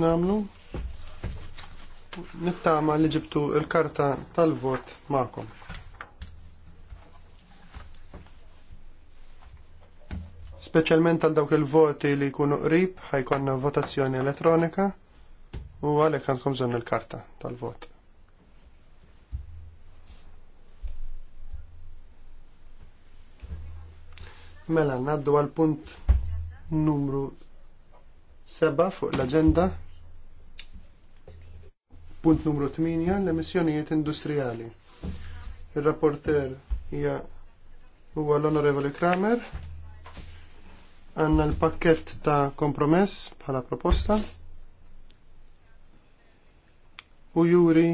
Namlu Nittama li ġibtu il-karta tal-vot ma'kom. Speċjalment għal dawk il-voti li jkunu qrib ħajkonna votazzjoni elettronika u għalhekk għandkom bżonn il-karta tal-vot. Mela, naddu għal punt numru 7 fuq l-agenda Punt numru 8, l-emissjonijiet industrijali. Il-rapporter hija huwa l-Onorevoli Kramer. Għanna l-pakket ta' kompromess bħala proposta. U juri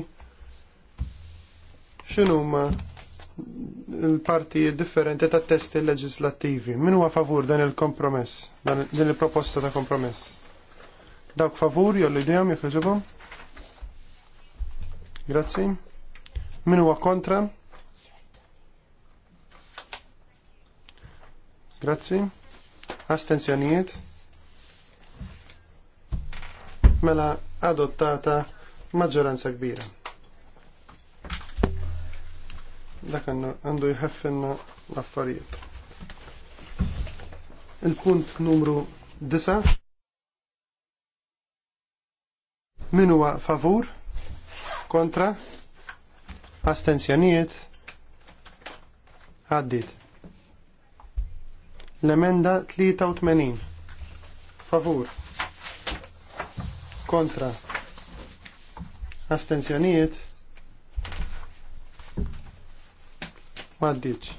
x'inhuma l-partijiet differenti ta' testi leġislattivi. Min huwa favur dan il-kompromess, din il-proposta ta' kompromess? Dawk favur jollu idejhom jekk Grazzi. Min huwa kontra? Grazzi. Astenzjonijiet. Mela adottata maġġoranza kbira. Dak għandu jħeffilna l-affarijiet. Il-punt numru 9. Min huwa favur? kontra, astenzjonijiet, għaddit. L-emenda 83, favur, kontra, astenzjonijiet, għaddit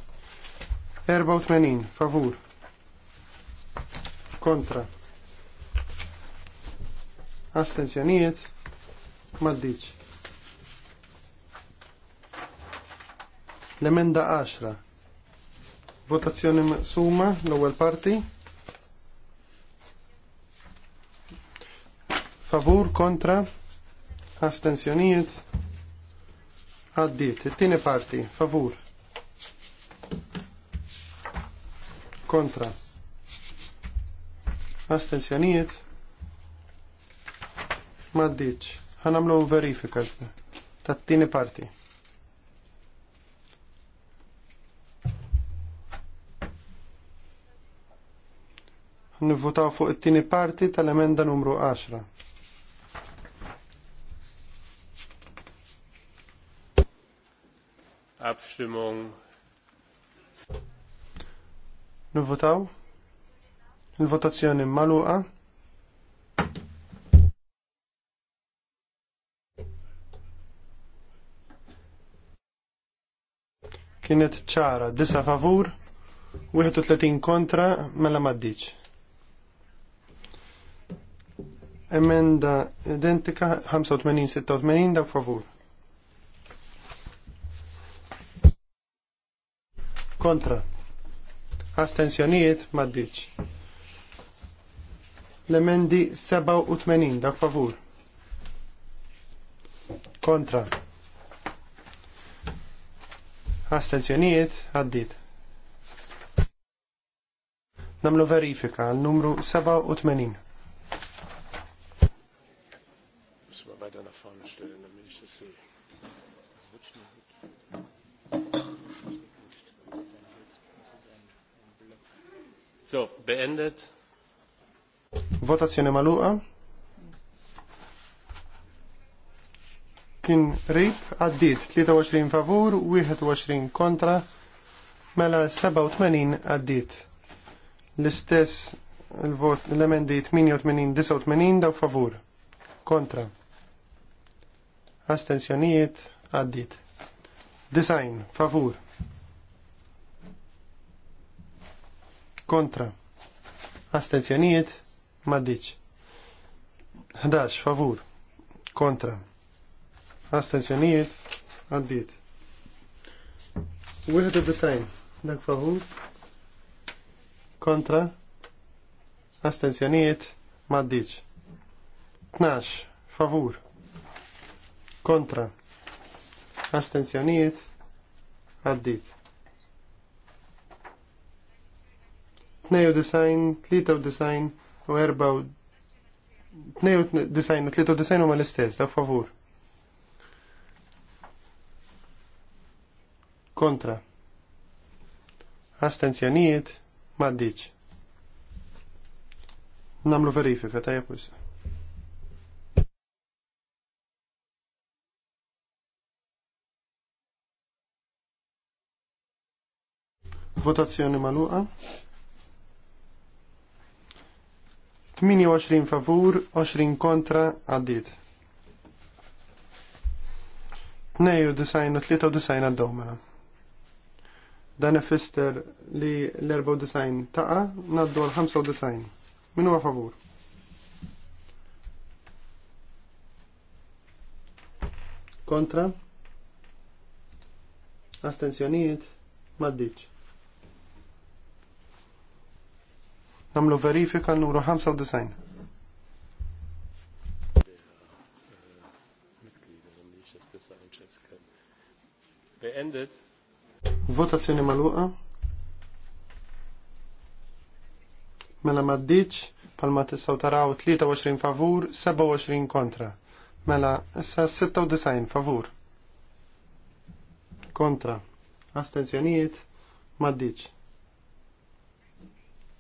84, favur, kontra, astenzjonijiet, maddiċ. L-emenda 10. Votazzjoni maqsuma l-ewwel parti. Favur kontra astensjonijiet għaddit. It-tieni parti favur. Kontra. Astensjonijiet ma Għanamlu Ħanamlu verifika tat-tieni parti. Nivvotaw fuq it-tieni parti tal-emenda numru 10. Abstimmung. Nivvotaw. Il-votazzjoni maluqa. Kienet ċara, 9 favur, 31 kontra, mela maddiċ. emenda identika 85-86 dak favur. Kontra. Astensjonijiet maddiċ. L-emendi 87 dak favur. Kontra. Astensjonijiet għaddit. Namlu verifika għal numru 87. So, beendet. Votazzjoni maluqa. Kien rip għaddit 23 favur, 21 kontra, mela 87 għaddit. L-istess l-vot l-emendi 88-89 daw favur. Kontra. Astenzjonijiet għaddit. Design, favur kontra astenzjonijiet maddiċ 11 favur kontra astenzjonijiet għaddiet 91 dak favur kontra astenzjonijiet maddiċ 12 favur kontra astenzjonijiet għaddiet 92, 93 u 94 u 93 huma l-istess, da favur. Kontra. Astenzjonijiet maddiċ. Namlu verifika ta' jepus. Votazzjoni maluqa. 28 favur, 20 kontra għaddit. 92 u 93 għaddew mela. Dan ifisser li l-94 taqa naddu għal 95. Minu huwa favur? Kontra? Astenzjoniet? Maddiċ. namlu verifika l-numru 95. Beendet. Votazzjoni maluqa. Mela maddiċ, palma tistaw taraw 23 favur, 27 kontra. Mela, issa 96 favur. Kontra. Astenzjoniet, maddiċ.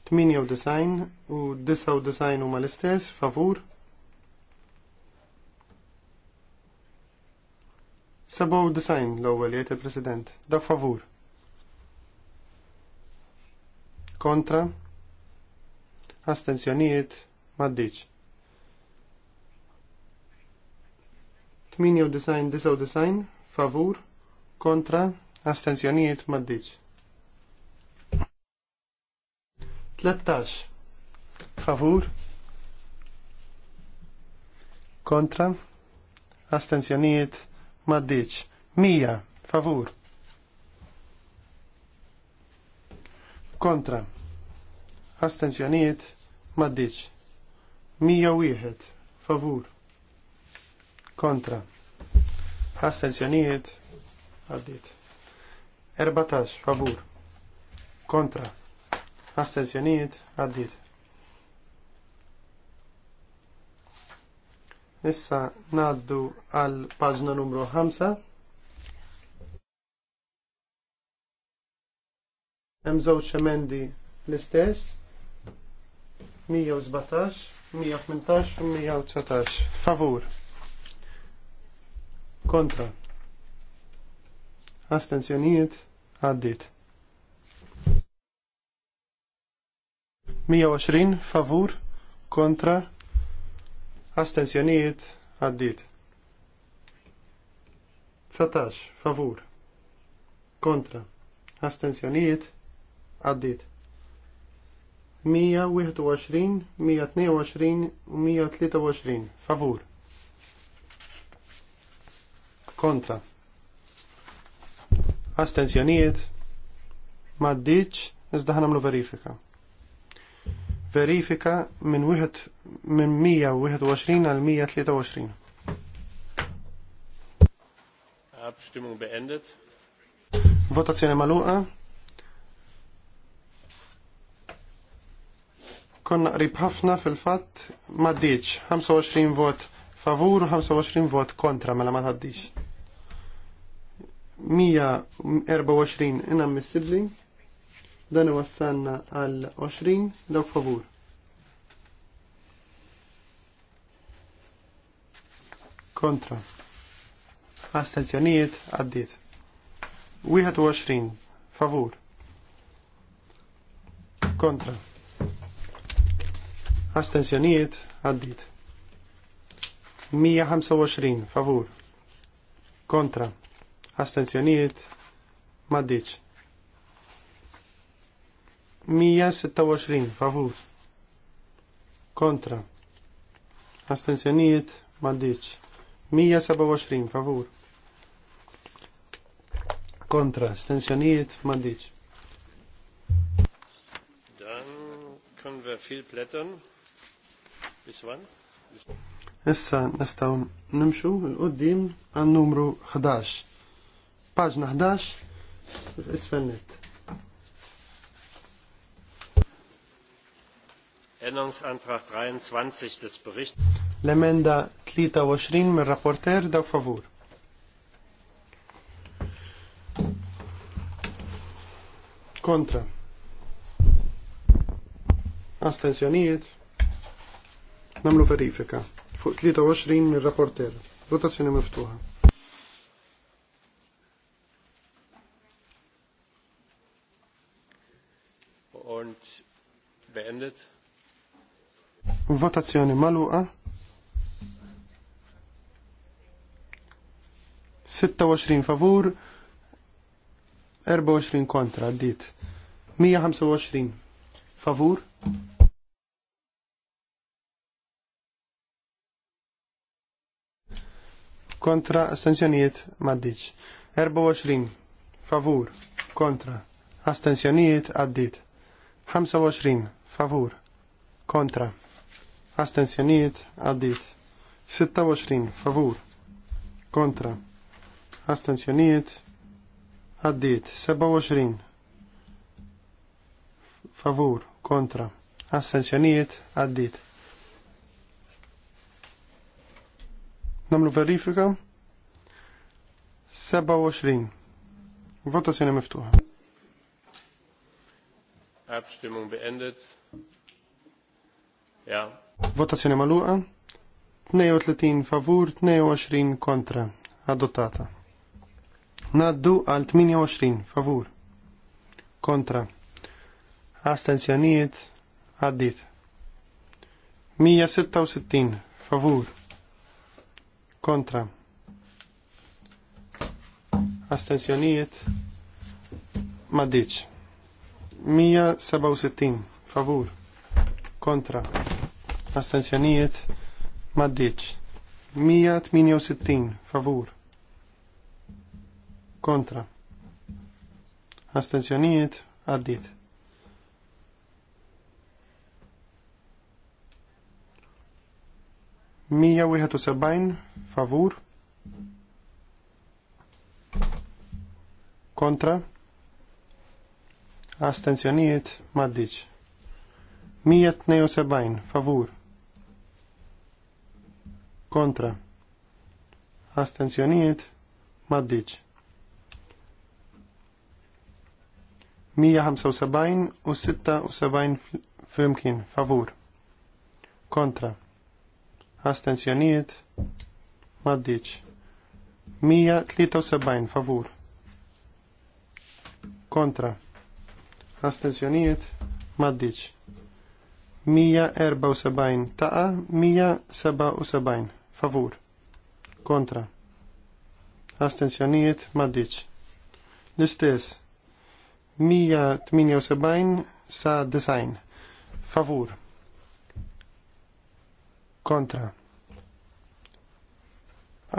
98 u 99 huma l-istess, favur. 97 l-ewwel jgħid il-President. Dak favur. Kontra. Astenzjonijiet m'għaddiċ. 98 99 favur. Kontra. Astenzjonijiet m'għaddiċ. 13. Favur. Kontra. astenzjoniet maddiċ. 100. Favur. Kontra. astenzjoniet maddiċ. 101. Favur. Kontra. astenzjoniet maddiċ 14. Favur. Kontra astenzjonijiet għaddit. Issa naddu għal paġna numru 5. Hemm żewġ emendi l-istess 117, 118 u 119. Favur. Kontra. Astenzjonijiet għaddit. 120 favur kontra astensjonijiet għaddit. 19 favur kontra astensjonijiet għaddit. 121, 122 u 123 favur kontra astensjonijiet maddiċ iżda ħanamlu verifika verifika minn wieħed minn 121 għal 123. Abstimmung beendet. Votazzjoni maluqa. Konna qrib ħafna fil-fatt ma ddiċ 25 vot favur u 25 vot kontra mela ma taddiċ. 124 inammissibbli. Dan iwassalna għal 20 dawk favur. Kontra. Astenzjonijiet għaddiet. 21 favur. Kontra. Astenzjonijiet għaddiet. 125 favur. Kontra. Astenzjonijiet maddiċ. 126 favur kontra astensjonijiet maddiċ 127 favur kontra astensjonijiet maddiċ Dan können fil viel bis wan? Issa nistaw nimxu l-qoddim għan numru 11 paġna 11 isfennet Änderungsantrag 23 des Berichts. L'emenda 23 mit Rapporteur, da favor. Contra. Astensioniert. Namlu verifika. Fuq 23 mit Rapporteur. Votazione miftuħa. Und beendet. Votazzjoni maluqa. 26 favur, 24 kontra, għaddit. 125 favur. Kontra, astensjonijiet, maddiċ. 24 favur, kontra, astensjonijiet, għaddit. 25 favur, kontra, astensjonijiet għaddit. 26 favur kontra astensjonijiet għaddit. 27 favur kontra astensjonijiet għaddit. Namlu verifika 27 Votazzjoni miftuħa. Abstimmung beendet. Ja, Votazzjoni maluqa. 32 favur, 22 kontra. Adottata. Naddu għal 28 favur. Kontra. Astenzjonijiet addit. 166 favur. Kontra. Astenzjonijiet maddiċ. 167 favur. Kontra astenzjonijiet maddiċ. 168 favur kontra Astenzjonijiet għaddit. Mija wieħed u favur kontra astenzjonijiet maddiċ Mija 172 favur kontra astenzjonijiet maddiċ 175 u 76 flimkien favur kontra astenzjonijiet maddiċ 173 favur kontra astenzjonijiet maddiċ 174 taqa 177 favur, kontra, astensjonijiet maddiċ. L-istess, 178 sa design, favur, kontra,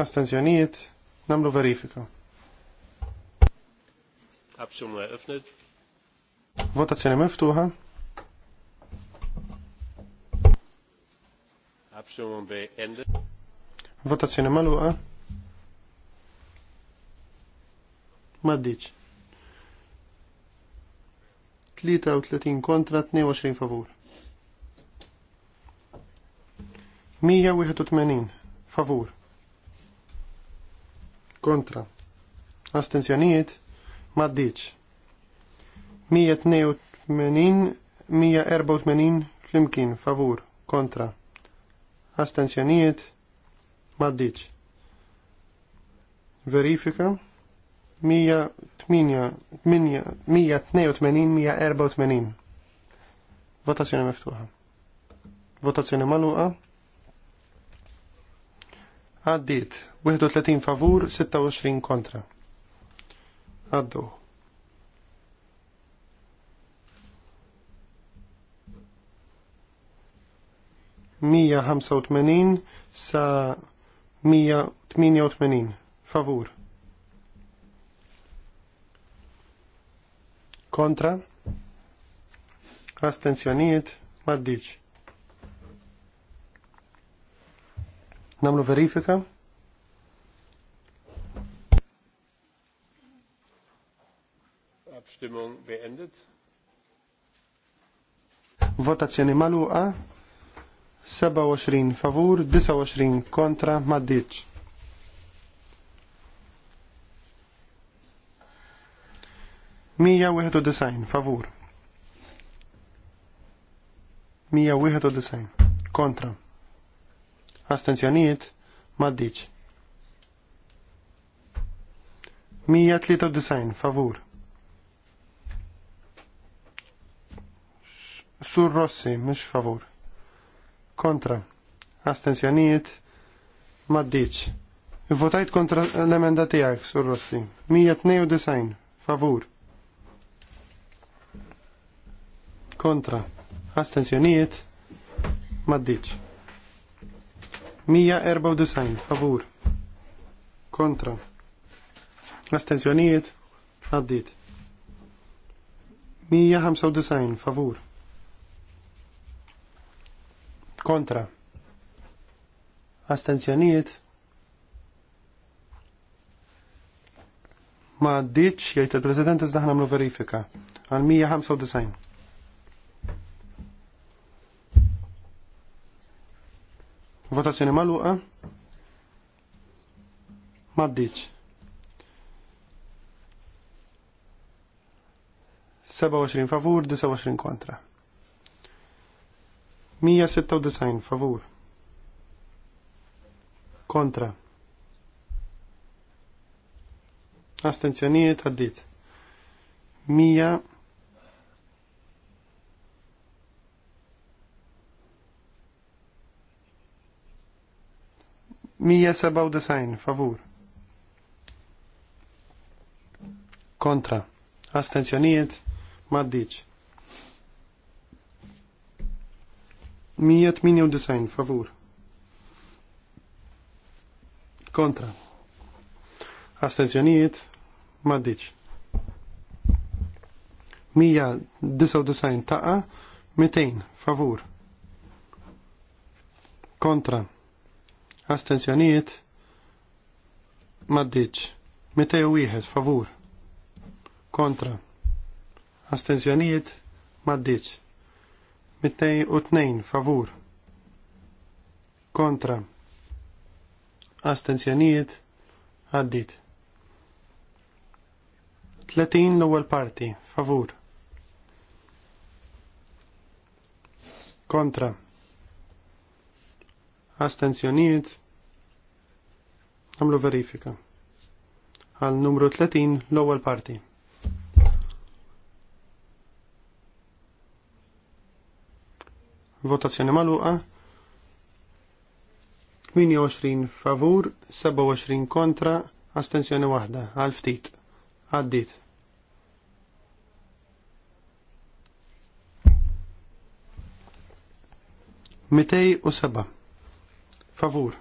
astensjonijiet, namlu verifika. Absumma eröffnet. Votazione miftuħa. Absumma beendet. Votazzjoni maluqa. Maddiċ. 33 kontra 22 favur. 181 favur. Kontra. Astenzjonijiet maddiċ. 182 184 flimkien favur kontra. Astenzjonijiet maddiċ. Verifika 182-184. Votazzjoni meftuħa. Votazzjoni maluqa. Għaddit 31 favur, 26 kontra. Għaddu. Mija ħamsa sa 188 favur kontra Astenzjoniet. maddiċ namlu verifika Abstimmung beendet Votazzjoni maluqa 27 favur, 29 kontra, maddiċ. Mija wieħed design, favur. Mija wieħed design, kontra. Astenzjonijiet, maddiċ. Mija tlieta design, favur. Sur Rossi, mhux favur kontra, astensjonijiet, maddiċ. Votajt kontra l-emenda tijak, sur Rossi. 192, favur. Kontra, astensjonijiet, maddiċ. 194, favur. Kontra. Astenzjonijiet, għaddit. 195, favur kontra astenzjonijiet ma għaddiċ jgħid il-President iżda ħnamlu verifika għal 195. Votazzjoni maluqa ma għaddiċ. 27 favur, 29 kontra. 196 favur. Kontra. Astenzjonijiet għaddit. 197 favur. Kontra. Astenzjonijiet maddiċ. 198 favur. Kontra. Astenzjoniet maddiċ. 199 taqa 200 favur. Kontra. Astenzjoniet maddiċ. 201 favur. Kontra. Astenzjoniet maddiċ. 202 favur kontra astenzjonijiet għaddit 30 l-ewwel parti favur kontra astenzjonijiet għamlu verifika għal numru 30 l-ewwel parti votazzjoni maluqa, 28 favur, 27 kontra, astensjoni wahda, għal ftit, għaddit. Mitej u seba. Favur.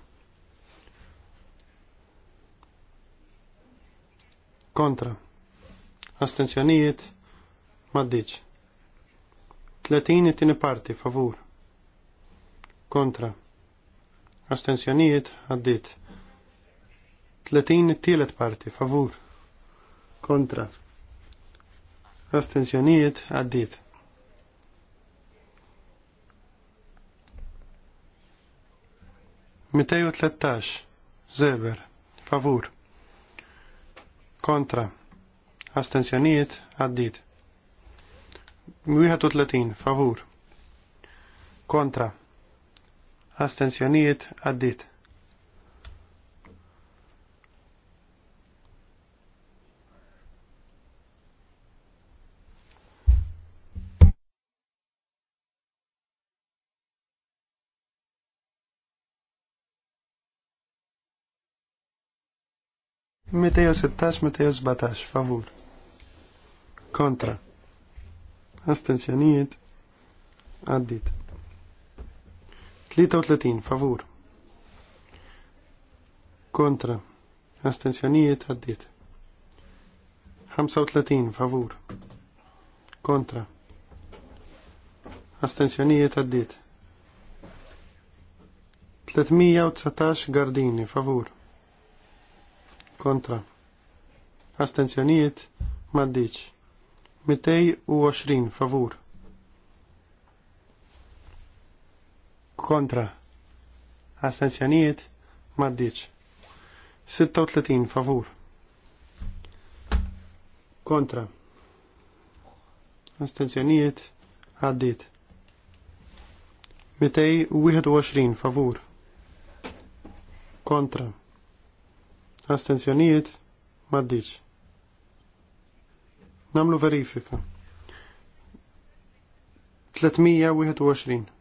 Kontra. Astenzjonijiet. Maddiċ. Tletin it-tini parti. Favur kontra astensjonijiet għaddit 30 tielet parti favur kontra astensjonijiet għaddit Mitejo 13 Zeber favur kontra astensjonijiet għaddit 31 favur kontra astensjonijiet għaddit. Meteo 16, Meteo 17, favur. Kontra. Astenzjonijiet. Addit. 33 favur. Kontra. astensjonijiet għaddit. 35 favur. Kontra. astensjonijiet għaddit. 319 gardini favur. Kontra. astensjonijiet maddiċ. 220 favur. kontra astenzjonijiet maddiċ 36 favur kontra astenzjonijiet għaddit 221 favur kontra astenzjonijiet maddiċ namlu verifika 321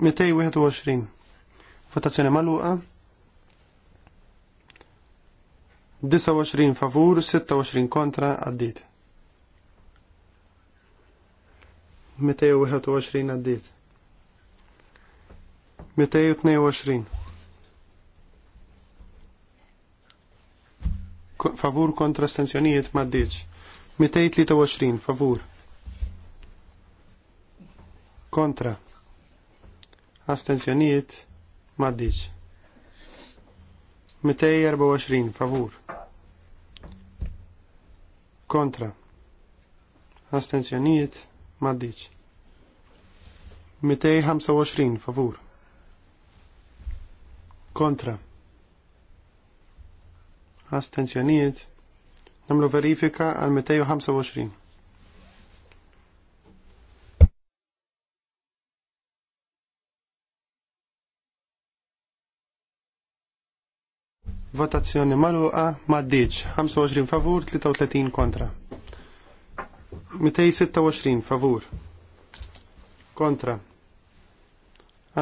221. Votazzjoni maluqa. 29 favur, 26 kontra, għaddit. 221 għaddit. 222. Favur kontra stenzjonijiet ma maddiċ. 223 favur. Kontra astenzjonijiet maddiċ. 224 favur kontra astenzjonijiet maddiċ. 225 favur kontra astenzjonijiet namlu verifika għal 225. Votazzjoni maluqa maddiċ. 25 favur, 33 kontra. 226 favur. Kontra.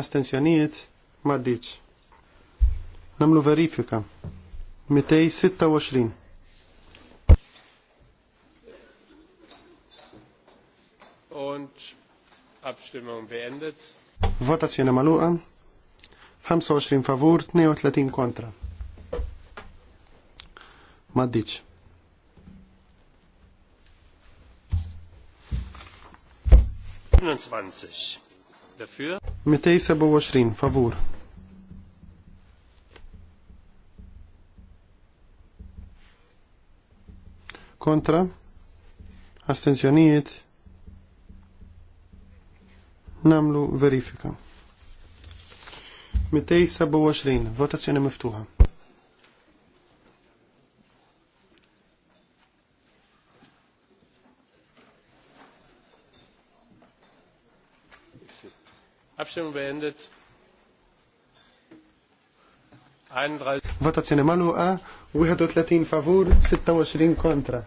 Astenzjonijiet maddiċ. Namlu verifika. 226. Und Abstimmung beendet. Votazzjoni maluqa. 25 favur, 32 kontra. Maddiċ. Dafür? 227, favur. Kontra? Astenzjonijiet? Namlu verifika. 227, votazzjoni miftuħa. Abstimmung beendet. Votazzjoni maluqa, 31 favur, 26 kontra.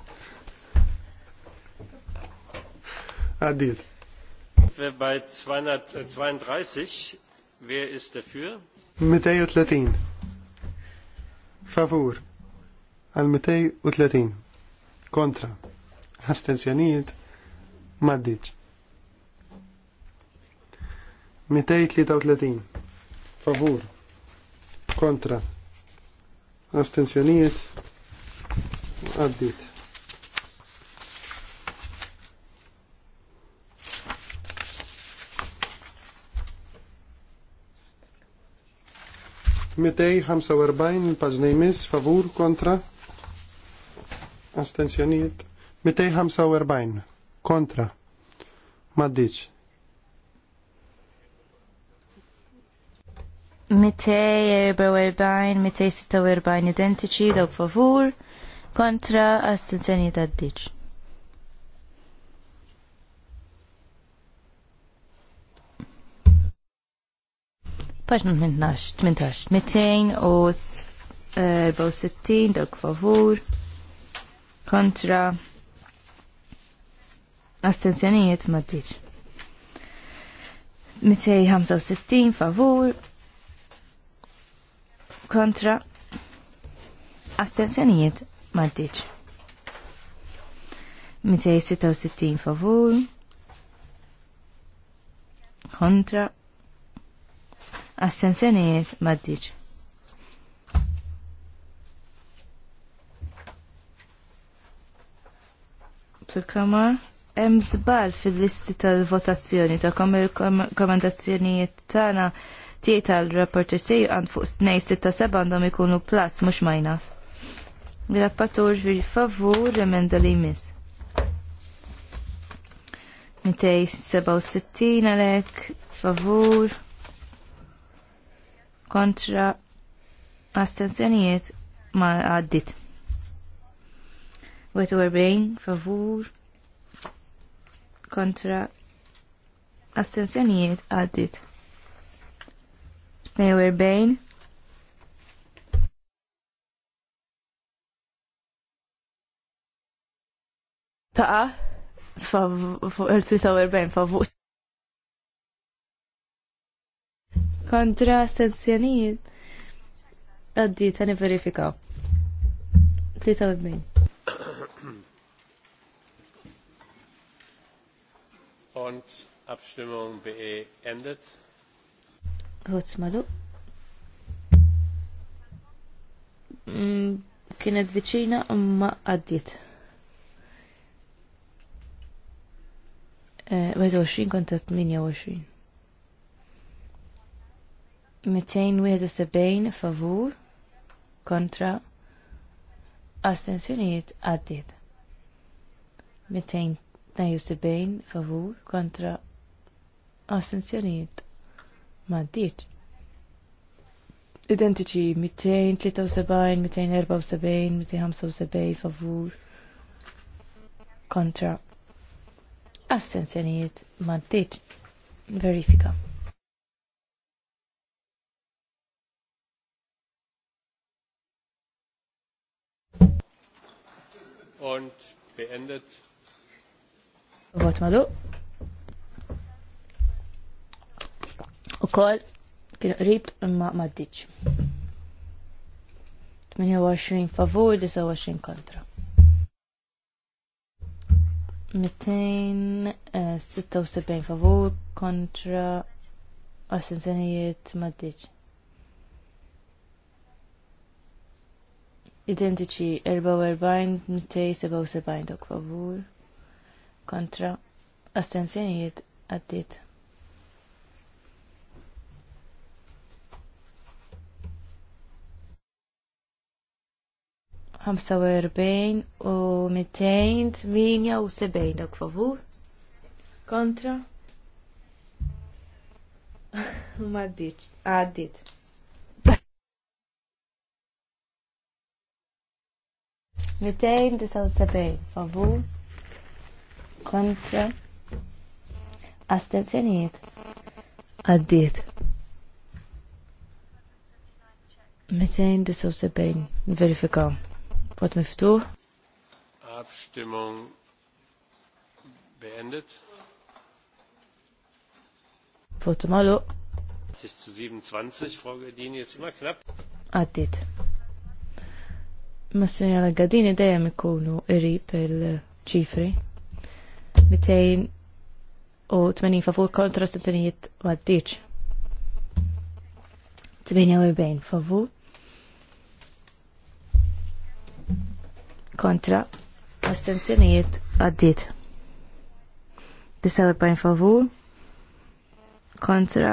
Adil. Bei 232, äh, wer ist dafür? 230. Favur. Għal 230. Kontra. Astenzjonijiet. Maddiċ. 233 favur kontra astensjonijiet għaddit Mitej 45 il-paġna jmiss favur kontra astensjoniet. Mitej, astensjonijiet 245 kontra maddiċ 246 identiċi dawk favur kontra astenzjoni ta' d-diċ. Paġna 18, 18, 264 dawk favur kontra astenzjonijiet ma' d-diċ. 265 favur kontra astenzjonijiet maddiċ. 266 favur kontra astenzjonijiet maddiċ. Kamar, hemm żball fil-listi tal-votazzjoni ta' kom komandazzjonijiet tagħna tiegħi tal-rapporter tiegħi għand fuq seba' għandhom ikunu plus mhux minus. il vi favur emenda li jmiss. sittin għalek favur kontra astenzjonijiet ma għaddit. 41 favur kontra astensjonijiet għaddit taqa fuq il-43 favur. Kontra astenzjonijiet għaddi ta' verifika. 43. Und Abstimmung beendet. Għodz malu. Mm, kienet viċina imma għaddit. Għaz eh, 20 konta 28. 271 favur kontra astensjonijiet għaddiet. 272 favur kontra astensjonijiet ma ddiċ. Identiċi 273, 274, 275 favur kontra astenzjonijiet ma ddiċ. Verifika. und beendet. Vot malu. U kol, kien qrib imma ma ddiċ. 28 favur, 29 kontra. 276 eh, favur kontra ma ddiċ. Identiċi 44-277 dok favur kontra astenzjonijiet għaddit. 45 u 278 dak favu. kontra ma ddiċ għaddit Mitejn disaw sebejn, favur, kontra, astenzjoniet, għaddiet. Mitejn disaw sebejn, verifikaw. Vot miftuħ. Abstimmung beendet. Vot malu. 20 zu 27, Frau Gardini, ist immer knapp. Addit. Ma signora Gardini dejjem ikunu irib il-ċifri. 200 u 80 favur kontra stazzjonijiet ma 48 favur kontra astenzjonijiet għaddit 49 favur kontra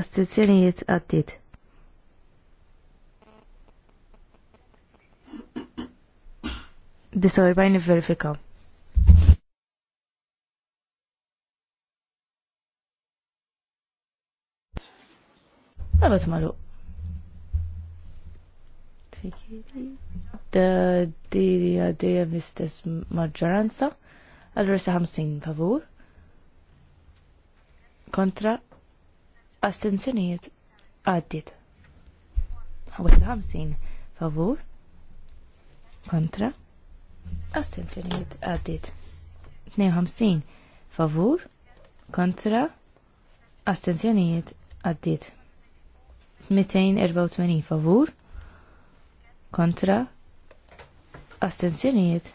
astenzjonijiet għaddit Disorbajn verifikaw. Għabat malu. Thank you. Diri għadija mistess maġġoranza. Allura sa' 50 favur. Kontra. Astenzjonijiet għaddit. Għawet 50 favur. Kontra. Astenzjonijiet għaddit. 52 favur. Kontra. Astenzjonijiet għaddit. 284 favur. Kontra astenzjonijiet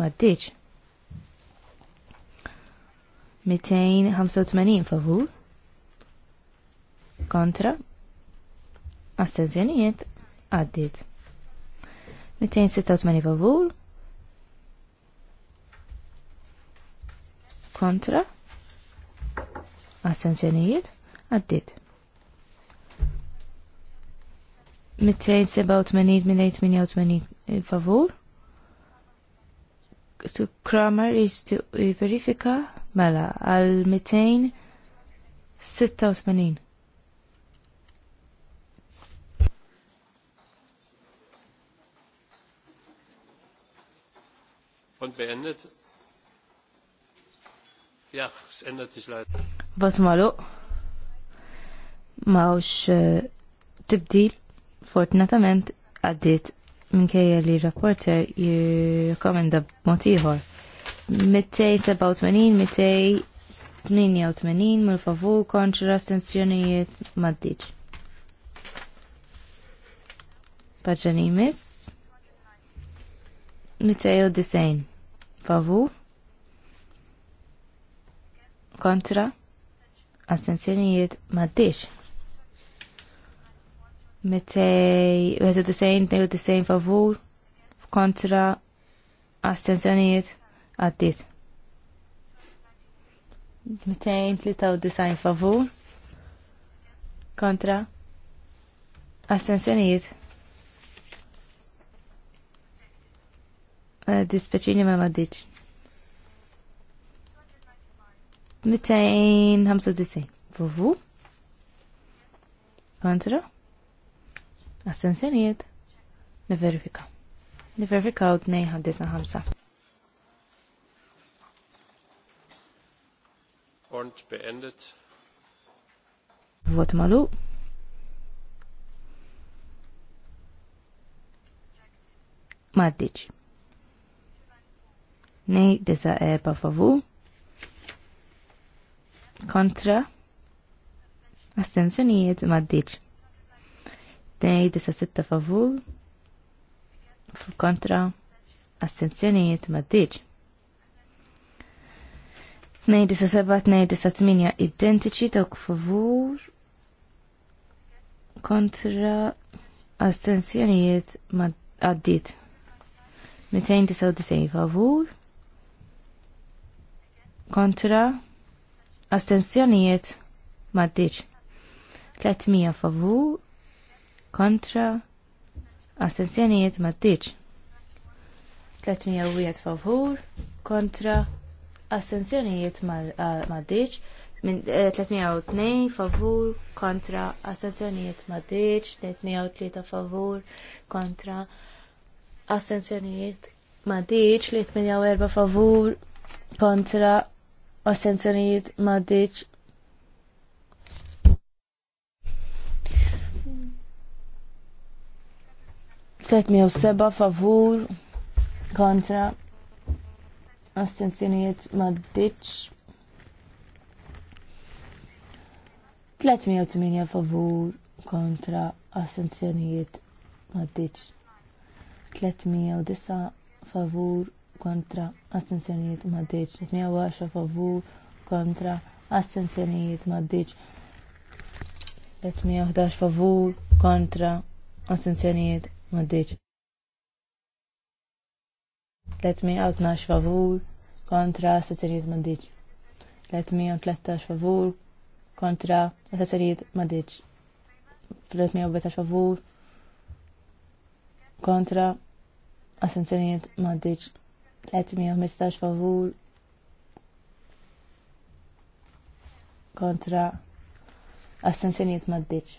maddiċ. 285 favur kontra astenzjonijiet għaddit. 286 favur kontra astenzjonijiet għaddit. 287 min 88 favur to Kramer is to verifika mela għal 286. Und beendet. Ja, es ändert sich leider. Wat malo? Mawx eh, tibdil fortunatament għaddit minkejja li rapporter jirkomenda motiħor. 287, 288 mill favu kontra astensjonijiet maddiġ. Paġanimis 290 favu kontra astensjonijiet maddiġ. 292 favur kontra astenzjonijiet għaddit. 293 favur kontra astenzjonijiet. Eh, dispeċini ma maddiċ. 295 favur kontra assenzjonijiet, niverifika. Niverifika u d-nej ħaddisna ħamsa. Und beendet. Vot malu. Maddiċ. Nej disa erba favu. Kontra. Astenzjonijiet maddiċ. Tnej disa sitta favur kontra ma diġ. Tnej disa seba, tnej disa tminja identiċi dawk favur kontra astenzjonijiet għaddit. 299 favur kontra astenzjonijiet maddiċ. 300 favur kontra astenzjonijiet maddiċ. 301 favur kontra astenzjonijiet maddiċ. 302 eh, favur kontra astenzjonijiet maddiċ, 303 favur kontra astenzjonijiet maddiċ, 304 favur kontra astenzjonijiet maddiċ, 307 favur kontra astensjonijiet maddiċ 308 favur kontra astensjonijiet maddiċ 309 favur kontra astensjonijiet maddiċ 310 favur kontra astensjonijiet maddiċ 311 favur kontra astensjonijiet maddiċ. Let me out nax favur kontra s-sacerijiet Let me out lettax favur kontra s-sacerijiet maddiċ. Let me out betax favur kontra s-sacerijiet Let me out mistax favur kontra s-sacerijiet maddiċ.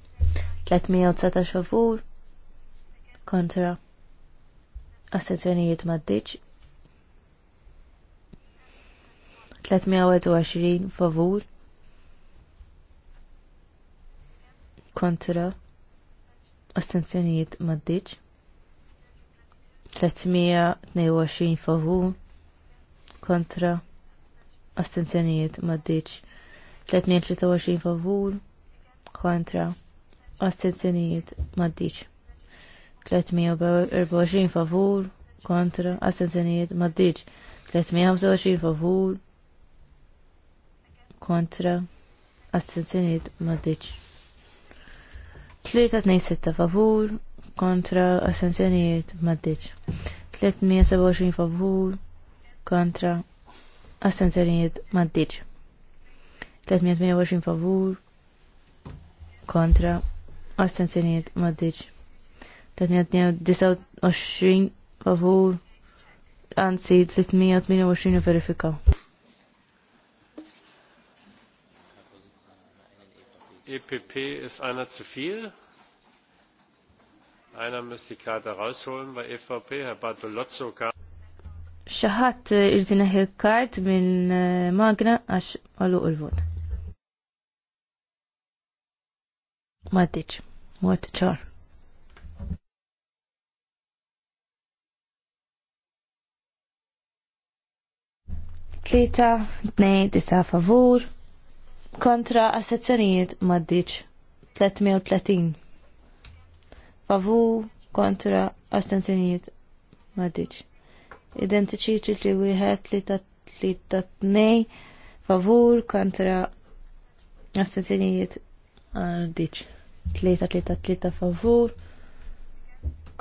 319 favur kontra astenzjonijiet maddiċ 320 favur kontra astenzjonijiet maddiċ 322 favur kontra astenzjonijiet maddiċ 323 favur kontra astenzjonijiet maddiċ. 324 favur kontra astenzjonijiet maddiċ. 325 favur kontra astenzjonijiet maddiċ. 326 favur kontra astenzjonijiet maddiċ. 327 favur kontra astenzjonijiet maddiċ. 328 favur kontra Astenzjoniet maddiċ. Tatnijat 29 favur għansi 328 verifika. EPP ist einer zu viel. Einer müsste die Karte rausholen bei EVP, Herr Bartolozzo kam. Xaħat irtina il-kart minn eh, Magna għax għallu il-vot. Maddiċ mod ċar. Tlita, tnej, disa favur, kontra assezzjonijiet maddiċ 330. Favur, kontra astenzjonijiet maddiċ. Identiċi li wieħed li ta' tnej favur kontra astenzjonijiet għaddiċ. 3-3-3 favur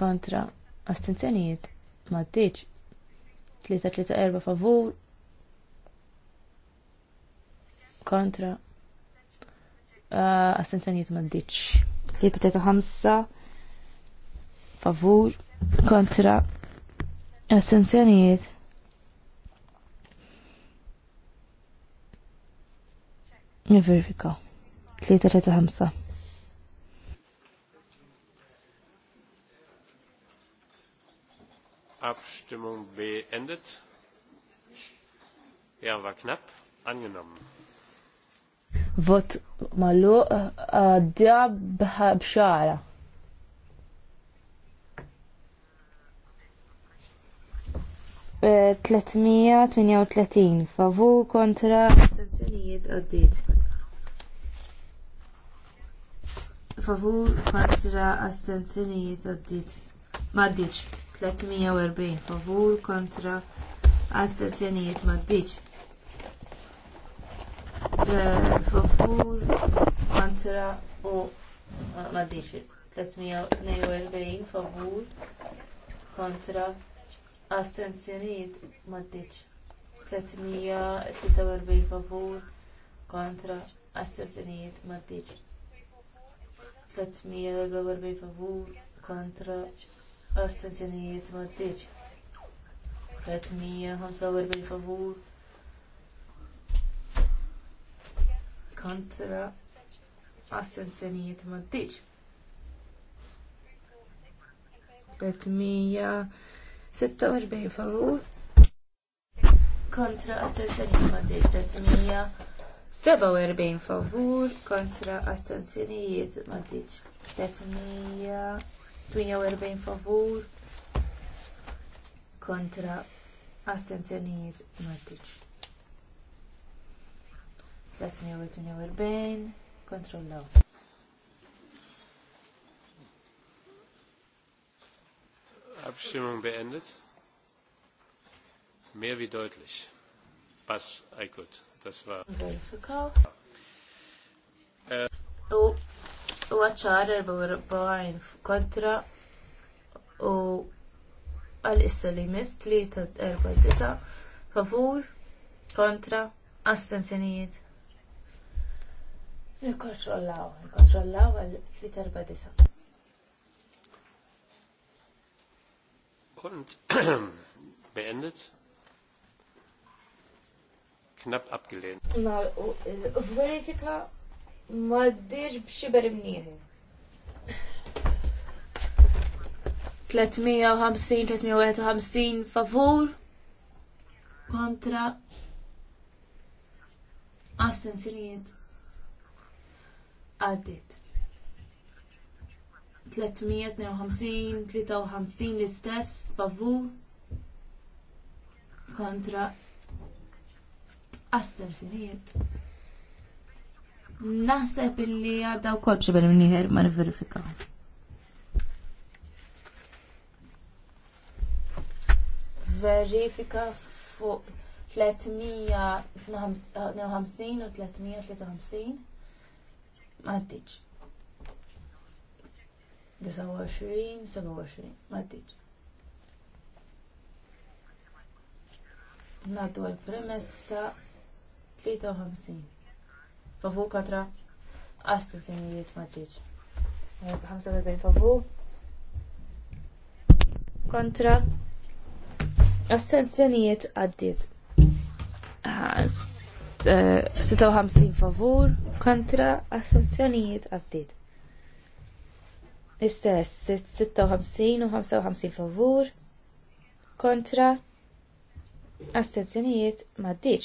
kontra astenzjonijiet maddiċ 3-3-4 favur kontra uh, astenzjonijiet maddiċ 3-3-5 favur kontra astenzjonijiet Niverifika. 3-3-5. Abstimmung beendet. Er war knapp. Angenommen. Vot malu għadja bħabxara. E, 338 favu kontra astenzjonijiet għaddit. Favu kontra astenzjonijiet għaddit. Maddiċ. 340 favur kontra astenzjonijiet maddiċ. Eh, favur kontra u eh, maddiċ. 342 favur kontra astenzjonijiet maddiċ. 343 favur kontra astenzjonijiet maddiċ. 344 favur kontra astenzjonijiet maddiċ. 345 favur kontra astenzjonijiet maddiċ. 346 favur kontra astenzjonijiet maddiċ. 347 favur kontra astenzjonijiet maddiċ. 300 48 favur kontra astenzjonijiet matiċ. 348 kontrollaw. Abstimmung beendet. Mehr wie deutlich. Pass, Eikut, das war. Verifikaw. Uh. Äh. Oh u għacċar 44 kontra u għal-issa li mist 349 favur kontra astensjonijiet. Nikontrollaw, nikontrollaw għal-349. beendet. Knapp abgelehnt. Na, eh, verifika Maddiġ b'xiber imnieħi. 350-351 favur kontra astensjonijiet għaddit 352-53 l-istess favur kontra astensjonijiet Naħseb illi għadda u kolb xibel minniħer ma nifverifika. Verifika fuq 350 u 353 ma Maddiċ 29, 27 Maddiċ Naddu għal-premessa 53 favur kontra astenzjonijiet maddiċ. 45 eh, favur kontra astenzjonijiet għaddiet. 56 eh, favur kontra astenzjonijiet għaddiet. Istess, 56 u 55 favur kontra astenzjonijiet maddiċ.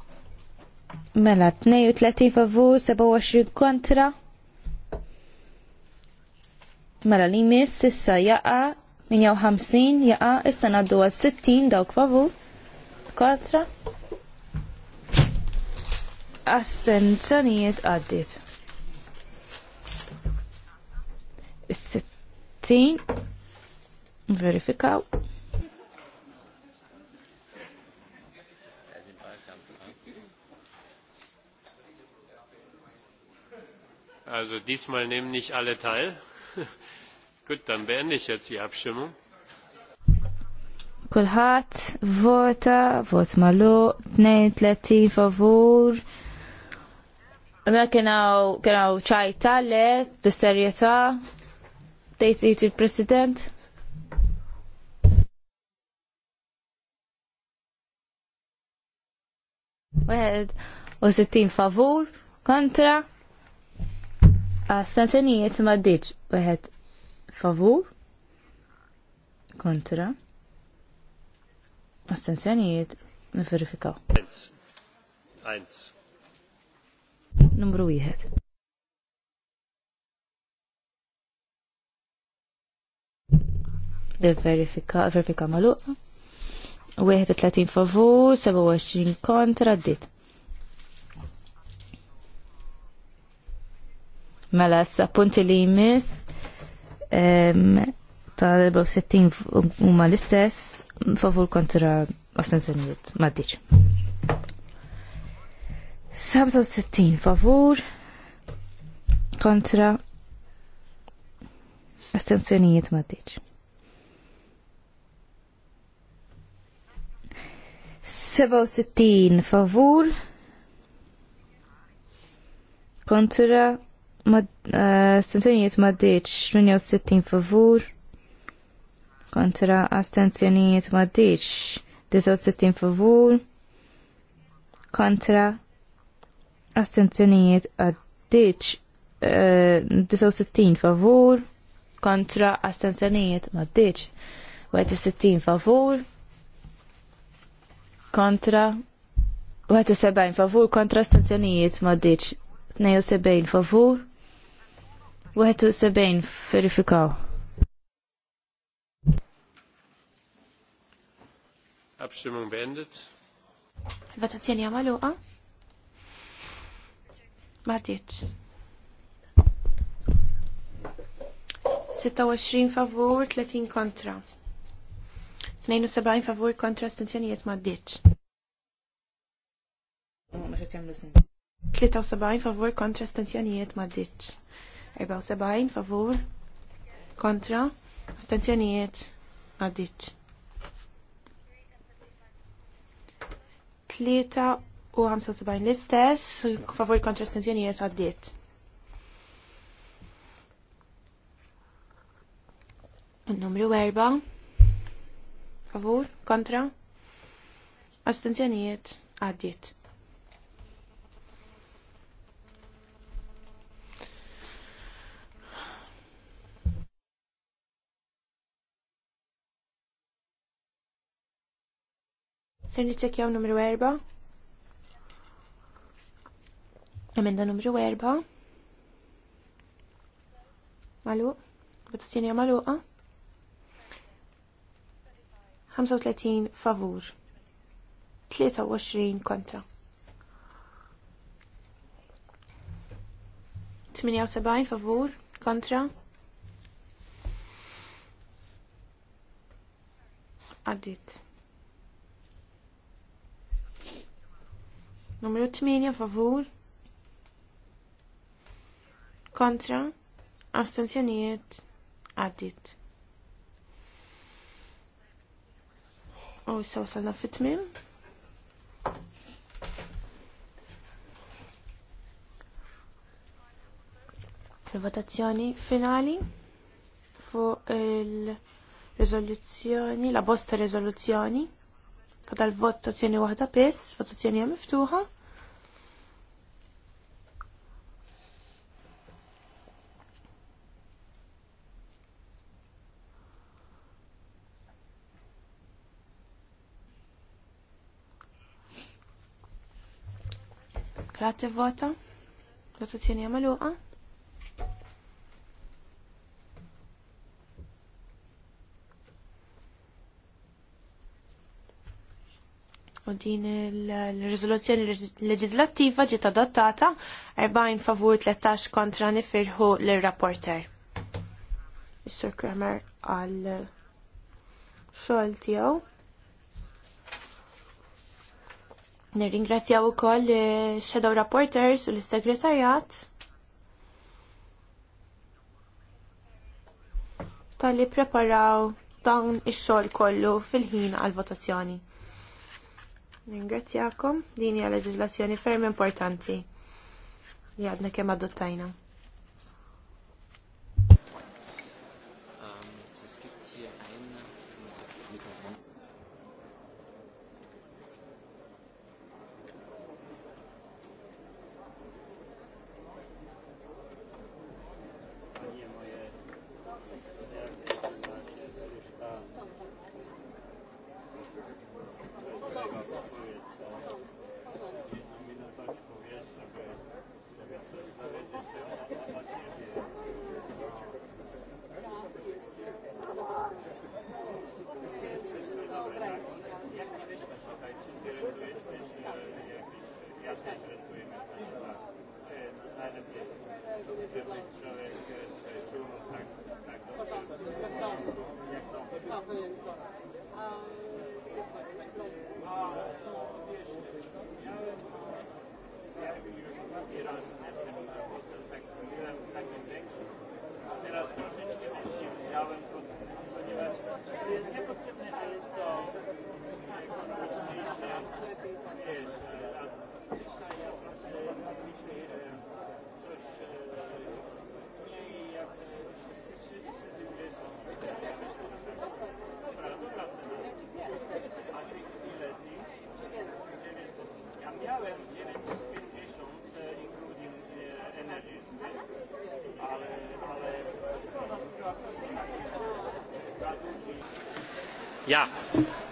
Mela 32 favu, 27 kontra. Mela li mis, issa jaqa 50, jaqa issa naddu għal 60 dawk favu, Kontra. Astenzjonijiet għaddit. Is-60 verifikaw. Also diesmal nehmen nicht alle teil. Gut, dann beende ich jetzt die Abstimmung. Kulhat, vota, vot malo, malu, 32 favur. Ma mela kienaw, kienaw ċaj talet, bisterjeta, dejt il-president. Wieħed u 60 favur kontra Astenzjonijiet ma ddiċ wieħed favur kontra astenzjonijiet nifverifikaw. Numru wieħed. Verifika, verifika maluqa. 31 favur, 27 kontra, ddit. Mela issa punti li jmiss tal-64 huma l-istess favur kontra astenzjonijiet maddiċ. 65 favur kontra astenzjonijiet maddiċ. 67 favur kontra Eh, astenzjonijiet maddiċ 68 favur kontra astenzjonijiet maddiċ 69 favur kontra astenzjonijiet għaddiċ 69 eh, favur kontra astenzjonijiet maddiċ 61 favur kontra 71 favur kontra astenzjonijiet maddiċ 72 favur 71 verifikaw. Abstimmung beendet. Votazzjoni għamaluqa. Ma tiċ. 26 favur, 30 kontra. 72 favur kontra astenzjonijiet ma ddiċ. 73 favur kontra astenzjonijiet ma ddiċ. 74 favur kontra astenzjonijiet għaddiċ. 3 u 75 l-istess favur kontra astenzjonijiet għaddiċ. Numru 4 favur kontra astenzjonijiet għaddiċ. Ser niċċekjaw numru 4. Emenda numru 4. Malu. Votazzjoni maluqa. 35 favur. 23 kontra. 78 favur kontra. Addit. Numru 8 favur kontra astenzjonijiet għaddit. U issa wasalna fit tmiem. Il-votazzjoni finali fuq il-rezoluzzjoni, la bosta rezoluzzjoni. Fadal votazzjoni waħda biss, votazzjoni hija miftuħa. Grazie vota. Votazzjoni hija magħluqa. din il riżoluzzjoni leġislattiva ġiet adottata 40 favur 13 kontra nifirħu l-rapporter. Mr. Kramer għal xogħol tiegħu. Nirringrazzjaw ukoll shadow rapporters u l-segretarjat. tal-li preparaw dawn ix-xogħol kollu fil-ħin għall votazzjoni Ningrazzjakom, din hija leġiżlazzjoni ferm importanti li għadna kemm adottajna.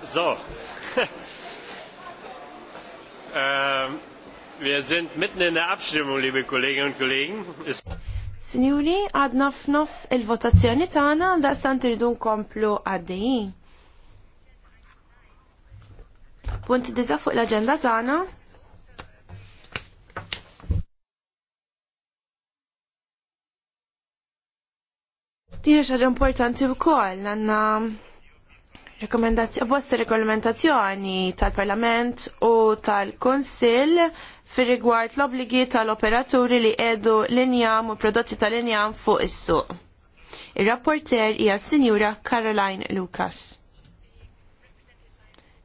So. ähm, wir sind mitten in der Abstimmung, liebe Kolleginnen und Kollegen. Ist Signori, għadna f'nofs il-votazzjoni tagħna da stant irridu nkomplu għaddejjin. Punt diża fuq l-aġenda tagħna Tiħi xaġa importanti u kol, għanna bosta regolamentazzjoni tal-Parlament u tal-Konsil fir rigward l-obligi tal-operaturi li edu l-injam u prodotti tal-injam fuq is-suq. Ir-rapporter hija Sinjura Caroline Lucas.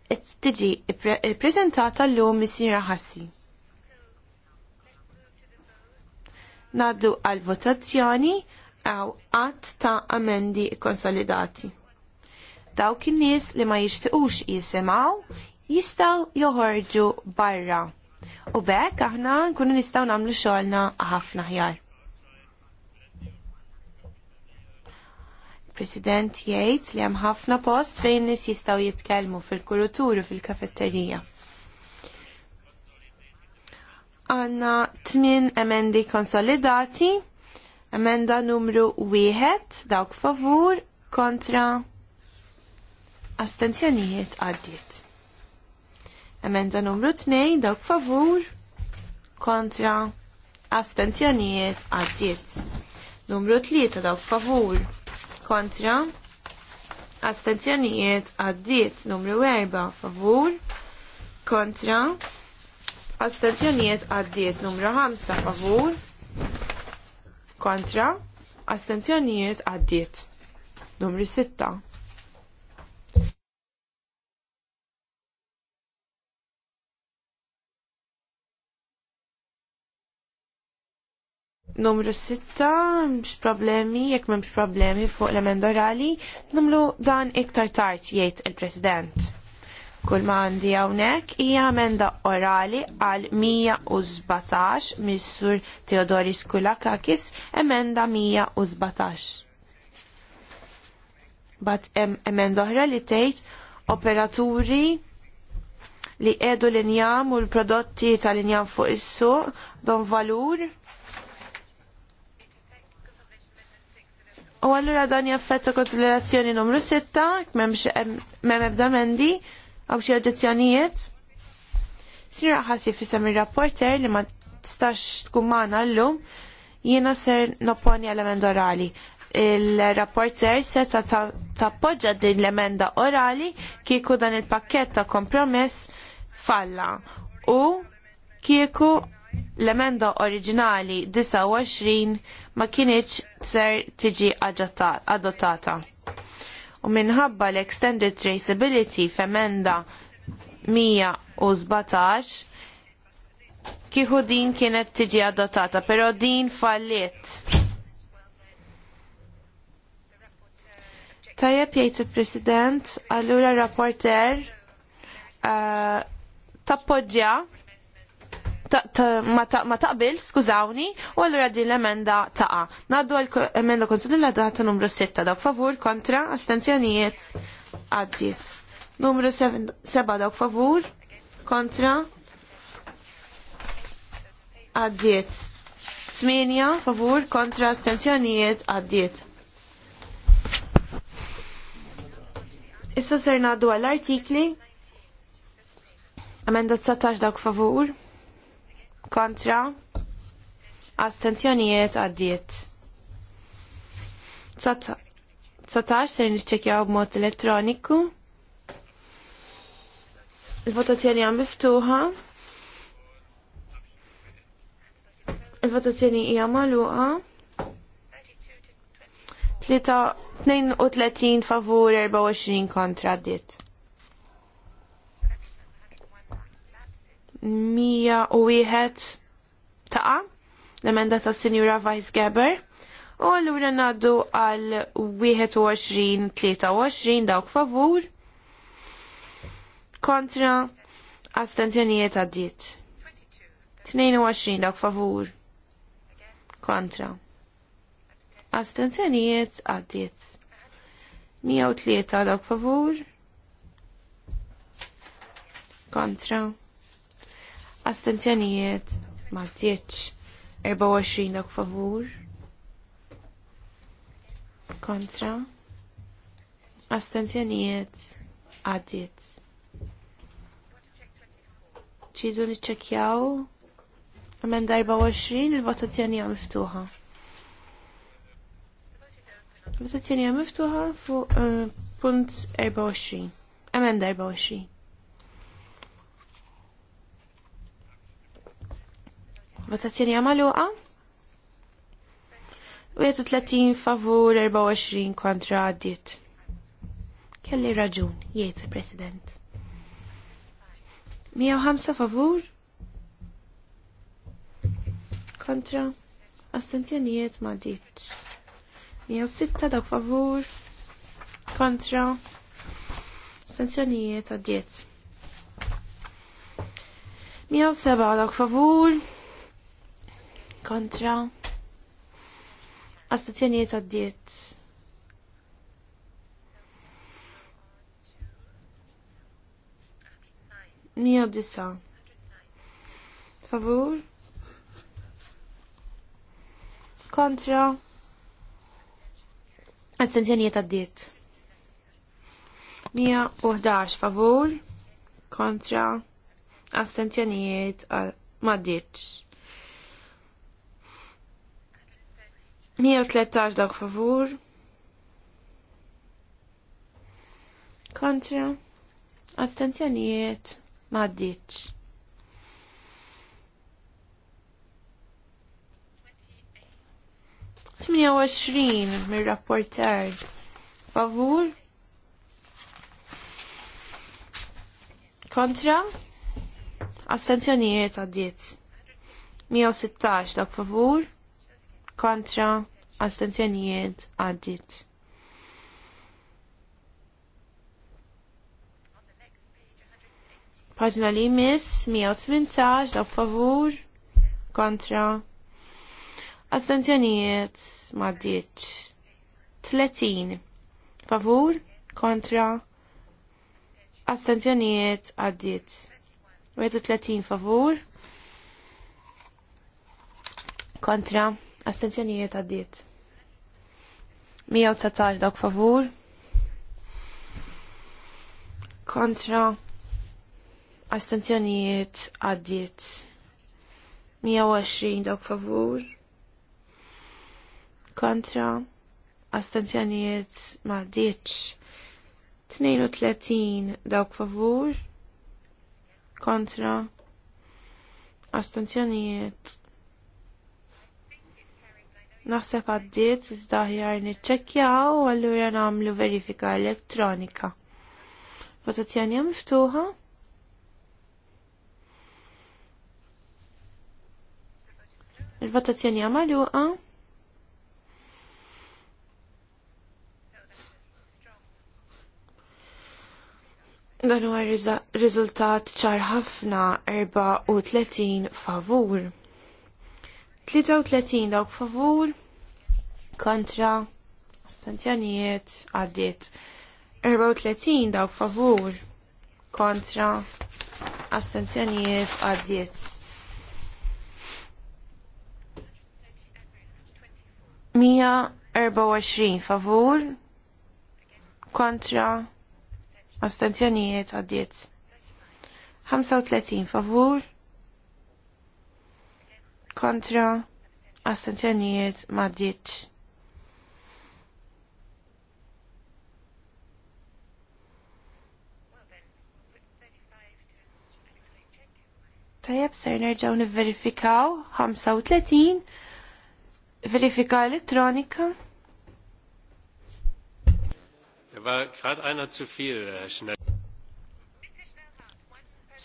Qed tiġi l llum mis-Sinjura Ħassi. Naddu għal votazzjoni għaw għat ta' amendi konsolidati dawk in-nies li ma jixtiequx jisimgħu jistgħu joħorġu barra. U bekk aħna nkunu nistgħu nagħmlu xogħolna ħafna ħjar. President jgħid li hemm ħafna post fejn nies jistgħu jitkellmu fil-kuruturi fil-kafetterija. Għanna tmien emendi konsolidati, emenda numru wieħed dawk favur kontra astenzjonijiet għaddiet. Emenda numru 2 dawk favur kontra astenzjonijiet għaddiet. Numru 3 dawk favur kontra astenzjonijiet għaddiet. Numru 4 favur kontra astenzjonijiet għaddiet. Numru 5 favur kontra astenzjonijiet għaddiet. Numru 6 numru 6, mx problemi, jekk mx problemi fuq l emenda orali, numlu dan iktar tard jgħid il-President. Kull ma għandi hawnhekk hija emenda orali għal 117 missur Teodoris Kulakakis, emenda 117. Bat em, emenda oħra li tgħid operaturi li edu l-injam u l-prodotti tal-injam fuq is-suq don valur U allura dan jaffetta konsiderazzjoni numru 6, mem ebda mendi, għaw xie oġezzjonijiet. Sinra ħassi fissam il-rapporter li ma tistax tkun maħna l-lum, jiena ser nopponi element orali. Il-rapporter se tappoġġa din l-emenda orali kieku dan il pakketta ta' kompromess falla u kieku l-emenda oriġinali 29 ma kienieċ ser tiġi adottata. U minħabba l-Extended Traceability f'emenda 117 kieku din kienet tiġi adottata, però din falliet. Tajjeb jgħid il-President, allura rapporter uh, tappoġġja ma taqbil, skużawni, u allura din l-emenda taqa. Naddu għal emenda konsulilla data numru 6, dawk favur, kontra, astenzjonijiet, għaddiet. Numru 7, dawk favur, kontra, għaddiet. 8, favur, kontra, astenzjonijiet, għaddiet. Issa ser naddu għall-artikli. Amenda 19 dawk favur kontra astenzjonijiet għaddiet. Satax se b b'mod elettroniku. Il-votazzjoni għam miftuħa. Il-votazzjoni hija magħluqa. 32 favur 24 kontra għaddiet. 101 taqa l-emenda ta' Sinjura Vice Geber u allura naddu għal 21-23 dawk favur kontra astenzjonijiet għaddiet. 22 dawk favur kontra astenzjonijiet għaddiet. 103 dawk favur kontra Astenzjonijiet ma tieċ 24 dak favur. Kontra. Astenzjonijiet għaddiet. ċidu li ċekjaw. Għamen 24 il-votazzjoni għam miftuħa. il Votazzjoni għam miftuħa fu eh, punt 24. Għamen 24. Votazzjoni għamaluqa. 31 favur, 24 kontra għaddit. Kelli raġun, jgħid il-President. 105 favur, kontra astenzjonijiet ma dit. 106 dak favur kontra astenzjonijiet għaddiet. 107 dak favur kontra astazzjonijiet għaddiet. Mija bdissa. Favur. Kontra. Astenzjonijiet għaddiet. uħdax. favur kontra astenzjonijiet maddiċ. 113 dak favur. Kontra. Attenzjonijiet ma u għaxrin mir-rapporter. Favur? Kontra? Astenzjonijiet għaddiet. 116 dak favur? kontra astenzjonijiet għaddit. Paġna li mis, 118 daw favur kontra astenzjonijiet maddit. 30 favur kontra astenzjonijiet għaddit. 30 favur kontra Astenzjonijiet għaddiet. 119 dawk favur. Kontra. Astenzjonijiet għaddiet. 120 dawk favur. Kontra. Astenzjonijiet ma għaddietx. 32 dawk favur. Kontra. Astenzjonijiet Naħseb għaddiet iżdaħjar niċċekkjaw u allura nagħmlu verifika elettronika. Votazzjoni miftuħa. Il-votazzjoni hija magħluqa. Dan huwa riżultat ċar ħafna 34 favur. 33 dawk favur kontra astenzjonijiet għaddiet. 34 dawk favur kontra astanzjaniet għaddiet. Mija 24 favur kontra astanzjaniet għaddiet. 35 favur kontra astenzjonijiet ma ditx. Tajab ser nerġaw nivverifikaw 35 verifika elektronika.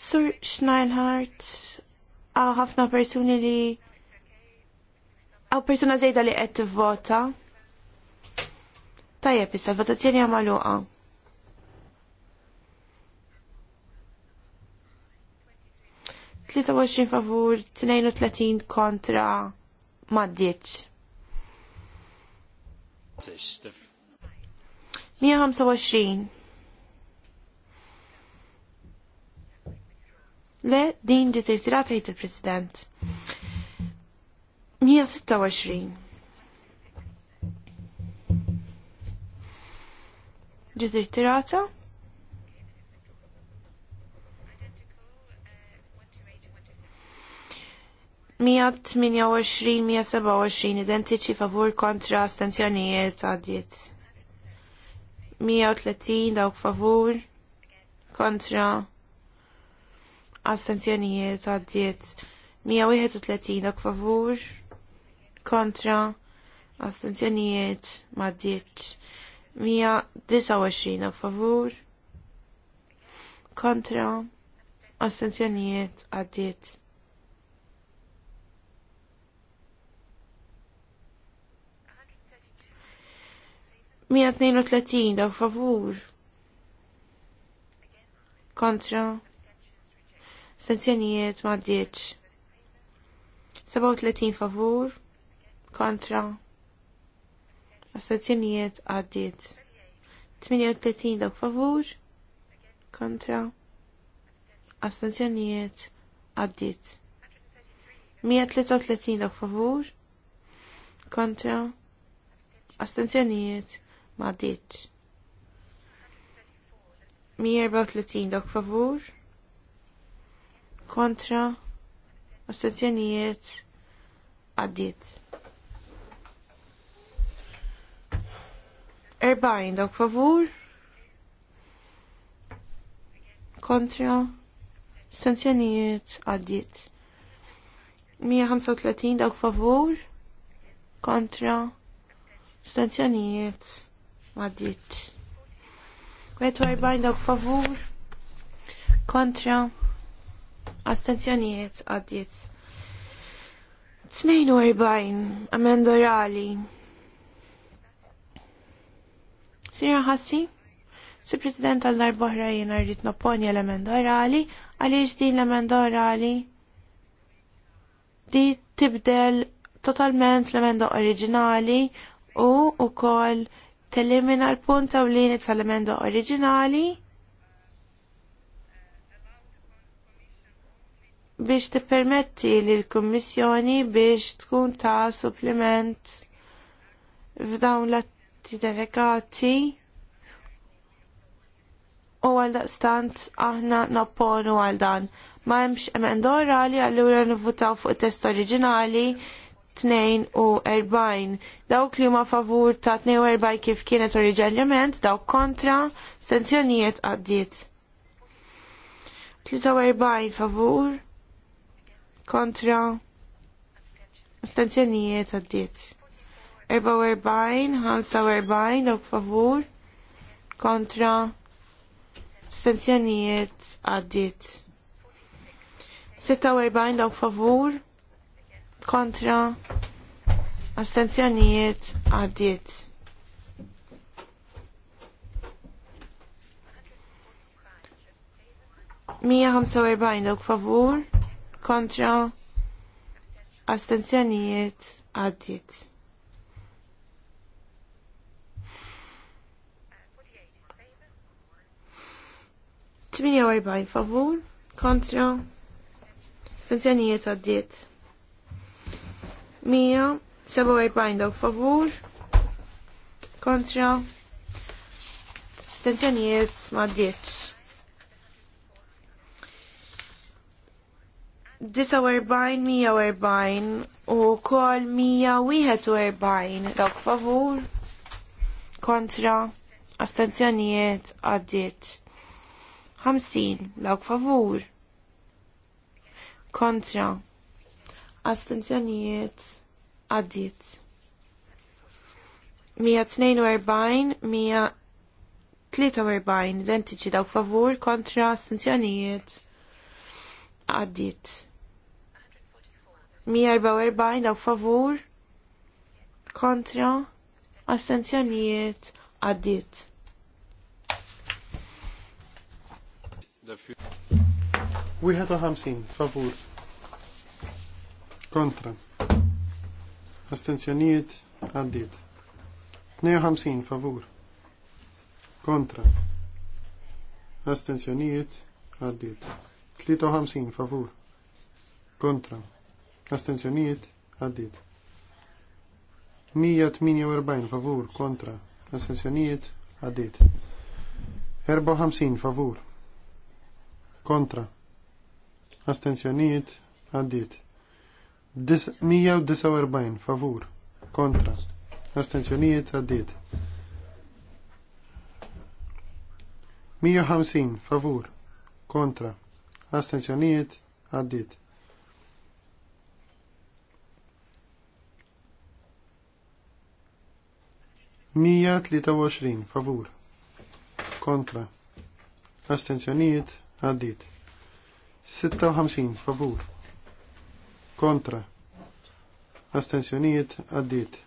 Sur Schneinhardt, għaw ħafna personi li għaw persona zejda li għed t-vota. Tajjeb, issa l-votazzjoni għamaluqa. Tlieta favur, 32 kontra maddiċ. 125 Le, din ġiet tirtirat għajt il-President. Nija 26. E ġiet irtirata? Mija 28, 127 e e identiċi favur kontra għadjiet. għaddiet. 130 dawk favur kontra astenzjonijiet għaddiet 131 favur kontra astenzjonijiet maddiet 129 favur kontra astenzjonijiet għaddiet Mia tnejn u tletin daw favur kontra Sanzjonijiet ma ddiċ. 37 favur kontra astenzjonijiet għaddiet. 38 dak favur kontra astenzjonijiet għaddiet. 133 dak favur kontra astenzjonijiet ma ddiċ. 134 dak favur kontra kontra astenzjonijiet għaddiet. Erbajn, dawk favur kontra stanzjonijiet għaddiet 135 dawk favur kontra stanzjonijiet għaddiet 40 dawk favur kontra astenzjonijiet għaddiet. 42 amenda orali. Sinja Ħassi, si President għal-darbohra jena rrit nopponi l-emenda orali, għaliex din l-emenda orali di tibdel totalment l-emenda oriġinali u u kol telimina l-punt u lini tal-emenda oriġinali biex tippermetti li l-Kummissjoni biex tkun ta' supplement f'dawn l-atti delegati u għal daqstant aħna nopponu għal dan. Ma hemmx emenda orali allura nivvutaw fuq test oriġinali 42. Dawk li huma favur ta' 42 kif kienet oriġinarjament, dawk kontra, sanzjonijiet għaddiet. 43 favur, kontra astenzjonijiet għaddiet. 44, 45, dawk favur, kontra, stenzjonijiet għaddit. 46 dawk favur, kontra, astenzjonijiet għaddit. Mija 145 dawk favur, kontra astenzjonijiet għaddiet. 48 favur kontra astenzjonijiet għaddiet. 147 daw favur kontra astenzjonijiet għaddiet. 49 u kol 141 dawk favur kontra astenzjonijiet għaddit. 50 dawk favur kontra astenzjonijiet għaddiet 142 143 identiċi dawk favur kontra astenzjonijiet għaddit. 144 daw favur kontra astenzjonijiet għaddit. Wieħed u ħamsin favur kontra astenzjonijiet għaddit. 52 favur kontra astenzjonijiet għaddit. 53 favur kontra astenzjonijiet għaddit. 148 favur kontra astenzjonijiet għaddit. 54 favur kontra astenzjonijiet għaddit. 149 favur kontra astenzjonijiet għaddit. 150 favur kontra astenzjonijiet għaddit. 123 favur kontra astenzjonijiet għaddit 56 favur kontra astenzjonijiet għaddit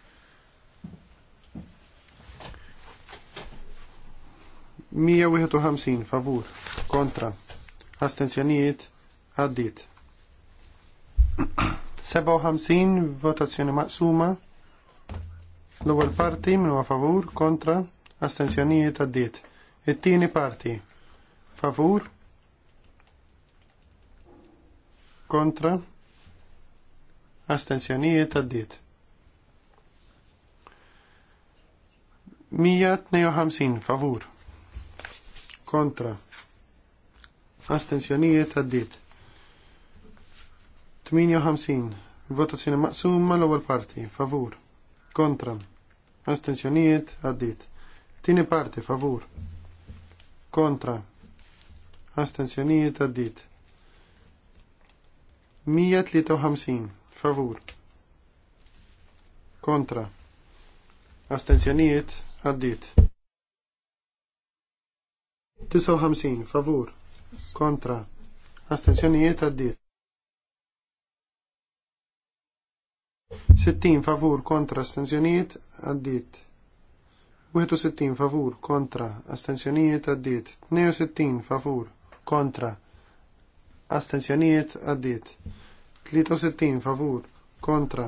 Hamsin. favur kontra astenzjonijiet għaddit Hamsin, votazzjoni maqsuma L-ewwel parti minn huwa favur kontra astensjonijiet għaddiet. It-tieni parti favur kontra astensjonijiet għaddiet. 152 favur kontra astensjonijiet għaddiet. 58 votazzjoni maqsuma l-ewwel parti favur kontra astensjonijiet għaddit. Tini parti favur kontra astensjonijiet għaddit. 153 favur kontra astensjonijiet għaddit. 59 favur kontra astensjonijiet għaddit. 60 favur kontra astensjoniet għaddit. 61 favur kontra astensjoniet għaddit. 62 favur kontra astensjonijiet għaddit. 63 favur kontra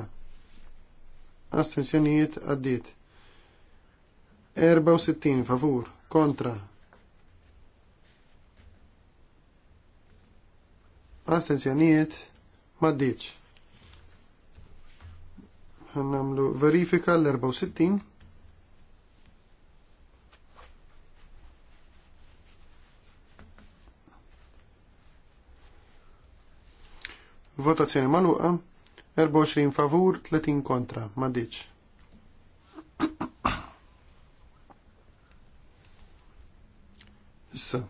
astensjoniet għaddit. 64 favur kontra astensjonijiet maddiċ għannamlu verifika l-64. Votazzjoni maluqa, 24 favur, 30 kontra, ma diċ. Issa.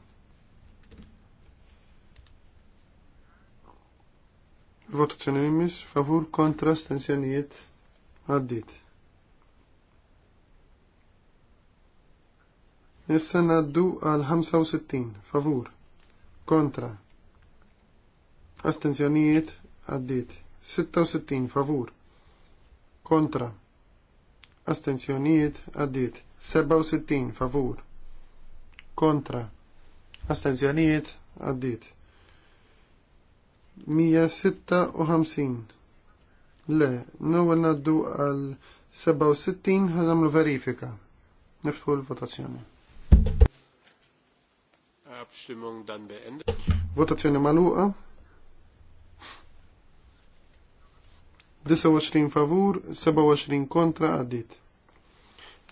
Votazzjoni nimis, favur, kontra, stenzjonijiet. Għaddit. Issa naddu għal 65, favur, kontra. Astenzjonijiet, għaddit. 66, favur, kontra. Astenzjonijiet, għaddit. 67, favur, kontra. Astenzjonijiet, għaddit. 156, Le, l-ewwel għal 67 ħa l verifika. Niftħu l-votazzjoni. Abstimmung dan beendet. Votazzjoni magħluqa. 29 favur, 27 kontra għaddit.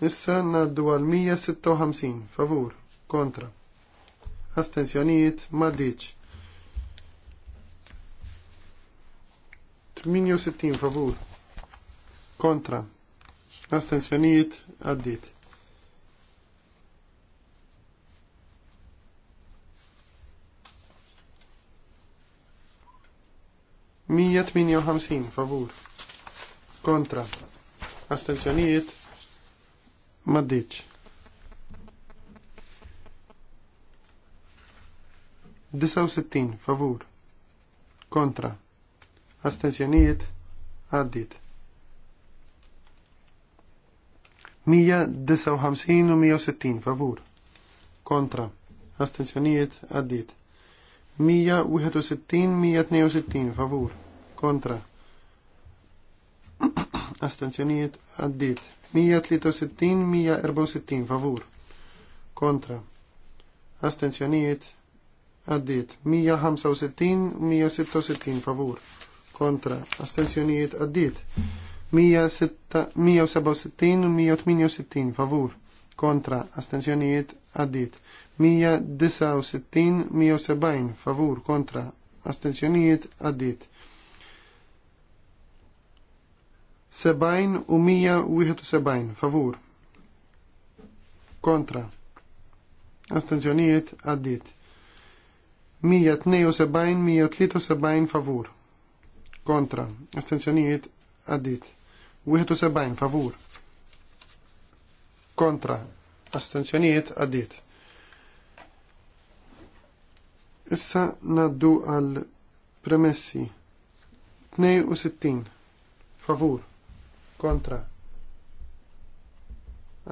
Issa naddu għal 156 favur, kontra. Astenzjonijiet maddiċ. 68 favur kontra astensjonijiet għaddit. Mija Hamsin. favur kontra astensjonijiet maddiċ. Disaw Sittin. favur kontra astenzjonijiet għaddit. 159 u 160 favur. Kontra. Astenzjonijiet għaddit. 161-162 favur. Kontra. Astenzjonijiet għaddit. 163-164 favur. Kontra. Astenzjonijiet għaddit. 165-166 favur kontra astenzjonijiet għaddit 167 u 168 favur kontra astenzjonijiet għaddit 169 170 favur kontra astenzjonijiet għaddit 70 u 171 favur kontra astenzjonijiet għaddit 172 173 favur kontra, astenzjonijiet għaddit. 71 favur, kontra, astenzjonijiet għaddit. Issa naddu għal premessi 62 favur, kontra,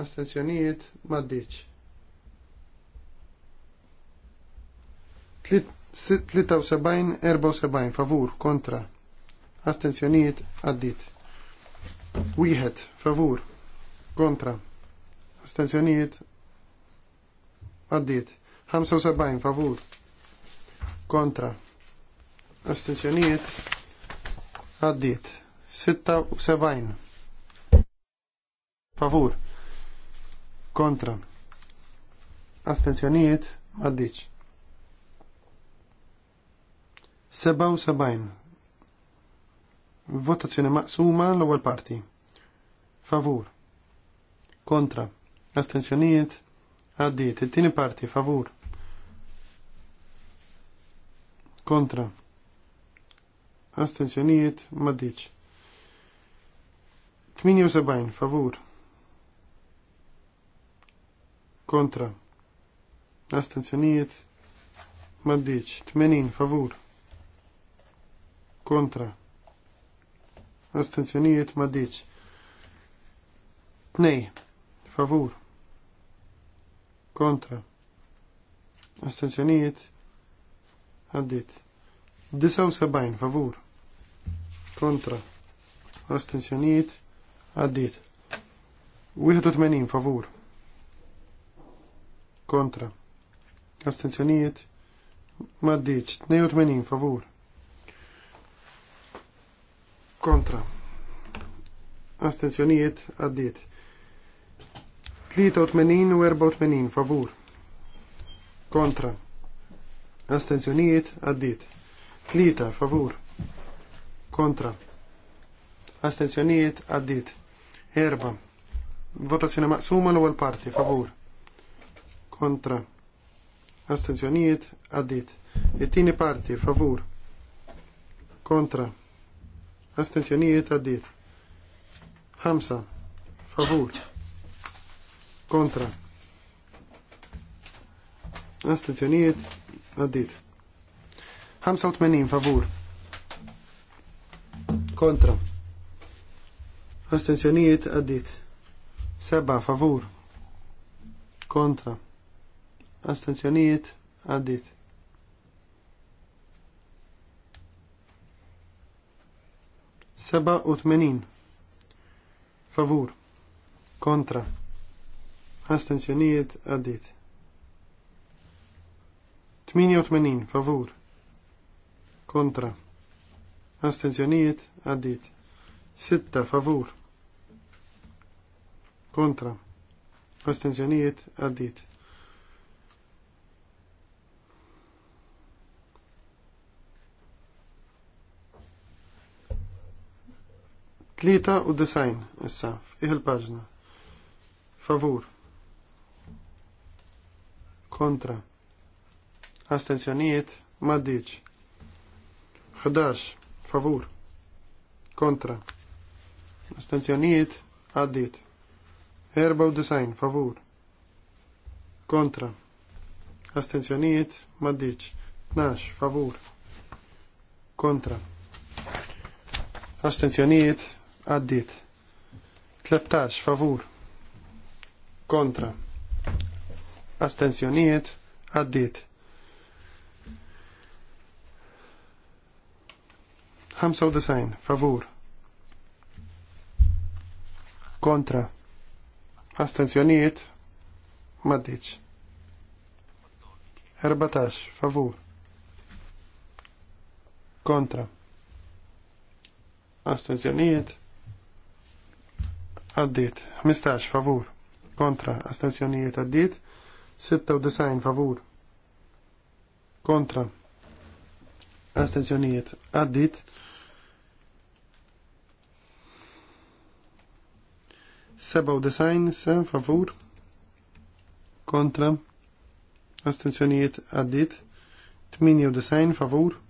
astenzjonijiet maddiċ. 73-74 favur kontra astenzjonijiet għaddit. Wieħed favur kontra astenzjonijiet għaddit. 75 favur kontra astenzjonijiet għaddit. 76 favur kontra astenzjonijiet għaddit. 77 Votazzjoni maqsuma l-ewwel parti. Favur. Kontra. Astenzjonijiet. Għaddiet. Il-tieni parti. Favur. Kontra. Astenzjonijiet. Maddiċ. 78. Favur. Kontra. Astenzjonijiet. Maddiċ. 80. Favur. Kontra astenzjonijiet ma diċ. Nej, favur, kontra, astenzjonijiet għaddit. 79, favur, kontra, astenzjonijiet għaddit. 81, favur, kontra, astenzjonijiet ma ddiċ. 82, favur, kontra astenzjonijiet għaddiet 83 u 84 favur kontra astenzjonijiet għaddiet 3 favur kontra astenzjonijiet għaddiet 4 votazzjoni maqsuma l-ewwel parti favur kontra astenzjonijiet għaddiet it-tieni parti favur kontra Astenzjonijiet għaddiet. Hamsa, Favur. Kontra. Astenzjonijiet għaddiet. 85 favur. Kontra. Astenzjonijiet għaddiet. Seba favur. Kontra. Astenzjonijiet għaddiet. utmenin. favur kontra astensjonijiet għaddit 88 favur kontra astensjonijiet għaddit Sitta, favur kontra astensjonijiet għaddit Tlita u design, issa, fiħ il-paġna. Favur. Kontra. Astenzjonijiet, maddiċ. 11. Favur. Kontra. Astenzjonijiet, u design. Favur. Kontra. Astenzjonijiet, maddiċ. 12. Favur. Kontra. Astenzjonijiet, għaddit. 13 favur kontra Astenzjoniet. għaddit 95 favur kontra Astenzjoniet. maddiċ 14 favur kontra astensjonijiet għaddit, 15 favur kontra astenzjonijiet għaddit, 96 favur kontra astenzjonijiet għaddit, 97 favur kontra astenzjonijiet għaddit, 98 favur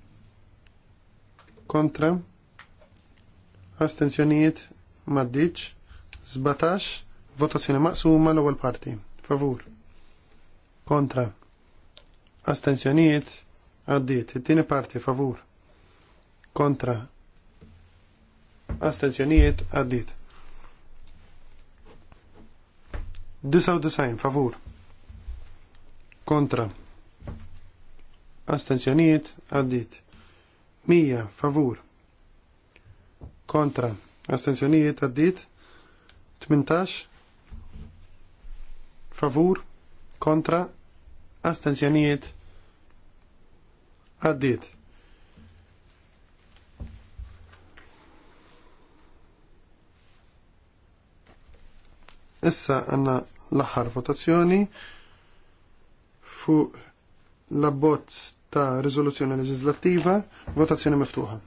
kontra astenzjonijiet maddiċ 17, votazzjoni maqsuma l-ewwel parti. Favur. Kontra. Astenzjonijiet għaddiet. It-tieni parti favur. Kontra. Astenzjonijiet għaddiet. 99 favur. Kontra. Astenzjonijiet għaddiet. 100 favur. Kontra. Astenzjonijiet għaddiet. 18 favur kontra astenzjonijiet għaddiet. Issa għanna l-aħħar votazzjoni fuq l-abbozz ta' riżoluzzjoni leġislattiva, votazzjoni miftuħa.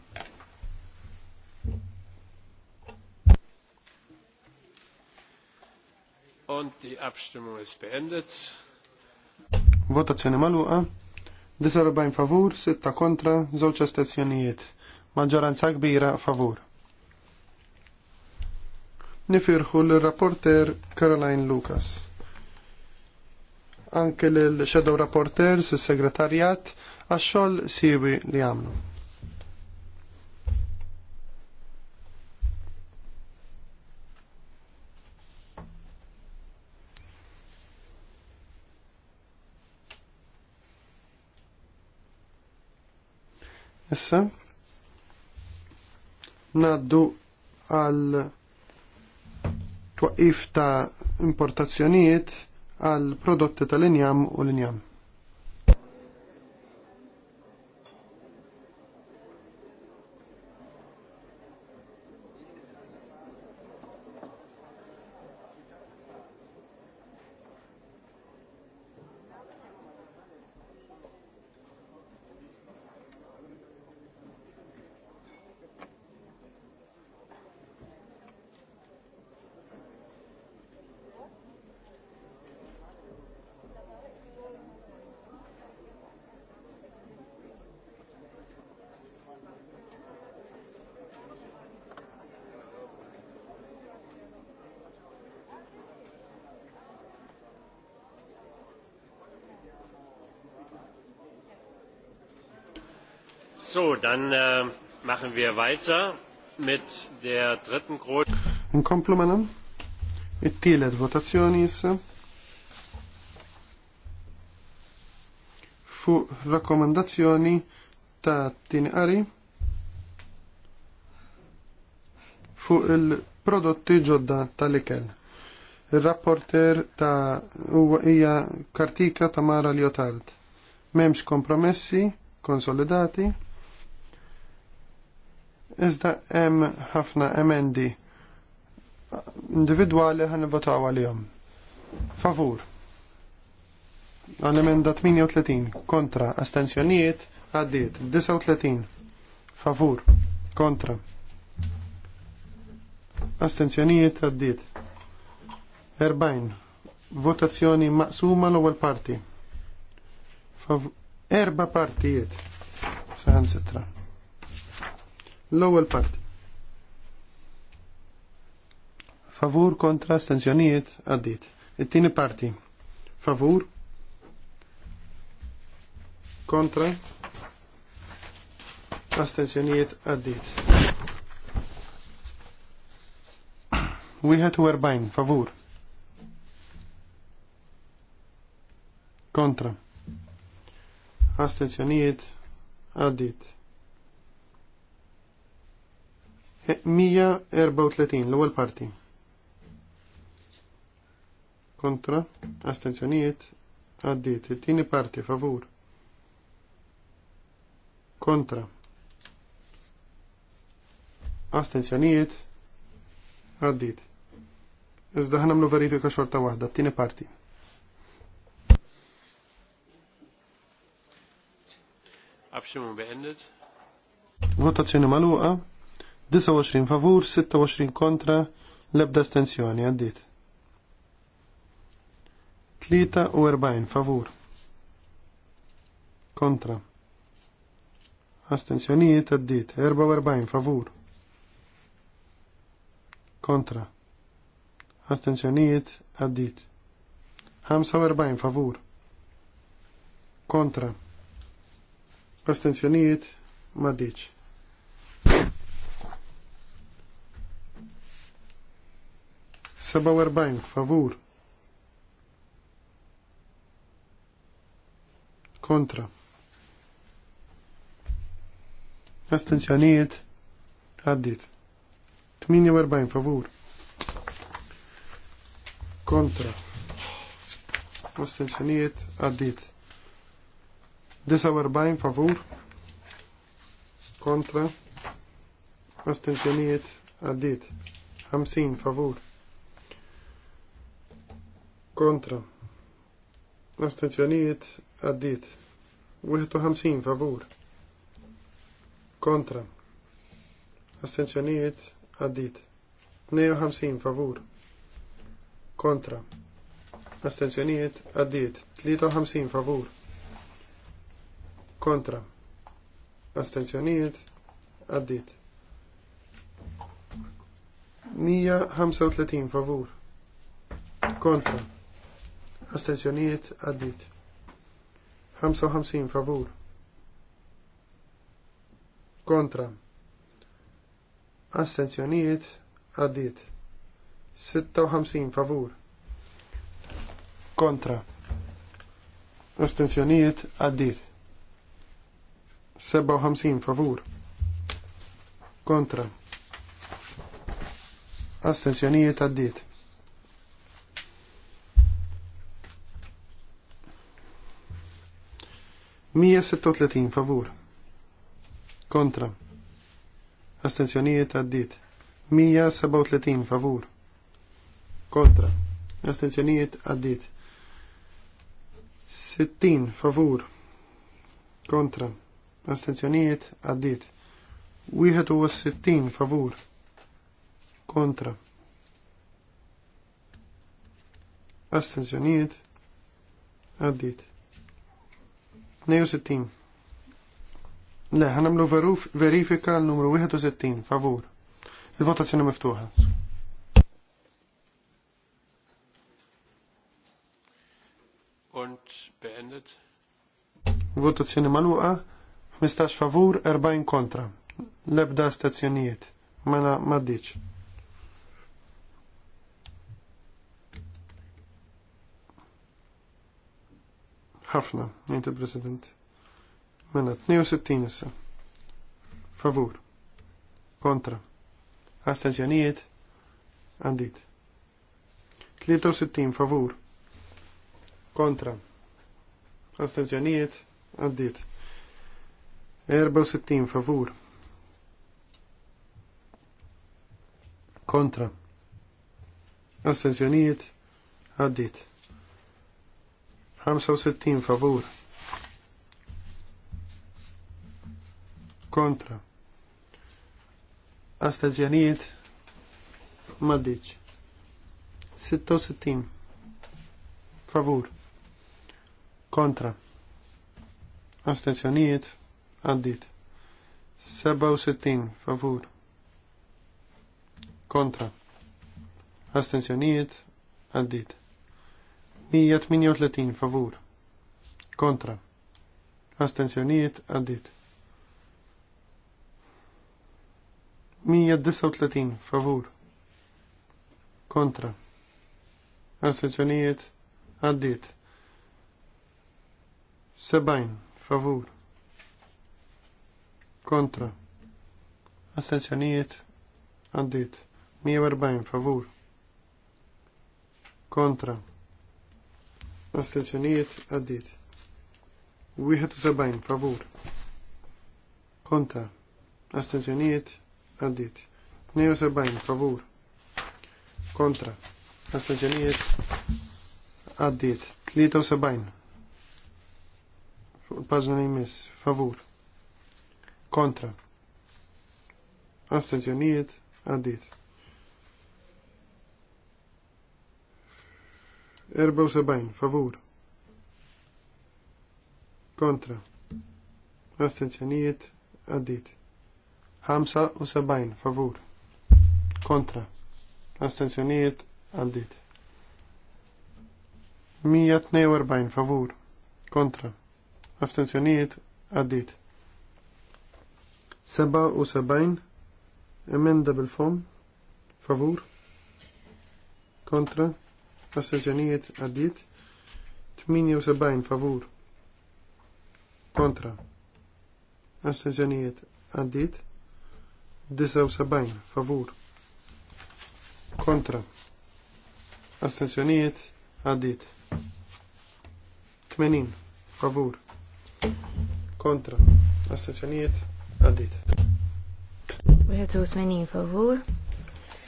Und die Abstimmung ist beendet. Votazzjoni maluqa. 49 favur, 6 kontra, żewġ astenzjonijiet. Maġġoranza kbira favur. Nifirħu l-rapporter Caroline Lucas. Anke l-shadow rapporter, s segretarjat għax-xogħol siwi li għamlu. Issa, naddu għal twaqif ta' importazzjonijiet għal prodotti tal-injam u l-injam. So, dann äh, machen wir weiter mit der dritten Groß... Nkomplu manam. It-tielet votazzjoni jissa. Fu rakkomandazzjoni ta' tini tinqari Fu il-prodotti ġodda tal-ikel. Il-rapporter ta' uwa hija kartika ta' Mara Liotard. Memx kompromessi konsolidati Iżda hemm ħafna emendi individwali ħan votaw għalihom. Favur. Għal-emenda 38 kontra astensjonijiet għaddiet 39 favur kontra astensjonijiet għaddiet 40 votazzjoni maqsuma l-ewwel parti erba partijiet Sa' sitra L-ewwel part. Favur kontra astenzjonijiet għaddit. It-tieni parti. Favur kontra astenzjonijiet għaddit. Wieħed u erbajn, favur. Kontra. Astenzjonijiet għaddit. 134 l-ewwel parti. Kontra, astenzjonijiet, għaddiet. It-tieni parti favur. Kontra. Astenzjonijiet, għaddiet. Iżda nagħmlu verifika xorta waħda, t-tieni parti. Abstimmung beendet. Votazzjoni maluqa. 29 favur, 26 kontra, lebda stenzjoni għaddit. 43 favur. Kontra. Astenzjonijiet għaddit. 44 favur. Kontra. Astenzjonijiet għaddit. 45 favur. Kontra. Astenzjonijiet maddiċ. 47 favur kontra Astenzjoniet, għaddit 48 favur kontra Astenzjoniet, għaddit 49 favur kontra Astenzjoniet, għaddit 50 favur kontra astenzjonijiet għaddit 51 favur kontra astenzjonijiet għaddit 52 favur kontra astenzjonijiet għaddit 53 favur kontra astenzjonijiet għaddit 135 favur kontra astenzjonijiet għaddit. 55 favur. Kontra. Astenzjonijiet għaddit. 56 favur. Kontra. Astenzjonijiet għaddit. 57 favur. Kontra. Astenzjonijiet għaddit. 136 favur. Kontra. Astenzjonijiet għaddit. 137 favur. Kontra. Astenzjonijiet għaddit. 60 favur. Kontra. Astenzjonijiet għaddit. 61 favur. Kontra. Astenzjonijiet għaddit. 62. Le, ħanamlu verifika l-numru 61, favur. Il-votazzjoni miftuħa. Und beendet. Votazzjoni maluqa, 15 favur, 40 kontra. Lebda stazzjonijiet. Mela maddiċ. ħafna, jgħid il-President. Mela 62 issa. Favur. Kontra. Astenzjonijiet. Għandit. 63 favur. Kontra. Astenzjonijiet. Għandit. 64 favur. Kontra. Astenzjonijiet. Għandit. 65 favur. Kontra. Astaġjanijiet maddiċ. 66 favur. Kontra. Astenzjonijiet Addit. 67 favur. Kontra. Addit. għaddit. 138 favur. Kontra. Astenzjonijiet għaddit. 139 favur. Kontra. Astenzjonijiet għaddit. 70 favur. Kontra. Astenzjonijiet għaddit. 140 favur. Kontra astenzjonijiet għaddit. 71 favur Konta. astenzjonijiet għaddit. 72 favur kontra astenzjonijiet għaddit. 73 pażna li jmiss favur kontra astenzjonijiet għaddit. 74. 74 favur kontra astenzjonijiet għaddit 75 favur kontra astenzjonijiet għaddit 142 favur kontra astenzjonijiet għaddit 77 emenda bil-fom favur kontra astensjonijiet għaddit 78 favur kontra astensjonijiet għaddit 79 favur kontra astensjonijiet għaddit 80 favur kontra astensjonijiet għaddit 81 favur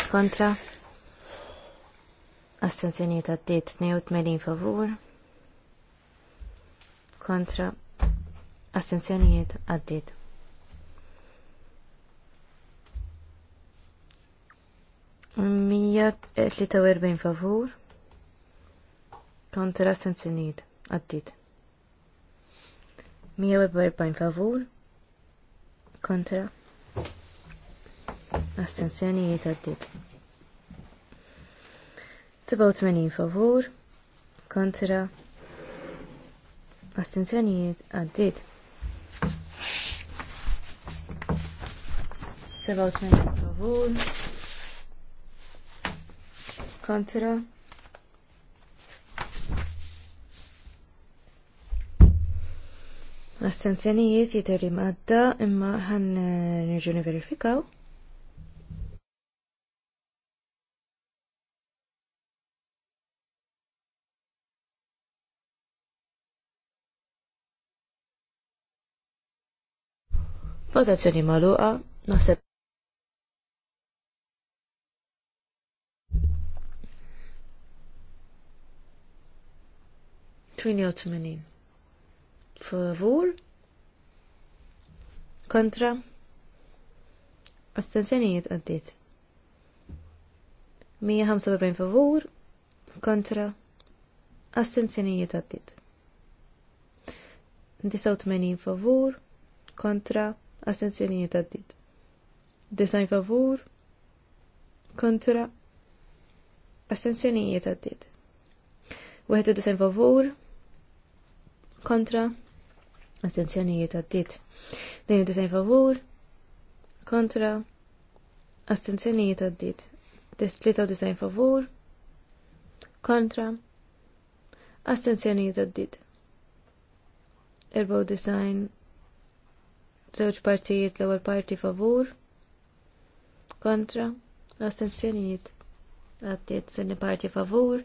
kontra Astenzjoni ta' d-diet 82 favur kontra astenzjonijiet għaddit. Mija 43 favur kontra astenzjonijiet għaddit. 144 favur kontra astenzjonijiet għaddit. 87 favur kontra astenzjonijiet għaddit 87 favur kontra Astenzjonijiet jiteri madda imma ħan eh, nirġu verifikaw. Votazzjoni maluqa, naħseb. Twini Tmini Favur? Kontra? Astenzjonijiet għaddit. 145 favur? Kontra? Astenzjonijiet għaddit. 89 favur? Kontra? astenzjonijiet għaddit. Design favur kontra astenzjonijiet għaddit. Wieħed design favur kontra astenzjonijiet għaddit. Dejn design favur kontra astenzjonijiet għaddit. Test 93 favur kontra astenzjonijiet għaddit. Erbaw design Żewġ partijiet l-ewwel parti favur kontra astenzjonijiet għaddiet sinni parti favur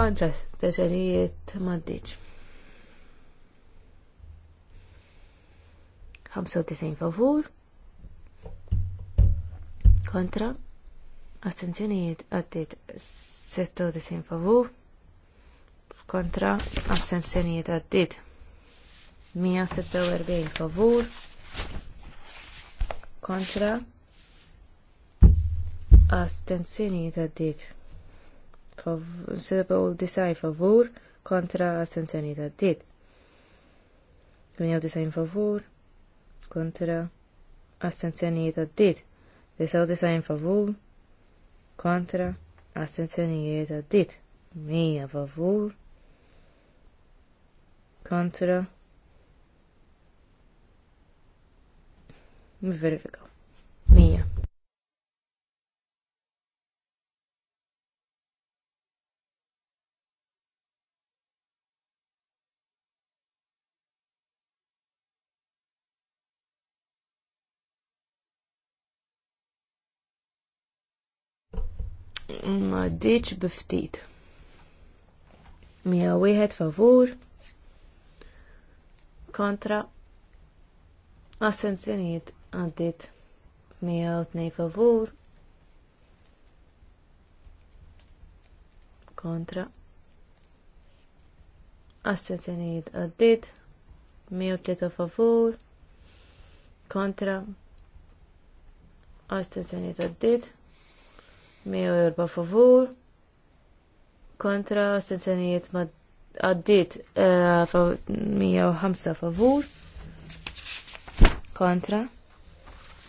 kontra astenzjonijiet maddiċ. 95 favur kontra astenzjonijiet għaddit 96 favur kontra astenzjonijiet għaddit 146 favur kontra astensjoni ta' dit 97 favur kontra astensjoni ta' dit 98 favur kontra astensjoni ta' dit 99 favur kontra astensjoni ta' dit 100 favur kontra Verifikaw. Mija. ma diċ biftit. Mija wieħed favur kontra Assenzjoniet għaddit 102 favur kontra astenzjonijiet għaddit 103 favur kontra astenzjonijiet għaddit 104 favur kontra astenzjonijiet ma għaddit 105 eh, favur kontra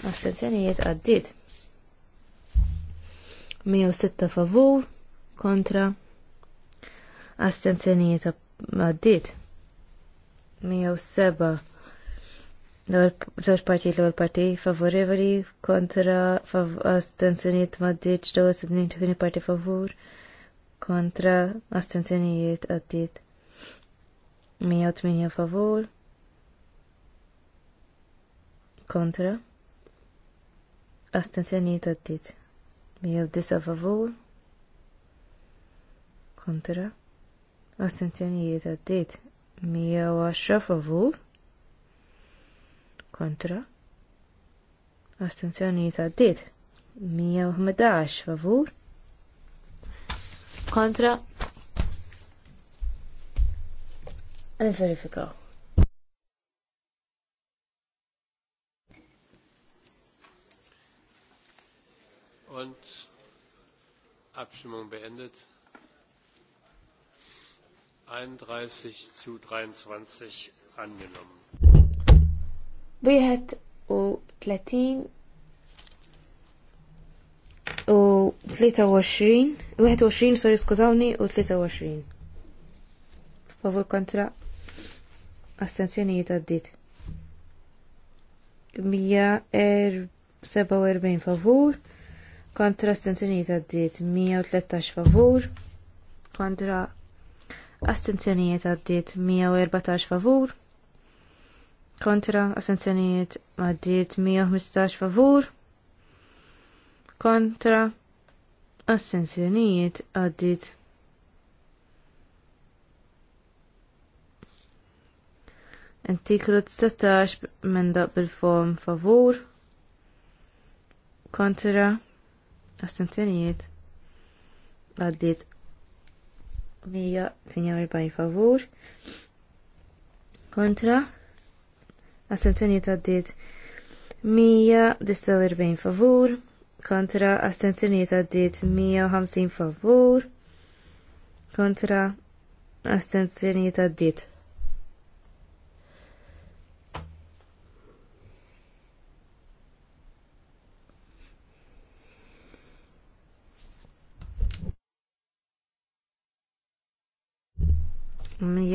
astenzjonijiet għaddit. 106 favur kontra astenzjonijiet għaddit. 107 Zawġ partijiet l-ewwel partij favorevoli kontra astenzjonijiet maddiċ dawl sidnin tieni parti favur kontra astenzjonijiet għaddit. 108 favur kontra astenzjonijiet għaddit. disa favur kontra astenzjonijiet għaddit. 110 favur kontra astenzjonijiet għaddit. 111 favur kontra Għan verifikaw. und Abstimmung beendet. 31 zu 23 angenommen. Wieħed u 30 u 23, 21, sorry, skużawni, u 23. Favur kontra astenzjoni għaddit. 147 er, favur kontra astenzjonijiet għaddiet 113 favur kontra astenzjonijiet għaddiet 114 favur kontra astenzjonijiet għaddiet 115 favur kontra astenzjonijiet għaddiet Antiklu 19 menda bil-form favur kontra astenzjonijiet għaddit 148 favur kontra astenzjonijiet għaddit 149 favur kontra astenzjonijiet għaddit 150 favur kontra astenzjonijiet għaddit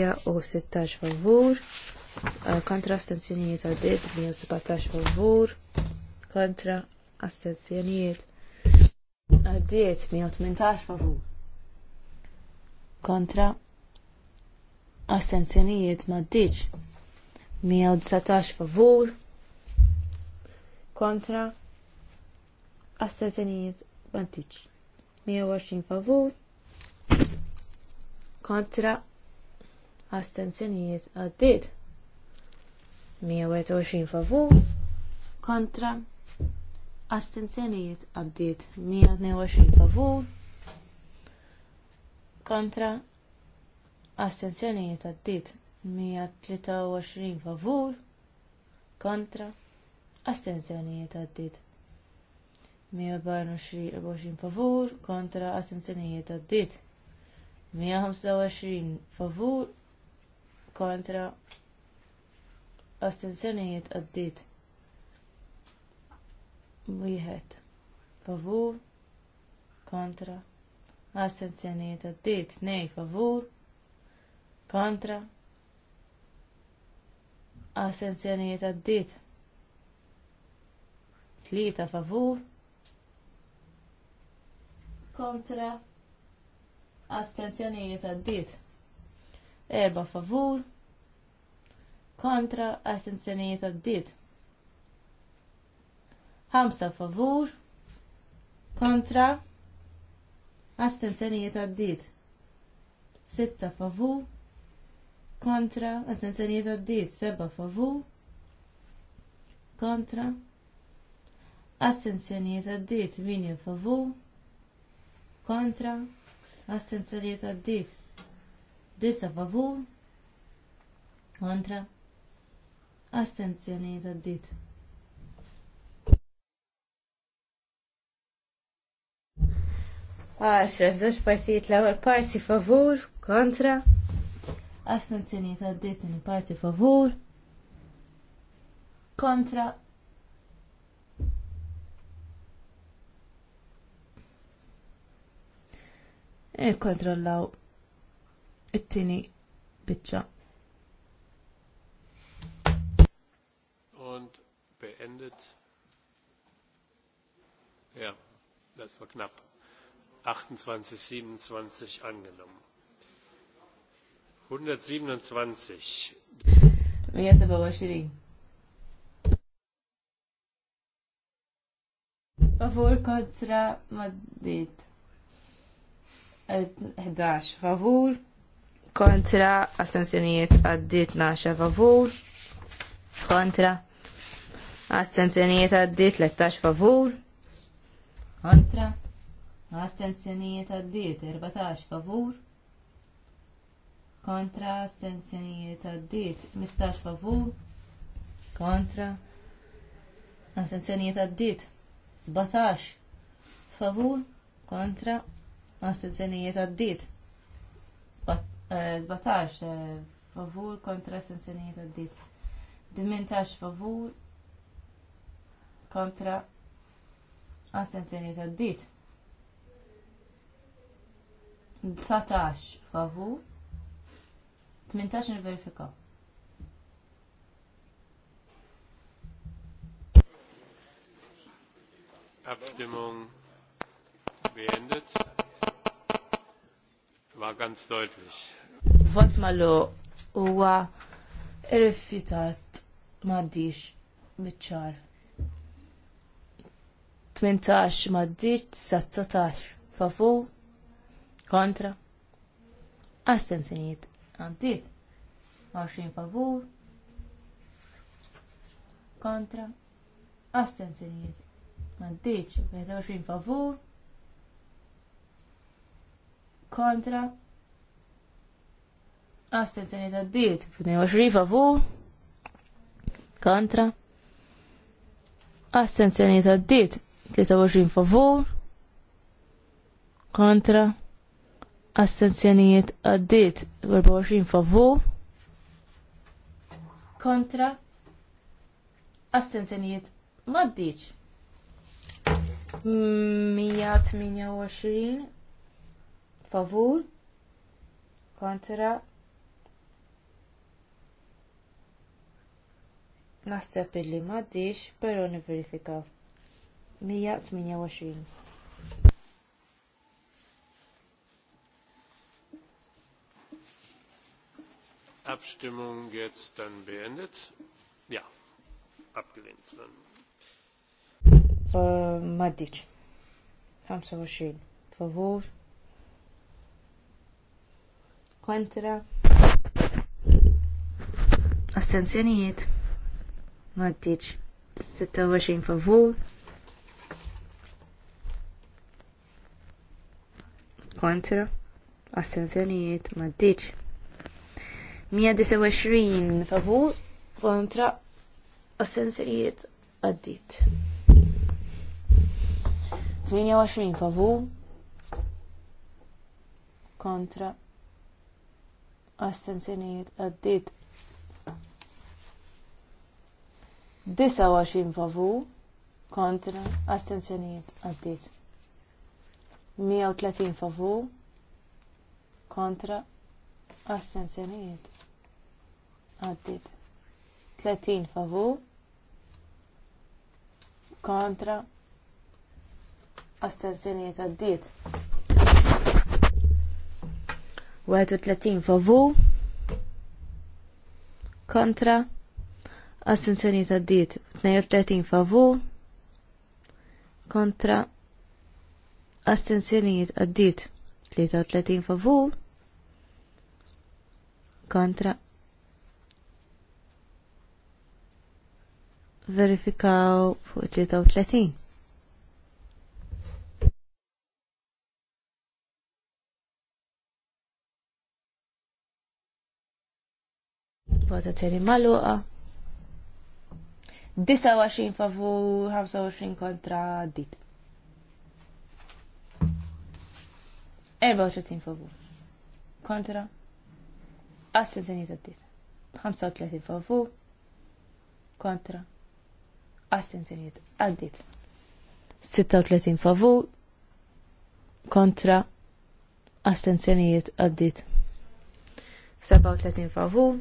U 16 favur, kontra astenzjonijiet għaddit 117 favur, kontra astenzjonijiet għaddit 118 favur, kontra astenzjonijiet maddiċ 119 favur, kontra astenzjonijiet maddiċ 120 favur, kontra astenzjonijiet għaddit 121 favur kontra astenzjonijiet għaddit 122 favur kontra astenzjonijiet għaddit 123 favur kontra astenzjonijiet għaddit 124 favur kontra astenzjonijiet għaddit 125 favur kontra astenzjonijiet għaddit. Wieħed favur kontra astenzjonijiet għaddit. Nej favur kontra astenzjonijiet għaddit. Tlieta favur kontra astenzjonijiet għaddit erba favur kontra astenzjonijiet għaddit. Hamsa favur kontra astenzjonijiet għaddit. Sitta favur kontra astenzjonijiet għaddit. Seba favur kontra astenzjonijiet għaddit. Minja favur kontra astenzjonijiet għaddit disa favur kontra ta' dit. Għaxra, zoċ partijiet l-ewel parti favur kontra ta' dit in parti favur kontra E kontrollaw it tini bitċa. Und beendet. Ja, das war knapp. 28, 27 angenommen. 127. 127. Favur kontra maddit. 11. Favur kontra astenzjonijiet għaddit 12 favur kontra astenzjonijiet għaddit lettax favur kontra astenzjonijiet għaddit 14 favur kontra astenzjonijiet għaddit mistax favur kontra astenzjonijiet għaddit 17 favur kontra astenzjonijiet għaddit 17 eh, eh, favur kontra sanzjonijiet għaddit. 18 favur kontra sanzjonijiet għaddit. 19 favur 18 verifika. Abstimmung beendet war ganz deutlich. Vot malo huwa irrifjutat m'għaddix biċ-ċar. 18 m'għaddix 19 fafu kontra astensjonijiet għaddi 20 favur kontra astensjonijiet m'għaddix 20 favur kontra astenzjoni ta' d-diet 22 fu. kontra astenzjoni ta' d-diet 23 favur kontra astenzjonijiet għaddit 24 favur kontra astenzjonijiet maddiċ 128 favur kontra naħseb illi m'għaddix però niverifikaw 128 Abstimmung jetzt dann beendet. Ja, abgelehnt. Dann. Uh, Maddiċ. 25. Favor kontra astenzjonijiet maddiċ 26 favur kontra astenzjonijiet maddiċ 129 favur kontra astenzjonijiet għaddit 28 favur kontra astensjonijiet għaddit 29 favur kontra astensjonijiet għaddit 130 favu kontra astensjonijiet għaddit 30 favu kontra astensjonijiet għaddit 31 favur kontra astenzjoni ta' dit 32 favur kontra ta' dit 33 favur kontra verifikaw fuq 33 Votazzjoni maluqa. 29 favur, 25 kontra dit. 34 favur. Kontra. Assenzjoni ta' dit. 35 favur. Kontra. Assenzjoni għaddit. 36 favur. Kontra. Astenzjonijiet għaddit. 37 favur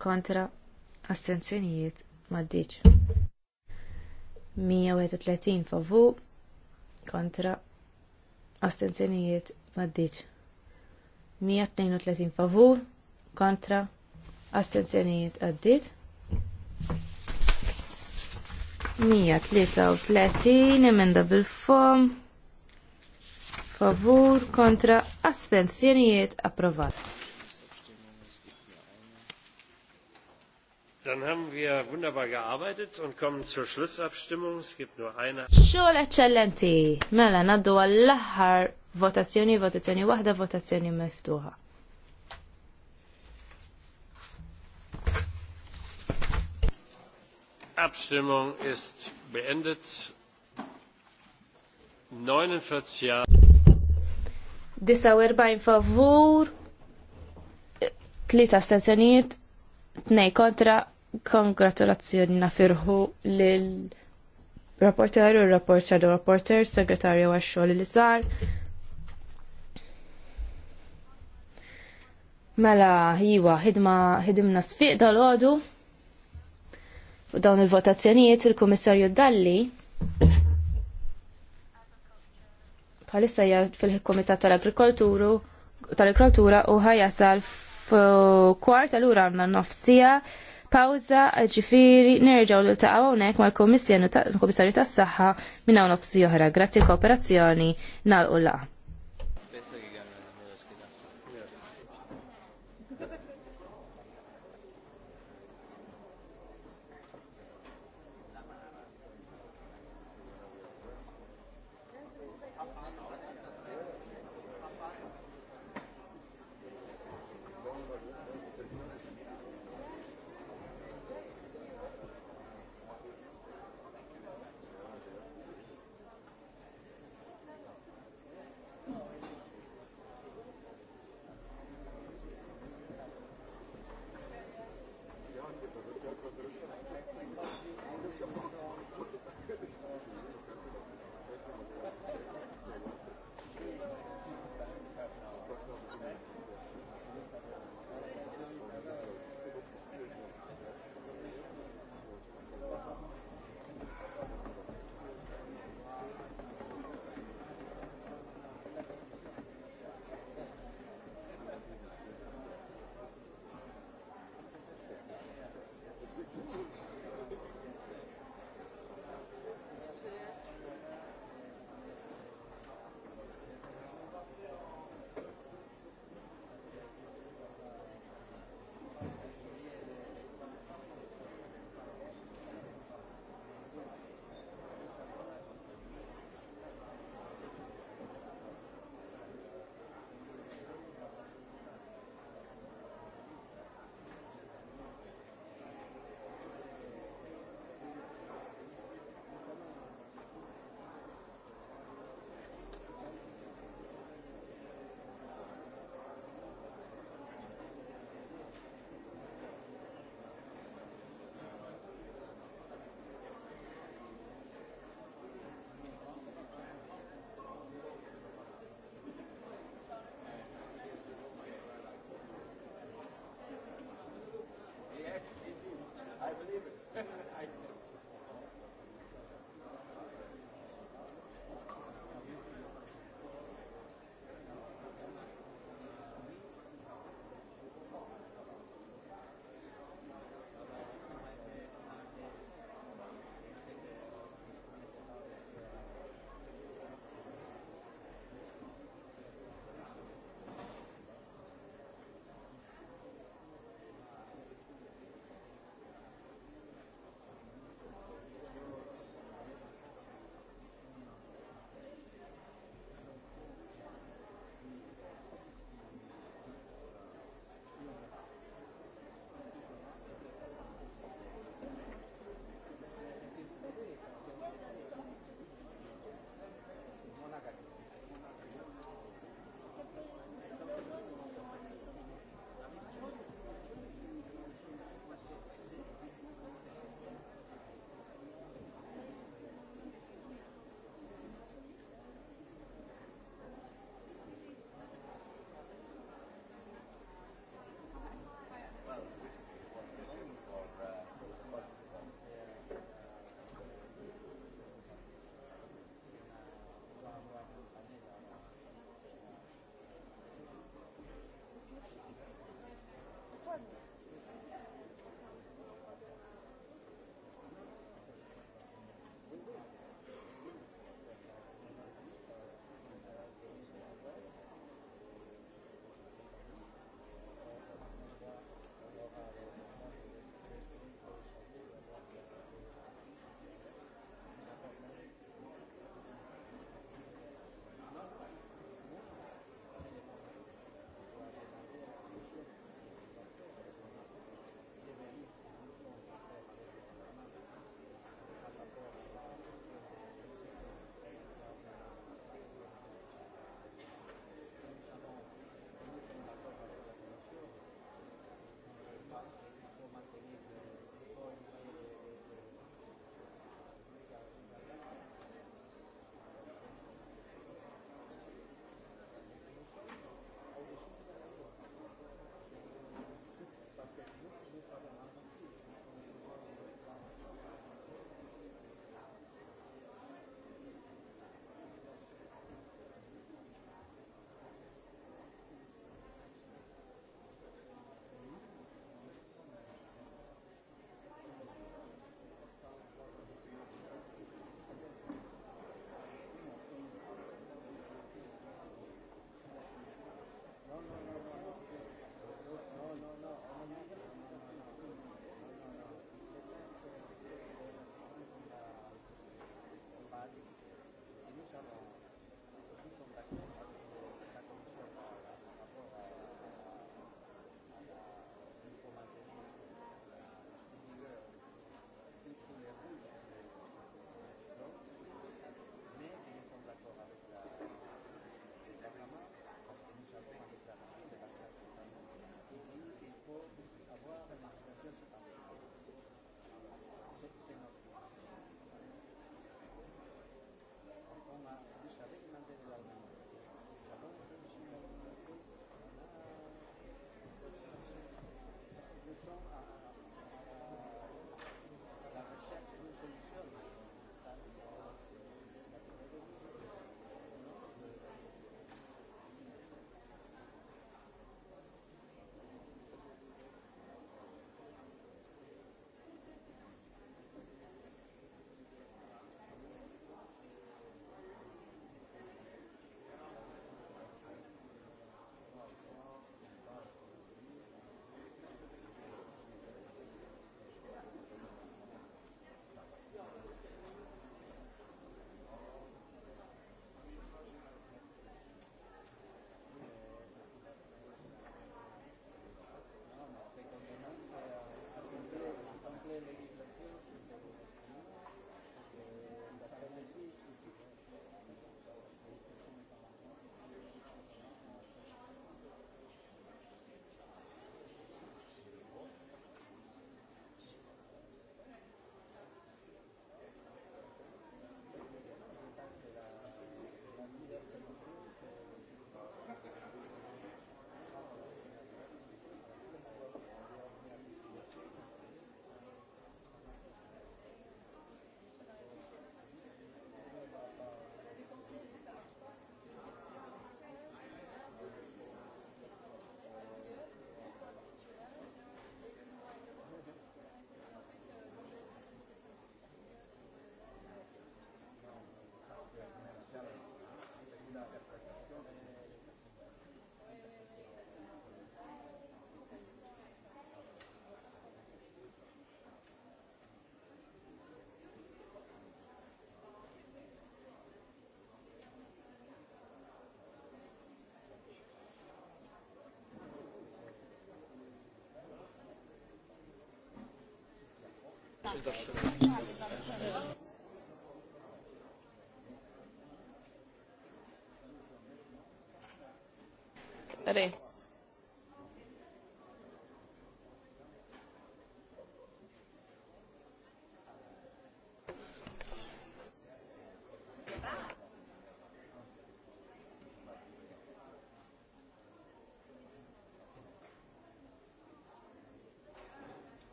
kontra astenzjonijiet maddiċ. 131 favu kontra astenzjonijiet maddiċ. 132 favur kontra astenzjonijiet għaddit. 133 emenda bil-fom favur kontra astenzjonijiet approvat. Dann haben wir wunderbar gearbeitet und kommen zur Schlussabstimmung. Es gibt nur eine. Schul eccellenti. Mela naddu għall-aħħar votazzjoni, votazzjoni waħda, votazzjoni miftuħa. Abstimmung ist beendet. 49 ja. 49 favur, tlita astenzjonijiet, nej, kontra kongratulazzjoni nafirħu lil rapporter u rapporter u rapporter segretarju għaxxol li sar. Mela, jiva, hidma, ħidimna sfiq dal-ħodu u dawn il-votazzjonijiet il-komissarju Dalli bħalissa jgħad fil-komitat tal-agrikoltura tal u ħajasal f-kwart għallura għanna nofsija pawza ġifiri nerġaw l iltaqaw għonek ma' l-Komissarju tas-Saħħa minna nofsija oħra. Grazie kooperazzjoni nal-ulla. Re.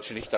deutsche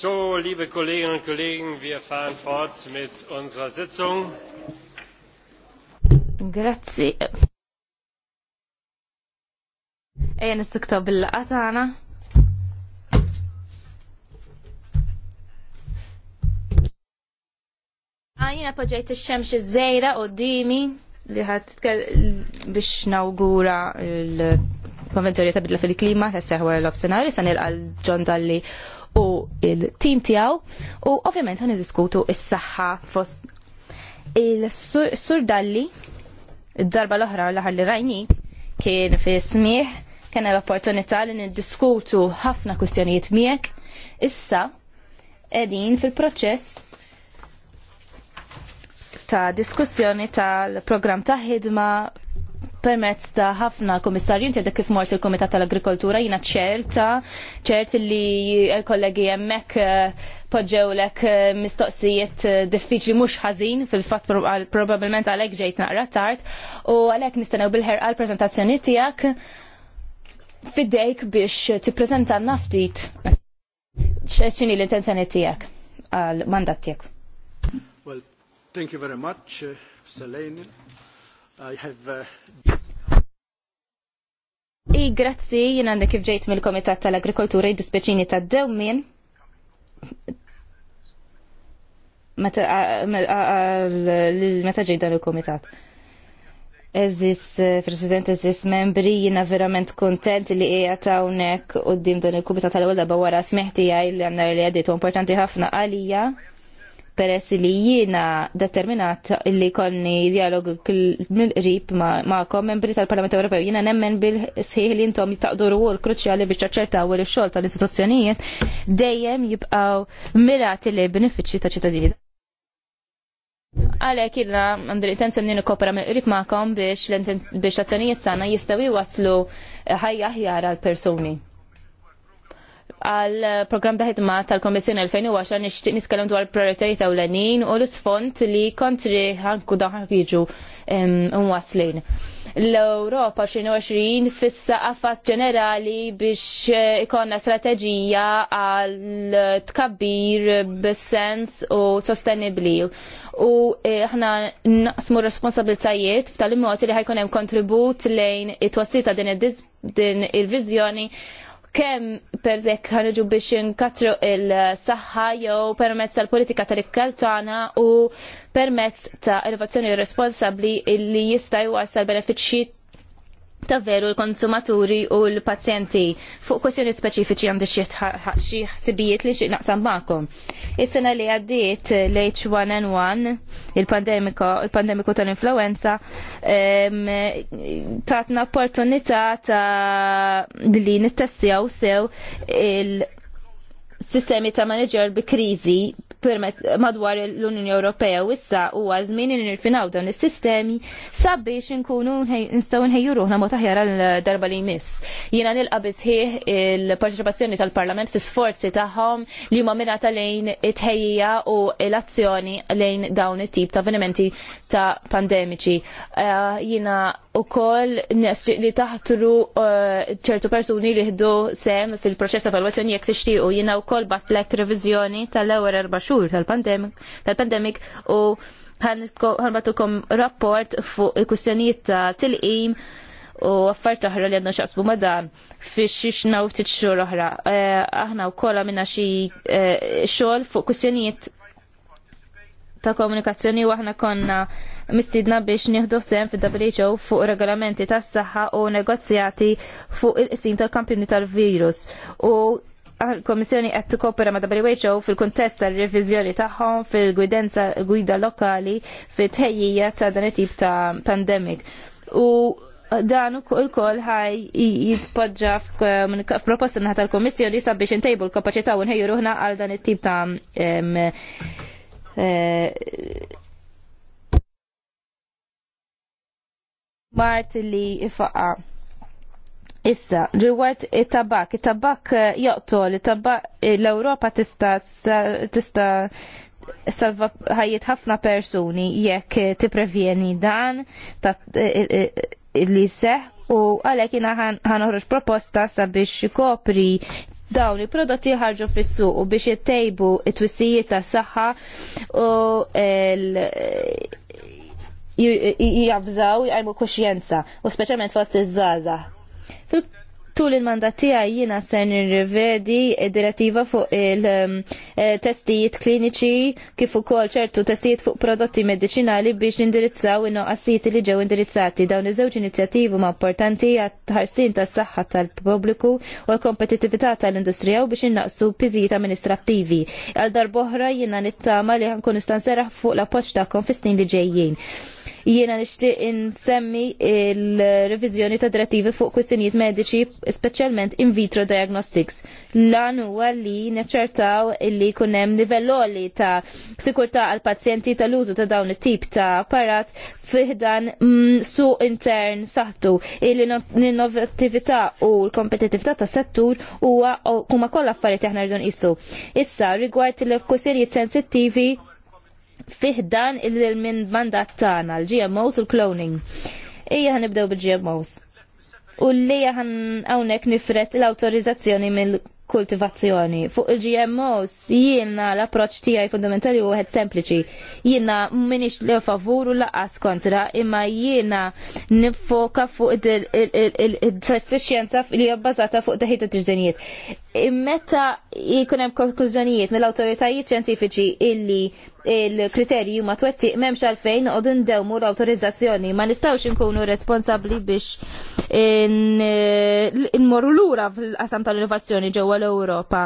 So, liebe Kolleginnen und Kollegen, wir fahren fort mit unserer Sitzung. Grazie. Ejja nistikta bil-laqa tagħna. Għajna ah, poġġejt ix-xemx iż-żejra qudiemi li ħadd biex nawgura l-Konvenzjoni ta' bidla fil-klima ta' seħwar l-ofsenari sa nilqal ġon dalli u il team tiegħu u ovvjament għan iżiskutu is-saħħa fost il-sur Dalli id-darba l-oħra l-aħħar li rajni kien fi smieħ kien l-opportunità li niddiskutu ħafna kwistjonijiet miegħek issa qegħdin fil-proċess ta' diskussjoni tal-programm ta' ħidma permezz ta' ħafna komissarju, inti għadek kif mors il-Komitat tal-Agrikoltura, jina ċerta, ċert li kollegi jemmek eh, lek eh, mistoqsijiet eh, diffiċli mux ħazin, fil-fat probabilment għalek ġejt naqra tard, u għalek nistenew bil-ħer għal-prezentazzjoni tijak fidejk biex ti naftit ċeċini l-intenzjoni tijak għal-mandat tijak. Well, thank you very much, Selene. I have uh... I grazzi jien għandek kif ġejt mill-Komitat tal-Agrikoltura id dispeċini ta' dewmin meta ġejt dan il-Komitat. Eżis, eh, President, eżis membri, jina verament kontent li qiegħed hawnhekk dim dan il-Kumitat tal-ewwel bawara wara smeħti għaj li għandna li għadiet importanti ħafna għalija peress li jiena determinat li konni dialog mill-qrib ma'kom membri tal-Parlament Ewropew. Jiena nemmen bil-sħiħ li intom jittaqdu l kruċjali biex ċaċċertaw li x-xogħol tal-istituzzjonijiet dejjem jibqgħu mirati li benefiċċji ta' ċittadini. Għalek kidna għandu l-intenzjoni nikopera mill-qrib ma'kom biex l-azzjonijiet tagħna jistgħu waslu ħajja ħjar għal persuni għal program ta' ħidma tal-Kommissjoni 2010 nixtieq nitkellem dwar prioritajiet ewlenin u l-isfond li kontri ħanku dawn jiġu mwaslin. l ewropa 2020 fissa qafas ġenerali biex eh, ikonna strateġija għal tkabbir bis-sens u sostenibli. U eh, ħna naqsmu responsabiltajiet tal-immoti li ħajkun hemm kontribut lejn it-twassita din il-viżjoni kemm perzek ħanġu biex inkatru il-saħħa jew permezz tal-politika tal-ikkel tagħna u permezz ta' innovazzjoni responsabbli li jista' jwassal benefiċċji ta' veru l-konsumaturi u l-pazjenti fuq kwestjoni speċifiċi għandi xi ħsibijiet li xi naqsam magħkom. Is-sena li għaddiet l-H1N1, il-pandemiku tal-influenza, tatna opportunità ta' li nittestjaw sew il- sistemi ta' manager bi krizi madwar l-Unjoni Ewropea u issa huwa żmien nirfinaw dawn is-sistemi sabiex inkunu nistgħu nħejju ruħna mod aħjar għal darba li jmiss. Jiena nilqa' bisħieħ il-parċipazzjoni tal-Parlament fi sforzi tagħhom li huma mingħata lejn it-tħejjija u l-azzjoni lejn dawn it-tip ta' avvenimenti ta' pandemiċi. Uh, jiena ukoll li taħtru uh, ċertu persuni li ħdu sem fil-proċess ta' valwazzjoni jekk tixtiequ Jina u ukoll batlek reviżjoni tal-ewwel erba' xhur tal-pandemik u ħanbatukom rapport fuq il-kwistjonijiet ta' tilqim u affarijiet oħra li għandna xaqsbu ma' dan fi xix u ftit xur oħra. Eh, aħna wkoll minna xi eh, xogħol fuq kussjonijiet ta' komunikazzjoni u aħna konna mistidna biex nieħdu sem fi who fuq regolamenti tas saħħa u negozjati fuq il-qsim tal-kampjoni tal-virus. U l-Komissjoni qed tikkopera ma' WHO fil-kuntest tal-reviżjoni tagħhom fil-gwidenza gwida lokali fit-tħejjija ta' dan it-tip ta' pandemic. U dan ukoll ħaj jitpoġġa f'proposta naħa tal-Komissjoni sabiex intejbu l-kapaċità u nħejju ruħna għal dan it-tip ta' eh, Mart li ifaqa' Issa, rigward it-tabak, it-tabak eh, joqtol, it-tabak eh, l-Europa tista tista salva ħajjiet ħafna persuni jekk eh, tipprevjeni dan ta' li seħ u għalhekk jiena ħanoħroġ proposta sabiex kopri dawn il-prodotti ħarġu fis-suq u biex jittejbu it-twissijiet ta' saħħa u jgħabżaw jgħajmu kuxjenza u speċjalment fost iż-żaza Tul il-mandat tiegħi jiena ser nirrivedi direttiva fuq il-testijiet ehm, eh, kliniċi kif ukoll ċertu testijiet fuq prodotti mediċinali biex nindirizzaw in-noqqasijiet li ġew indirizzati. Dawn iż-żewġ inizjattivi ma' importanti għat-ħarsin tas-saħħa tal-pubbliku u l-kompetittività tal-industrija u biex innaqsu piżijiet amministrattivi. Għal darboħra jiena nittama li ħankun istanserraħ fuq l-appoġġ tagħkom fis-snin li ġejjin jiena nixtieq insemmi il-reviżjoni ta' direttivi fuq kwistjonijiet mediċi, speċjalment in vitro diagnostics. Lan huwa li neċertaw illi jkun hemm livelloli ta' sikurtà għal pazjenti tal-użu ta' dawn it-tip ta' apparat fiħdan mm, suq intern saħtu l-innovattività u l-kompetitività ta' settur huwa huma kollha affarijiet aħna rridu nqisu. Issa rigward il-kwistjonijiet sensittivi fih dan il-mandat tagħna l-GMOs u l-cloning. Ija ħanibdew bil-GMOs. U li ħan hawnhekk nifret l-awtorizzazzjoni mill kultivazzjoni. Fuq il-GMOs jiena l-approċ tiegħi fundamentali u għed sempliċi. Jiena minix le favur u laqas kontra, imma jiena nifoka fuq il xienza li hija bbażata fuq daħita t-ġdenijiet. Immetta jkun hemm konklużjonijiet mill-awtoritajiet xjentifiċi illi il-kriterji huma twetti m'hemmx għalfejn u ndewmu l-awtorizzazzjoni ma nistgħux inkunu responsabbli biex nmorru lura fil-qasam tal-innovazzjoni ġewwa l-Ewropa.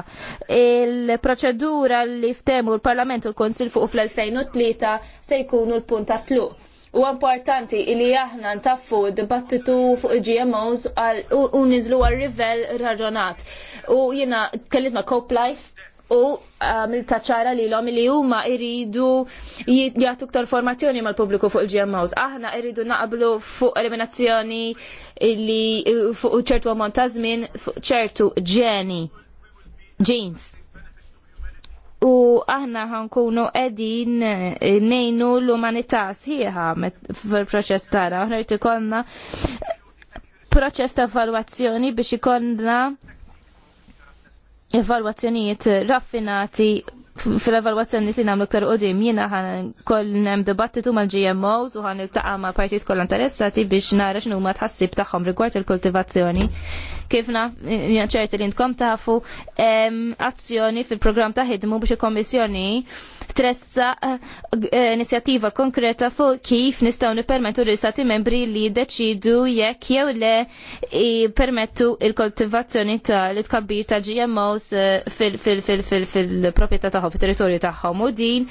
Il-proċedura li ftemu l-Parlament u l-Konsil fuq fl-2003 se jkunu l-punt ta' tluq U importanti li aħna ntaffu dibattitu fuq il-GMOs u nizlu għal rivel raġonat. U jina tkellit Cope Life u mil um, taċċara li l-om li huma iridu jgħatu ktar formazzjoni mal pubbliku fuq il-GMOs. Aħna iridu naqblu fuq eliminazzjoni li fuq ċertu għamont ta' żmien fuq ċertu ġeni. Jeans u aħna ħankunu edin eh, nejnu l-umanità sħiħa fil-proċess tagħna. Aħna rrid ikollna proċess ta' evalwazzjoni biex ikonna evalwazzjonijiet raffinati fil-evalwazzjoni li nagħmlu iktar qudiem jiena ħan koll hemm dibattitu mal-GMOs u ħan iltaqa' ma' partit kollha interessati biex nara x'inhu ma tħassib tagħhom rigward il-kultivazzjoni. Kif naf ċerti li ntkom tafu azzjoni fil-programm ta' ħidmu biex il-Kommissjoni tressa inizjattiva konkreta fuq kif nistgħu nippermettu l stati membri li jiddeċidu jekk jew le permettu il-kultivazzjoni tal-tkabbir ta' GMOs fil-proprjetà tagħhom tagħhom fit-territorju tagħhom u din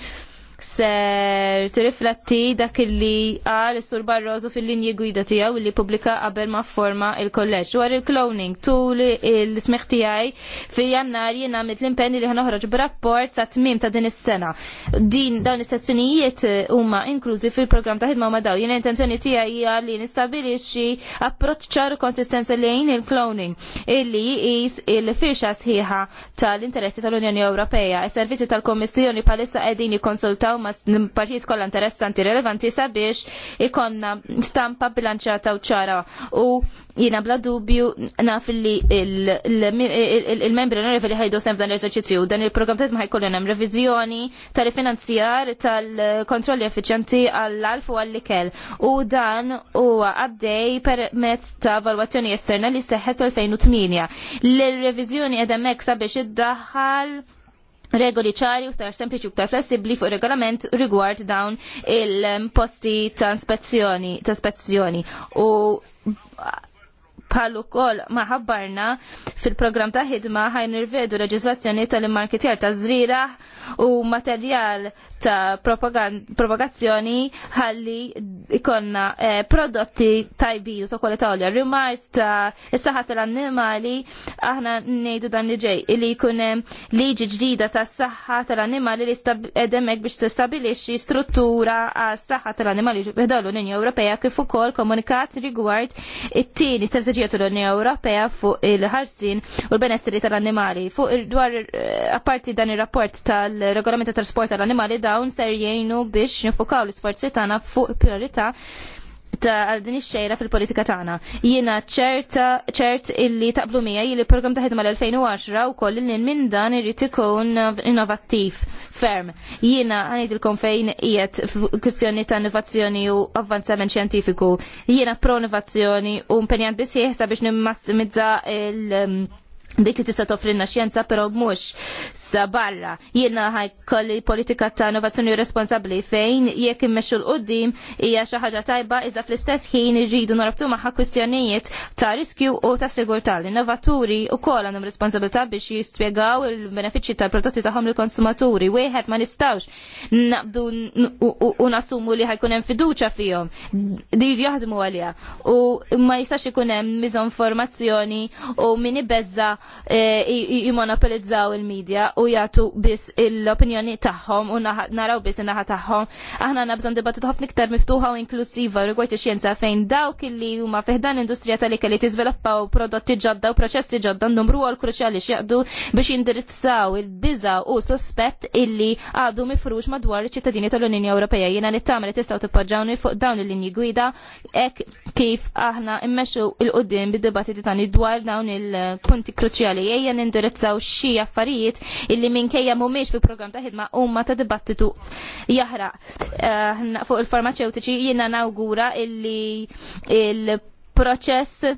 ser tirrifletti dak illi għal sur Barroso fil-linji gwida tiegħu illi publika qabel ma forma il kolleġ Dwar il-cloning tu l smeħ tiegħi fi jannar jien għamilt l-impenni li ħanoħroġ b'rapport sa tmiem ta' din is-sena. Din dawn is-sezzjonijiet huma inklużi fil-programm ta' ħidma ma' daw. Jien intenzjoni tiegħi hija li nistabilixxi approċċ ċar konsistenza lejn il-cloning illi jqis il fisċa sħiħa tal-interessi tal-Unjoni Ewropea. Is-servizzi tal-Kommissjoni palissa qegħdin jikkonsultaw nikkooperaw ma' partijiet kollha interessanti rilevanti sabiex ikonna stampa bilanċata u ċara u jiena bla dubju naf li il-membri onorevi li ħajdu sem f'dan l-eżerċizzju dan il-programm tgħid ma ħajkollu hemm reviżjoni tal-finanzjar tal-kontrolli effiċjenti għall-alf u għall-ikel u dan huwa għaddej permezz ta' valwazzjoni esterna li seħħet fl-2008. L-reviżjoni qed hemmhekk sabiex iddaħħal regoli ċari u star sempliċi u ktar flessibli fuq regolament rigward dawn il-posti ta' ispezzjoni u bħal ukoll ma ħabbarna fil-programm ta' ħidma ħajn nirvedu tal-immarketjar ta' zrira u materjal ta' propagazzjoni ħalli ikonna eh, prodotti u ta' kwalità olja. Rimart ta' is saħat tal-annimali aħna ngħidu dan li ġej li jkun hemm liġi ġdida tas-saħħa tal-annimali li edemek biex t-stabilixi struttura għas s-saħat tal-annimali ġbedol l-Unjoni Ewropea kif ukoll komunikat rigward it-tieni strategija tal-Unjoni Ewropea fuq il-ħarsin u l-benesseri tal-annimali. Fuq dwar eh, apparti dan ir-rapport tal-regolament tal trasport tal-annimali da dawn ser jgħinu biex nifukaw l-isforzi tagħna fuq priorità ta' din ix-xejra fil-politika tagħna. Jiena ċerta ċert illi taqblu miegħi li program ta' ħidma l-2010 wkoll li minn dan irid ikun innovattiv ferm. Jiena ngħidilkom fejn qiegħed f'kwistjoni ta' innovazzjoni u avvanzament xjentifiku. Jiena pro innovazzjoni u mpenjant biss sabiex biex nimmassimizza il- dik li tista' toffrilna xjenza però mhux sa barra. Jiena ħajkolli politika ta' innovazzjoni responsabbli fejn jekk immexxu l qudiem hija xi ħaġa tajba iżda fl-istess ħin iġidu norbtu magħha kwistjonijiet ta' riskju u ta' sigurtà. L-innovaturi wkoll għandhom responsabilità biex jispjegaw il-benefiċċji tal-prodotti tagħhom lill-konsumaturi. Wieħed ma nistgħux naqdu u nassumu li ħajkun hemm fiduċja fihom. Di jaħdmu għaliha. U ma jistax ikun hemm miżonformazzjoni u min ibeżza Eh, jimonopolizzaw il-medja u jagħtu biss l-opinjoni tagħhom u naraw biss in-naħa tagħhom. Aħna nabżon dibattit ħafna iktar miftuħa u inklusiva rigward ix-xjenza fejn dawk li huma fiħdan industrija tal-ikel li tiżviluppaw prodotti ġodda u proċessi ġodda numru għal kruċjali x'jaqdu biex jindirizzaw il-biża u sospett illi għadu mifrux madwar iċ-ċittadini tal-Unjoni Ewropea. Jiena nittama li tistgħu tippoġġawni fuq dawn il-linji gwida hekk kif aħna immexxu il-qudiem bid-dibattiti tani dwar dawn il-punti kruċali soċjali ejja nindirizzaw xi affarijiet illi minkejja mhumiex fil-programm ta' ħidma huma ta' dibattitu jaħraq eh, fuq il-farmaceutiċi jiena nawgura illi il-proċess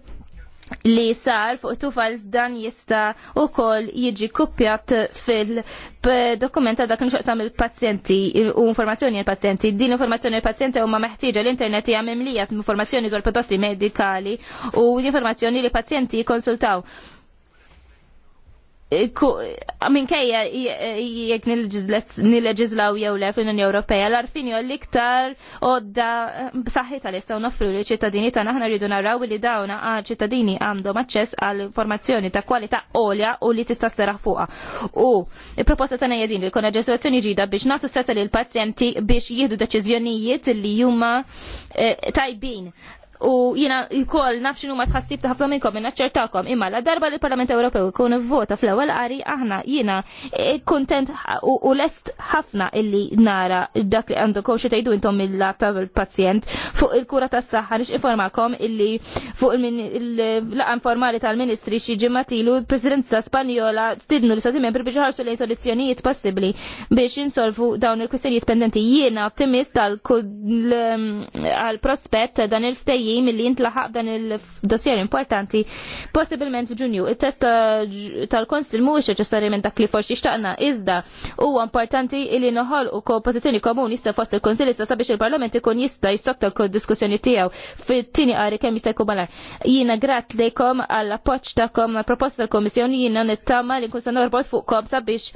li sar fuq tufals dan jista u kol jiġi kuppjat fil-dokumenta dak nxoqsam il-pazzjenti u informazzjoni il-pazzjenti. Din informazzjoni il-pazzjenti u ma meħtieġa l-internet hija mimlija informazzjoni dwar prodotti medikali u informazzjoni li pazzjenti konsultaw minkejja eh, eh, jekk nil-leġizlaw jew le fl-Unjoni Ewropea l-arfin jew l-iktar eh, b'saħħi tal li jistgħu noffru li ċittadini tagħna aħna rridu naraw li dawn ċittadini għandhom aċċess għal informazzjoni ta' kwalità għolja u li tista' seraħ fuqha. U il-proposta ta' hija din li kuna ġesolazzjoni ġida biex nagħtu seta' lill pazjenti biex jieħdu deċiżjonijiet li huma tajbin U jina jkoll nafxin u matħassib taħfdom taħfna minna ċertakom imma la darba li l-Parlament Ewropew kun vota fl-ewwel qari aħna jina e, kontent u lest ħafna illi nara dak li għandu kowxi tgħidu intom mill-lat tal-pazjent fuq il-kura tas-saħħa nix informakom illi fuq il laqan informali tal-Ministri xi ġimatilu l-Presidenza Spanjola stidnu li stati per biex ħarsu lejn soluzzjonijiet possibbli biex insolvu dawn il-kwistjonijiet pendenti jiena ottimist tal-prospett dan il ftejn ġejjin milli jintlaħaq dan il-dossier importanti possibilment f'Ġunju. Il-test tal-Konsil mhuwiex neċessarjament dak li forsi xtaqna iżda huwa importanti li noħol u kompozizjoni komuni issa fost il-Konsil issa sabiex il-Parlament ikun jista' jistokta l-diskussjoni tiegħu fit-tieni qari kemm jista' jkun malar. Jiena grat lejkom għall-appoġġ tagħkom proposta tal-Komissjoni jiena nittama li nkun se norbot fuqkom sabiex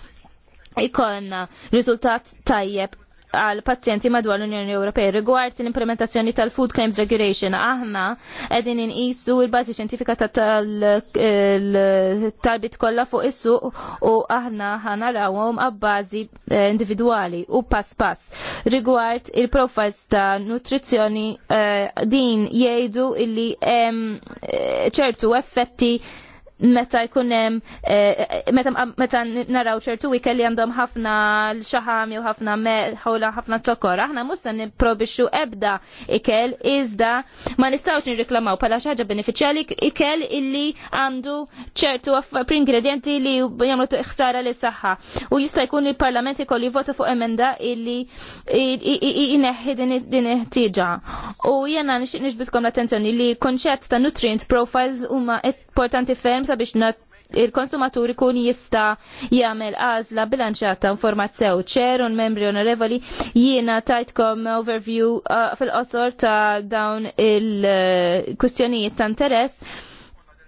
ikonna riżultat tajjeb għal pazjenti madwar l-Unjoni Ewropea rigward l-implementazzjoni tal-Food Claims Regulation. Aħna qegħdin inqisu l-bażi xjentifika tal-talbit kollha fuq is-suq u aħna ħanarawhom għabbażi eh, individwali u pass pass. Rigward il-profiles ta' nutrizzjoni eh, din jgħidu illi eh, ċertu effetti meta jkunem eh, meta meta naraw ċertu wikel li għandhom ħafna l-xaħam jew ħafna ħawla ħafna zokkor. Aħna mussa nipprobixxu ebda ikel iżda ma nistawx nirriklamaw bħala xi ħaġa benefiċjali ikel illi għandu ċertu ingredienti li jagħmlu ħsara lis saħħa U jista' jkun il parlamenti ikolli vota fuq emenda illi jneħħi din ħtieġa. U jiena nixtieq l-attenzjoni li konċett ta' nutrient profiles huma importanti ferm sabiex il konsumaturi kun jista jagħmel għażla bilanċata informazzew ċer un membri onorevoli jiena tajtkom overview uh, fil-qosor ta' dawn il-kustjonijiet uh, ta' interess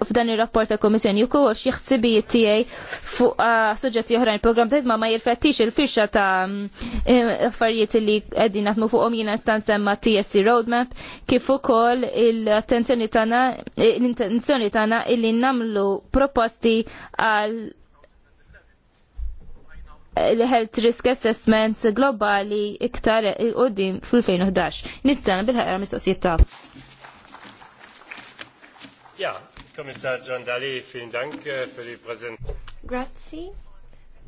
f'dan ir-rapport ta' komissjoni u kox xieħsibi jittijaj fuq ah, suġġetti oħrajn program ta' ma jirfettix il fisċa ta' mm, eh, affarijiet li qegħdin għatmu fuqhom jiena instanza ma' TSC roadmap kif ukoll l-attenzjoni tagħna eh, l-intenzjoni tagħna illi nagħmlu proposti għal eh, l-health risk assessments globali iktar qoddim fil-2011. Nistana bil-ħara mistoqsijiet ta' Ja, John Dank eh, Grazzi,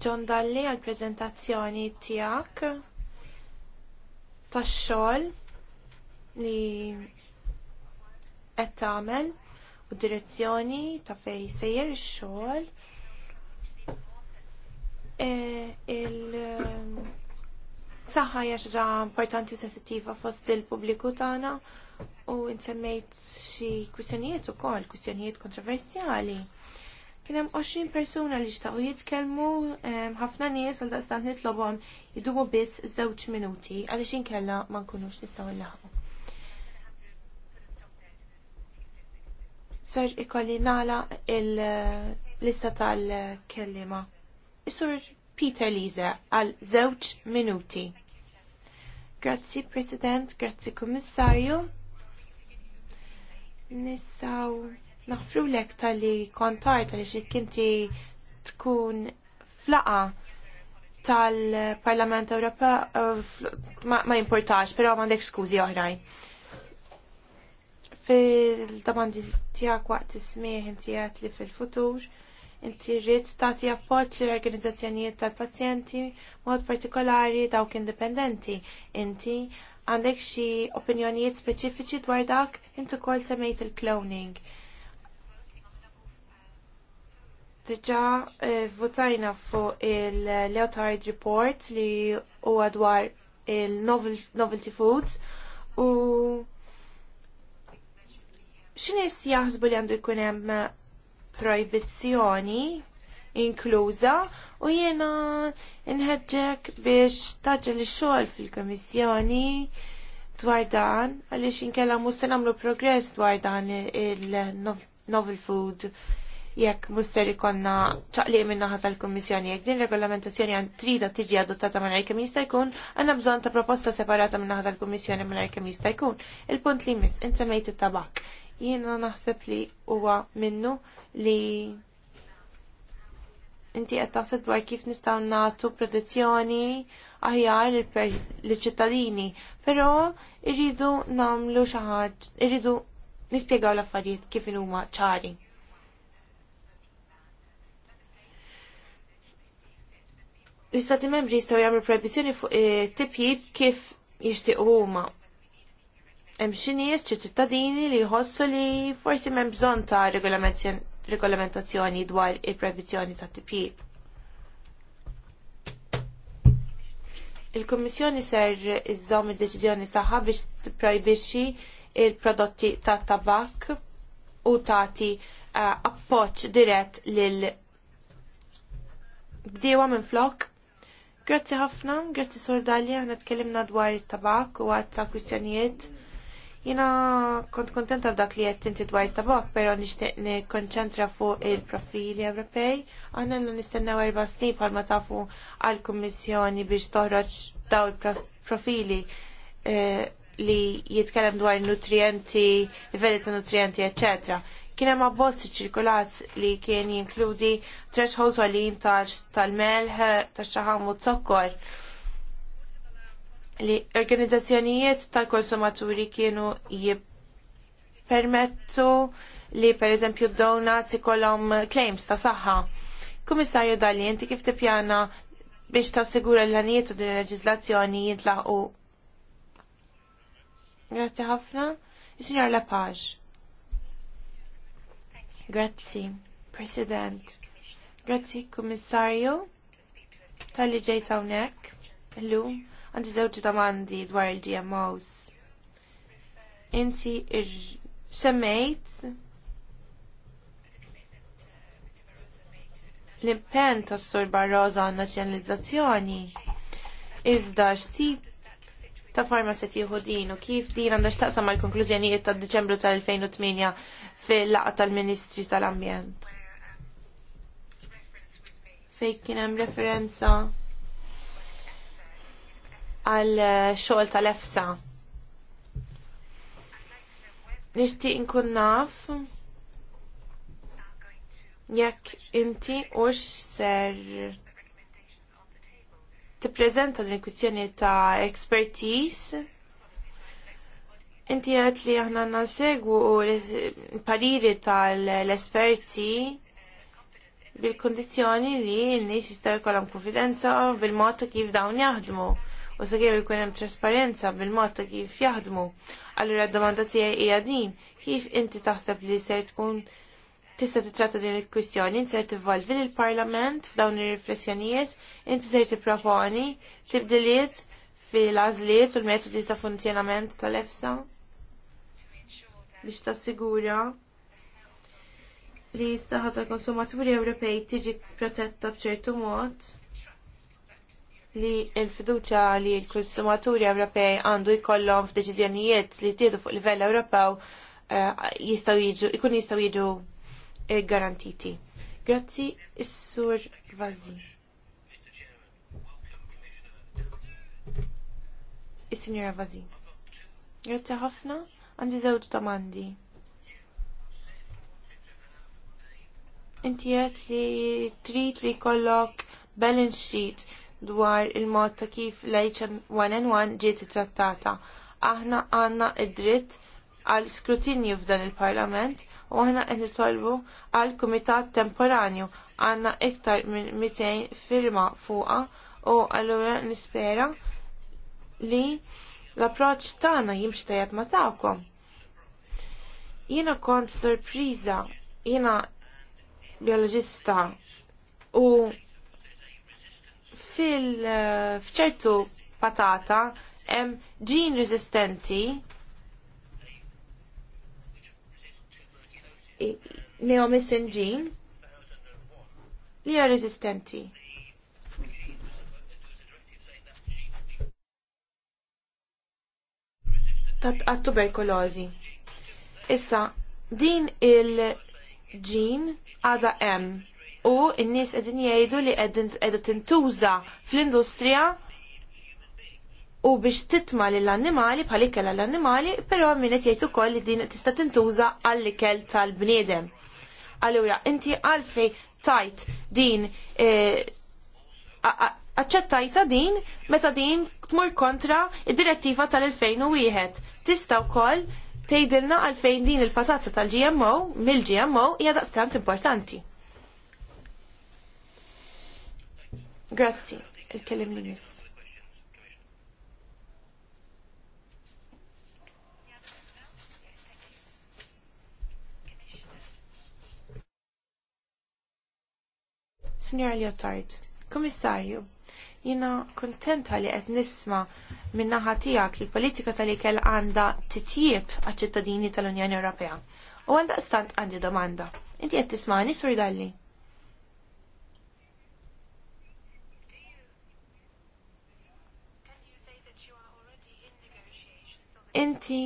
John Dalli, għal prezentazzjoni tijak tax xogħol li qed tagħmel u direzzjoni ta' fej sejjer ix-xogħol. E, il eh, saħħa hija xi ħaġa importanti u sensittiva fost il-pubbliku tagħna u insemmejt xi kwistjonijiet ukoll, kwistjonijiet kontroversjali. Kien hemm 20 persuna li xtaqgħu jitkellmu ħafna nies għal daqstant nitlobhom jidumu biss żewġ minuti għaliex inkella ma nkunux nistgħu nlaħqu. Sir ikolli nala il-lista eh, tal-kellima. Isur sur Peter Lise għal żewġ minuti. Grazzi President, grazzi Kummissarju. Nistgħu naħfru lek tal-li kontar tal-li tkun flaqa tal-Parlament Ewropa eh, ma importax, pero għandek skużi oħrajn. Fil-domandi tijak waqt ismieħ inti għat li fil-futur, inti rrit tati appoċ l-organizzazzjonijiet tal-pazjenti, mod partikolari dawk indipendenti. Inti għandek xi opinjonijiet speċifiċi dwar dak inti wkoll semmejt il-cloning. Diġà vvutajna eh, votajna fuq il-Leotard Report li huwa dwar il-novelty foods u x'nies jaħsbu li għandu jkun hemm proibizzjoni inkluża u jiena nħedġek biex taġġel ix-xogħol fil-Kummissjoni dwar dan għaliex inkella mhux se nagħmlu progress dwar dan il-novel food jekk musser ikonna ċaqliq minn naħa tal komissjoni jekk din regolamentazzjoni għan trida tiġi adottata minn kemm jista' jkun, għandna bżonn ta' proposta separata minn naħa tal komissjoni minn kemm jista' jkun. Il-punt li miss, insemmejt it-tabak. Jiena naħseb li huwa minnu li inti qed taħseb dwar kif nistgħu nagħtu protezzjoni aħjar lill-ċittadini, però irridu nagħmlu xi ħaġa, irridu nispjegaw l-affarijiet kif huma ċari. L-istati membri jistgħu jagħmlu proibizzjoni fuq eh, tipjib kif jixtiequ huma. Hemm xi nies ċittadini li jħossu li forsi m'hemm bżonn ta' regolamentazzjoni regolamentazzjoni dwar il-proibizjoni ta' tipjib. Il-Kommissjoni ser iżżomm id-deċiżjoni tagħha biex tipprojbixxi il-prodotti ta' tabak u tagħti uh, appoġġ dirett lil bdiewa minn flok. Grazzi ħafna, grazzi Sordalja, Dalja, ħna tkellimna dwar it-tabak u għad ta' kwistjonijiet Jina kont kontenta b'dak li qed inti dwar tabak, però nixtieq nikkonċentra fuq il-profili Ewropej. Aħna l nistennew erba' snin bħalma tafu għall-Kummissjoni biex toħroġ daw il-profili eh, li jitkellem dwar nutrienti, livelli ta' nutrienti, etc. Kien hemm abbozz ċirkulat li kien jinkludi threshold għalin tal-melħ, tax-xaħam u t-sokkor li organizzazzjonijiet tal-konsumaturi kienu jippermettu li per eżempju donuts ikollhom claims ta' saħħa. Kummissarju Dalli, inti kif tipjana biex tassigura l-ħanijiet u din il-leġislazzjoni jintlaħqu. Grazzi ħafna. Signor Lepage. Grazzi, President. Grazzi, Kummissarju, tal-li ġejt hawnhekk illum Għandi zewġi domandi dwar il-GMOs. Inti semmejt l-impen tas sur Barroza għan nazzjonalizzazzjoni. Iżda x'tip ta' forma se tieħu din u kif din għandha x'taqsam mal-konklużjonijiet ta' Diċembru tal-2008 fil-laqgħa tal-Ministri tal-Ambjent. Fejn kien hemm referenza għal eh, xogħol tal-EFSA. Nixtieq inkun naf jekk inti ux ser tippreżenta din kwistjoni ta' expertise Inti għed li aħna nasegwu pariri tal-esperti bil-kondizjoni li n-nis jistaw jkollhom konfidenza bil-mod kif dawn jaħdmu u sakemm ikun hemm trasparenza bil-mod ta' kif jaħdmu. Allura d-domanda tiegħi hija din, kif inti taħseb li se tkun tista' titratta din il-kwistjoni, inti ser lill-Parlament f'dawn ir-riflessjonijiet, inti se tipproponi tibdiliet fil-għażliet u l-metodi ta' funzjonament tal-EFSA biex tassigura li s-saħħa tal-konsumaturi Ewropej tiġi protetta b'ċertu mod li l-fiduċa li l-konsumaturi Ewropej għandu jkollhom f'deċiżjonijiet li tiedu fuq livell Ewropew eh, jistgħu jiġu ikun jistgħu jiġu eh, garantiti. Grazzi, is-sur Vazzi. Is-Sinjora Vazzi. Grazzi ħafna, għandi żewġ domandi. Inti qed li trid li jkollok balance sheet dwar il-mod ta' kif l-H1N1 ġiet trattata. Aħna għandna id-dritt għal skrutinju f'dan il-Parlament u aħna qed nitolbu għal kumitat temporanju għandna iktar minn 200 firma fuqha u allura nispera li l-approċċ tagħna jimxi tajab ma' tagħkom. Jiena kont sorpriża, jiena bioloġista u fil-fċertu eh, patata hemm ġin resistenti missing ġin li hija resistenti. Tat tuberkulozi. Issa, din il-ġin għada M u n-nies qegħdin jgħidu li qiegħda tintuża fl-industrija u biex titma lill annimali bħal ikel għall annimali però min qed jgħid ukoll li din tista' tintuża għall ikel tal-bniedem. Allura inti għalfej tajt din e, aċċettajta din meta din tmur kontra id-direttiva tal-2001. Tista' wkoll tgħidilna għalfejn din il patata tal-GMO mill-GMO hija daqstant importanti. Grazzi, il-kelim li miss. Signora Leotard, Komissarju, jina kontenta li qed nisma min-naħa tiegħek li l-politika tal-ikel għandha titjieb għal ċittadini tal-Unjoni Ewropea. U għanda stant għandi domanda. Inti għed tismani sur dalli? inti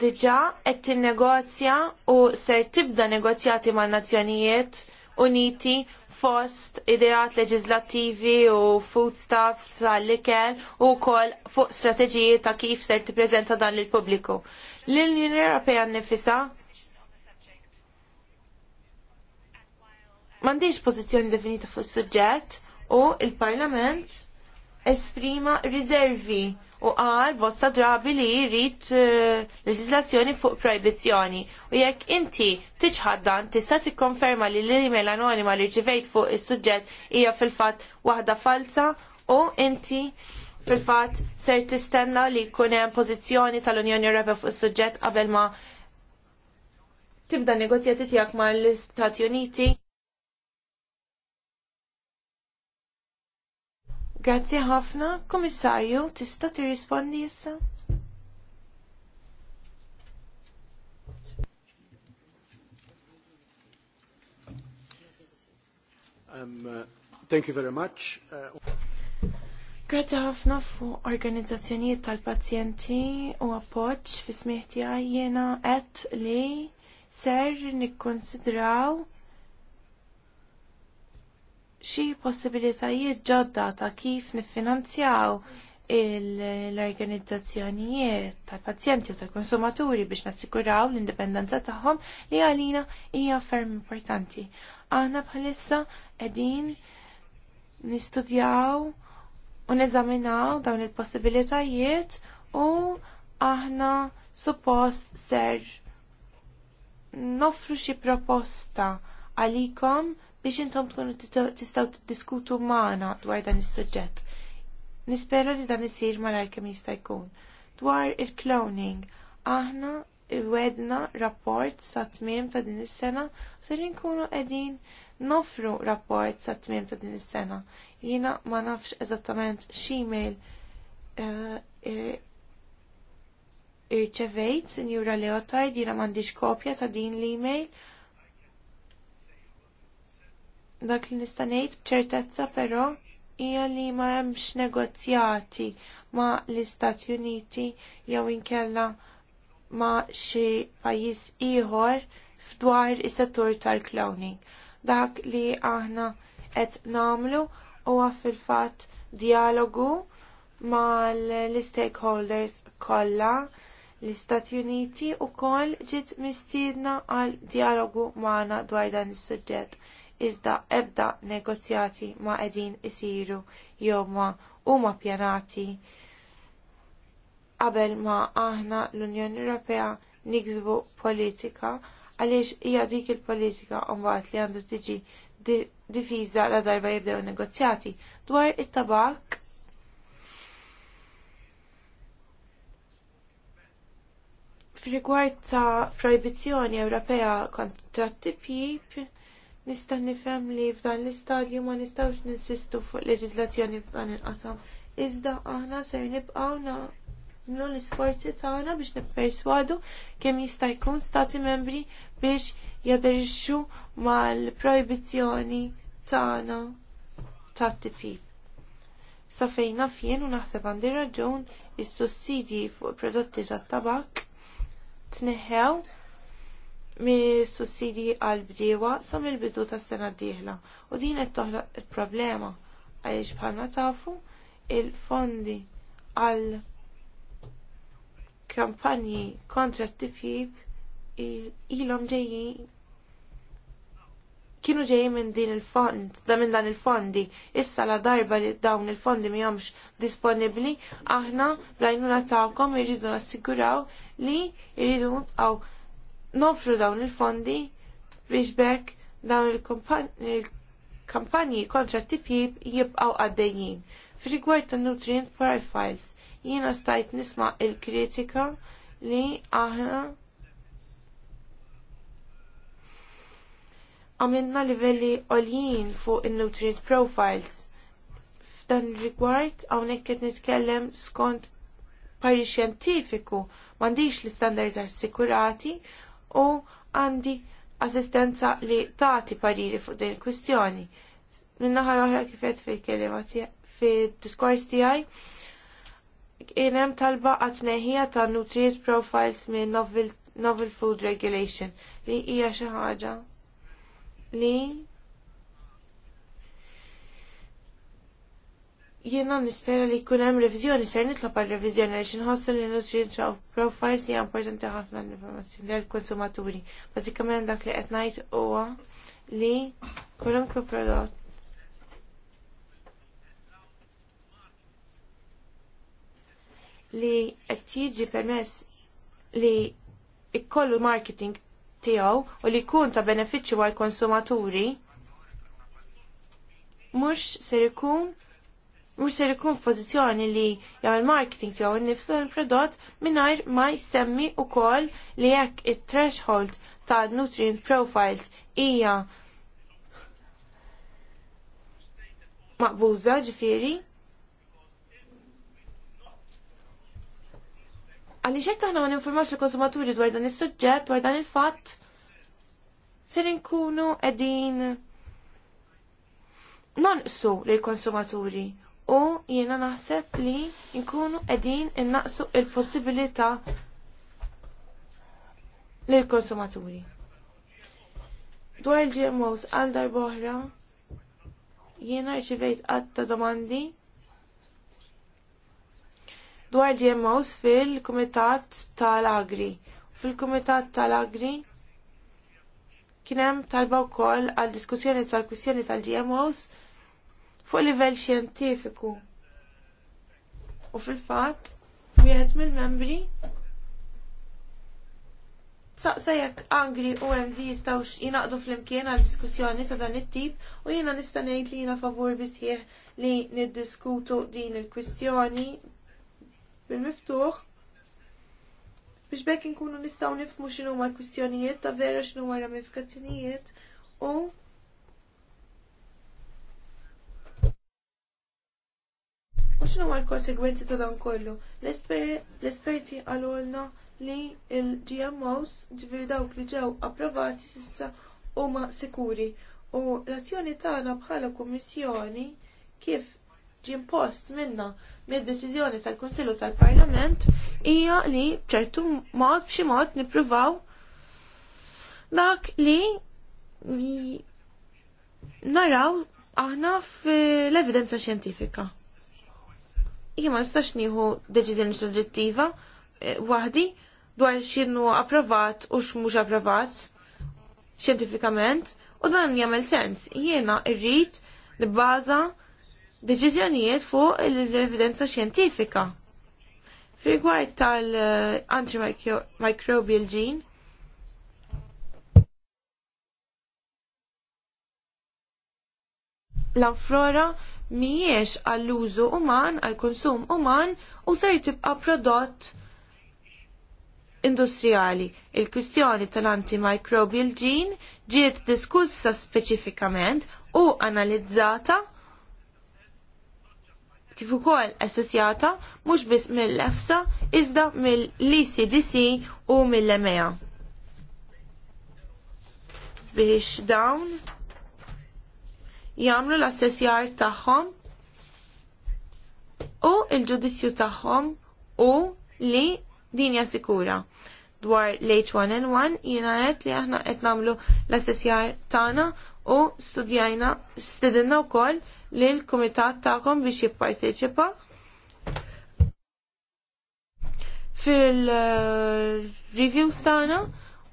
diġa qed tinnegozja u ser tibda negozjati ma' Nazzjonijiet Uniti fost ideat leġislattivi u foodstuffs tal-ikel u kol fuq strateġiji ta' kif ser tippreżenta dan lil pubbliku. L-Unjoni Ewropea nnifisha m'għandix pożizzjoni definita fuq is-suġġett u il-Parlament esprima riservi u qal bosta drabi li jrid eh, leġislazzjoni fuq proibizzjoni. U jekk inti tiċħaddan tista' tikkonferma li l-email anonima li rċivejt fuq is-suġġett hija fil-fatt waħda falsa u inti fil-fatt ser tistenna li jkun hemm pożizzjoni tal-Unjoni Ewropea fuq is-suġġett qabel ma tibda negozjati tiegħek mal istati Uniti. Grazzi ħafna. Komissarju, tista' tirrispondi issa? Um, uh, thank you very much. Uh... Grazzi ħafna fuq organizzazzjonijiet tal-pazjenti u appoġġ fi smieħ jiena qed li ser nikkonsidraw xi possibilitajiet ġodda ta' kif niffinanzjaw l-organizzazzjonijiet tal-pazjenti u tal-konsumaturi biex nassikuraw l-indipendenza tagħhom li għalina hija ferm importanti. Aħna bħalissa qegħdin nistudjaw u neżaminaw dawn il-possibilitajiet u aħna suppost ser nofru xi proposta għalikom biex intom tkunu tistaw tiddiskutu maħna dwar dan is-suġġett. Nispera li dan isir malar kemm jista' jkun. Dwar il-cloning, aħna wedna rapport sa tmiem ta' din is-sena ser nkunu qegħdin nofru rapport sa tmiem ta' din is-sena. Jiena ma nafx eżattament x'email eh, eh, irċevejt, Sinjura Leotard, jiena m'għandix kopja ta' din l-email Dak li nista' ngħid b'ċertezza però hija li ma hemmx negozjati ma' l-Istati Uniti jew inkella ma' xi pajjiż ieħor fdwar is-settur tal-cloning. Dak li aħna qed nagħmlu huwa fil-fatt dialogu mal-stakeholders kollha l-Istati Uniti wkoll ġiet mistiedna għal dialogu magħna dwar dan is-suġġett iżda ebda negozjati ma qegħdin isiru jew ma huma pjanati qabel ma aħna l-Unjoni Ewropea niksbu politika għaliex hija dik il-politika mbagħad li għandu tiġi difiża la darba jibdew negozjati dwar it-tabak F'rigward ta' proibizzjoni Ewropea kontra t-tipjib, Nista' nifhem li f'dan l-istadju ma nistgħux ninsistu fuq leġiżlazzjoni f'dan il-qasam. Iżda aħna ser nibqgħu nagħmlu l-isforzi tagħna biex nipperswadu kemm jista' jkun stati membri biex jaderixxu mal-projbizzjoni tagħna tat-tipi. Sa fejn naf jien u naħseb għandi raġun is-sussidji fuq prodotti tat-tabak tneħħew mis sussidji għal bdiewa sa mill-bidu tas-sena d-dieħla u din qed toħloq il-problema għaliex bħalma tafu il-fondi għal kampanji kontra t-tipjib ilhom ġejjin kienu ġejjin minn din il-fond, da minn dan il-fondi, issa la darba li dawn il-fondi mi jomx disponibli, aħna blajnuna ta'kom irridu nassiguraw li irridu nibqaw nofru dawn il-fondi biex bekk dawn il-kampanji kontra t-tipjib jibqaw għaddejjin. F'rigward ta' nutrient profiles, jiena stajt nisma' il-kritika li aħna għamilna livelli għoljien fuq il-nutrient profiles. F'dan rigward hawnhekk qed nitkellem skont pari xjentifiku m'għandix l-istandards assikurati u għandi assistenza li tagħti pariri fuq din il-kwistjoni. Minnaħa l-oħra kifet fil-kelima fil-diskors tiegħi kien hemm talba għatneħija ta' nutrient profiles minn novel, novel Food Regulation li hija xi ħaġa li Jiena nispera li jkun hemm reviżjoni, ser nitlob għal reviżjoni għaliex inħossu li nutrientra u profiles hija importanti ħafna l-informazzjoni l konsumaturi Bazzikament dak li qed uwa li kwalunkwe prodott li qed jiġi permess li ikkollu marketing tiegħu u li jkun ta' benefiċċju għall konsumaturi mhux ser ikun mux ser ikun f'pożizzjoni li jgħal marketing tiegħu innifsu l-prodott mingħajr ma jsemmi wkoll li jekk it-threshold ta' nutrient profiles hija maqbuża ġifieri. Għaliex hekk aħna ma ninformax il-konsumaturi dwar dan is-suġġett, dwar dan il-fatt, ser inkunu qegħdin nonqsu lill-konsumaturi u jiena naħseb li nkunu qegħdin innaqsu il-possibilità lill konsumaturi Dwar il-GMOs għal darboħra jiena rċivejt ta' domandi dwar GMOs fil-Kumitat tal-Agri. Fil-Kumitat tal-Agri kien hemm talba wkoll għal diskussjoni tal-kwistjoni tal-GMOs tal agri kien hemm talba wkoll għal diskussjoni tal tal gmos tal għal diskussjoni tal kwistjoni tal gmos fuq livell xjentifiku. U fil-fatt, wieħed mill-membri saqsa jekk Angri u MV jistawx jinaqdu fl-imkien għal diskussjoni ta' dan it-tip u jiena nista' ngħid li jiena favur bisħieħ li niddiskutu din il-kwistjoni bil-miftuħ biex bekk inkunu nistgħu nifhmu x'inhu l-kwistjonijiet ta' vera x'inhu ramifikazzjonijiet u U xinu ma l-konsegwenzi ta' dan kollu? L-esperti għalulna li il-GMOs ġviri dawk li ġew approvati sissa huma sikuri. U l-azzjoni tagħna bħala kummissjoni kif ġimpost minna mid-deċiżjoni tal-Konsillu tal-Parlament hija li b'ċertu mod b'xi mod nippruvaw dak li naraw aħna fl-evidenza xjentifika jien ma nistax nieħu deċiżjoni soġġettiva eh, wahdi dwar x'inhu approvat u x'mhux approvat xjentifikament u dan jagħmel sens. Jiena rrid nibbaża deċiżjonijiet fuq l-evidenza xjentifika. Fil-rigward tal-antimicrobial gene, l flora mhijiex għall-użu uman, għall-konsum uman u ser tibqa' prodott industrijali. Il-kwistjoni tal-antimicrobial gene ġiet diskussa speċifikament u analizzata kif ukoll assessjata mhux biss mill-EFSA iżda mill-ECDC u mill-EMEA. Biex dawn jagħmlu l-assessjar tagħhom u l-ġudizzju tagħhom u li din sikura dwar l-H1N1 jiena għet li aħna qed nagħmlu l-assessjar tagħna u studijajna stedinna wkoll li l-kumitat tagħkom biex jipparteċipa fil-reviews uh, tagħna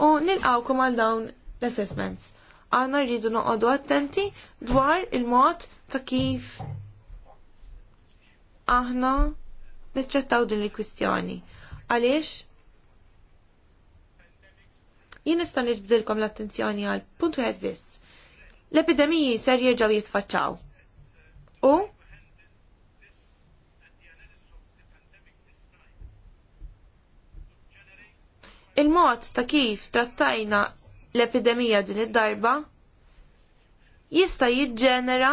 u nilqawkom għal dawn l-assessments għana rridu noqodu attenti dwar il-mod ta' kif aħna nittrattaw din il-kwistjoni. Għaliex? Jien nista' niġbdilkom l-attenzjoni għal punt wieħed biss. L-epidemiji ser jerġgħu jitfaċċaw. U il-mod ta' kif trattajna l-epidemija din id-darba jista' jiġġenera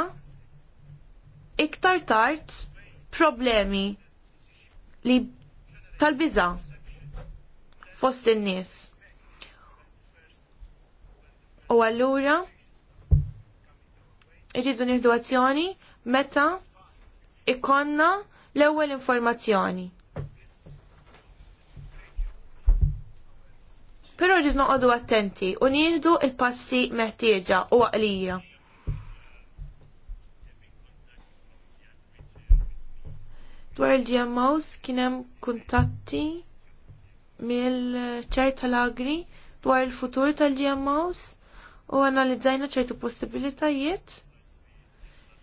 iktar tard problemi li tal-biża fost in-nies. U allura irridu nieħdu azzjoni meta ikonna l-ewwel informazzjoni. Però rrid noqogħdu attenti u nieħdu l-passi meħtieġa u għalija. Dwar il-GMOs kien hemm kuntatti mill-ċer tal-agri dwar il-futur tal-GMOs u analizzajna ċertu possibilitajiet.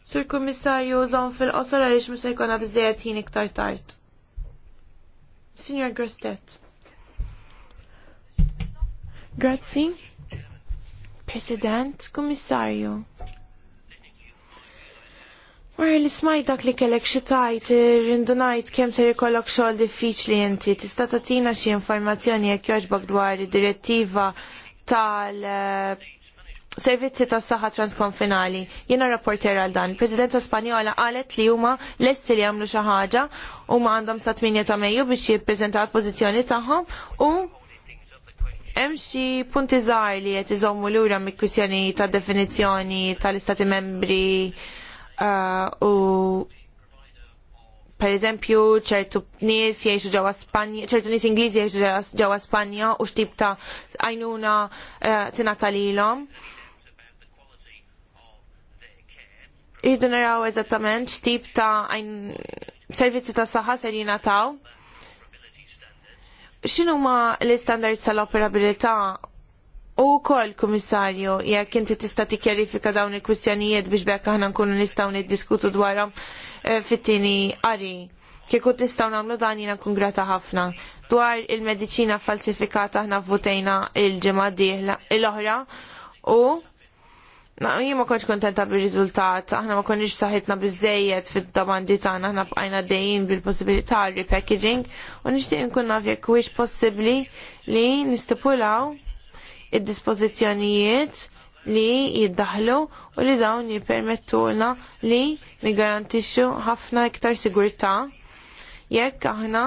Sur Kummissarju żon fil-qosor għaliex mhux se jkollna biżejjed iktar tard. Signor Grostet. Grazzi. President, Kummissarju. Wara li smajt dak li kellek xi tajt, rindunajt kemm ser ikollok xogħol diffiċli inti, tista' tagħtina xi informazzjoni jekk jogħġbok dwar id-direttiva tal eh, servizzi tas saħħa transkonfinali. Jiena rapporter għal dan. Il-Presidenza Spanjola qalet li huma lesti li jagħmlu xi ħaġa huma għandhom sa 8 ta' Mejju biex jippreżentaw il-pożizzjoni tagħhom u Hemm xi punti żgħar li qed iżommu lura mill-kwistjoni ta' definizzjoni tal-Istati membri uh, u per eżempju ċertu nis jiexu ġawa Spanja, ċertu Nis Ingliżi jgħixu ġewwa Spanja u x'tip ta' għajnuna uh, tal lilhom. Irridu naraw eżattament x'tip ta' servizzi ta' saħħa ser jingħataw xinu ma l-standards tal-operabilità u kol komissarju jekk inti tista' tikkjarifika dawn il-kwistjonijiet biex bekk aħna nkunu nistgħu niddiskutu dwarhom e, fit-tieni qari. Kieku tistgħu nagħmlu dan jiena nkun grata ħafna. Dwar il-mediċina falsifikata aħna vvutejna il-ġimgħa l-oħra u Na, jien ma konċ kontenta bil-rizultat, aħna ma konniex b'saħħitna biżejjed fid-domandi tagħna, aħna bqajna dejjin bil-possibilità repackaging u nixtieq nkun naf jekk huwiex possibbli li nistipulaw id-dispożizzjonijiet li jiddaħlu u li dawn jippermettulna li nigarantixxu ħafna iktar sigurtà jekk aħna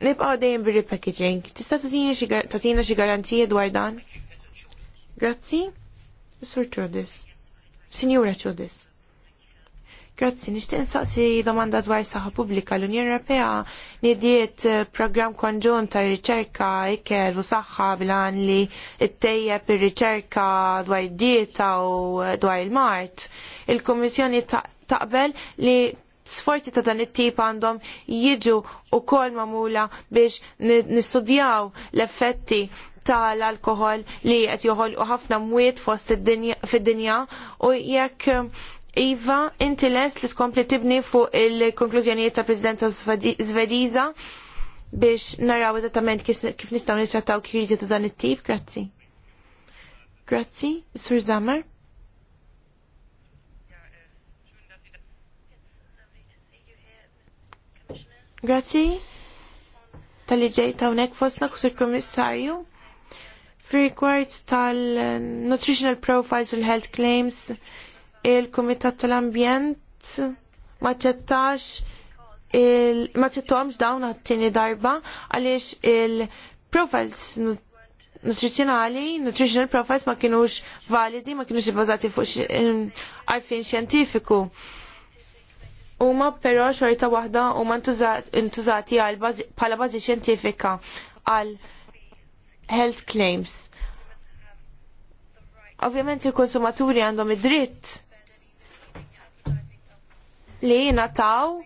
nibqgħu dejjem bir-repackaging. Tista' tagħtina xi garanzija dwar dan? Grazzi, Sur Ċodis. Signora Trudis, Grazzi, nishtiq nsaqsi domanda dwar saħħa pubblika. L-Unjoni Ewropea nidiet eh, programm konġun ta' riċerka ikel u saħħa bilan li ttejjeb ir-riċerka dwar id-dieta u eh, dwar il-mart. Il-Kummissjoni taqbel li sforzi ta' dan it-tip għandhom jiġu u kol mamula biex nistudjaw l-effetti tal-alkohol li qed joħolqu ħafna mwiet fost fid-dinja u jekk Iva, inti les li tkompli tibni fuq il-konklużjonijiet ta' Presidenta Zvediza biex naraw eżattament kif nistgħu nittrattaw kriżi ta' dan it-tip, grazzi. Grazzi, Sur Zamar. Grazzi tal liġej ta' hawnhekk fostna kusur komissarju. Rigward tal-Nutritional Profiles u l-Health Claims, il-Kumitat tal-Ambjent maċċettax maċċettuhomx dawn għat-tieni darba għaliex il-profiles nutrizjonali, nutritional profiles ma kienux validi, ma kienux ibbażati fuq għarfien xjentifiku. Huma però xorta waħda huma ntużati bħala bażi xjentifika għal health claims. Ovvjament il-konsumaturi għandhom id-dritt li taw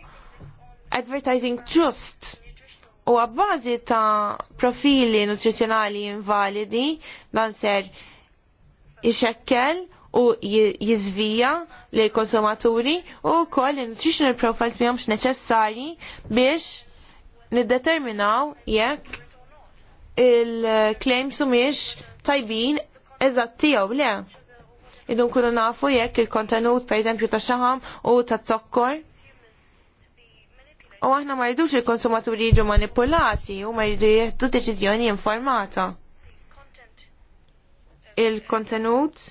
advertising trust u għabbazi ta' profili nutrizjonali invalidi dan ser ixekkel u jizvija li konsumaturi u koll nutritional profiles miħomx neċessari biex niddeterminaw jekk il-claims mhumiex tajbin eżatt tiegħu le. Idun kunu nafu jekk il-kontenut pereżempju ta' xaħam u ta' zokkor. U aħna ma jridux il-konsumaturi jiġu manipulati u ma jridu jieħdu deċiżjoni informata. Il-kontenut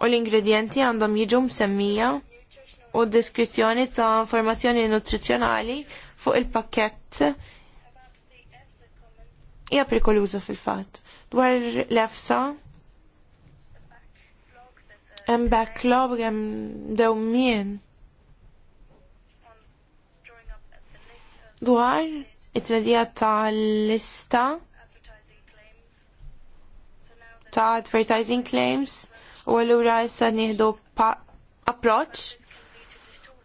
u l-ingredienti għandhom jiġu msemmija u deskrizzjoni ta' informazzjoni nutrizjonali fuq il-pakket hija perikoluża fil-fatt. Dwar l-EFSA hemm backlog hemm dewmien dwar it-tnedija ta' lista ta' advertising claims u għallura issa nieħdu approach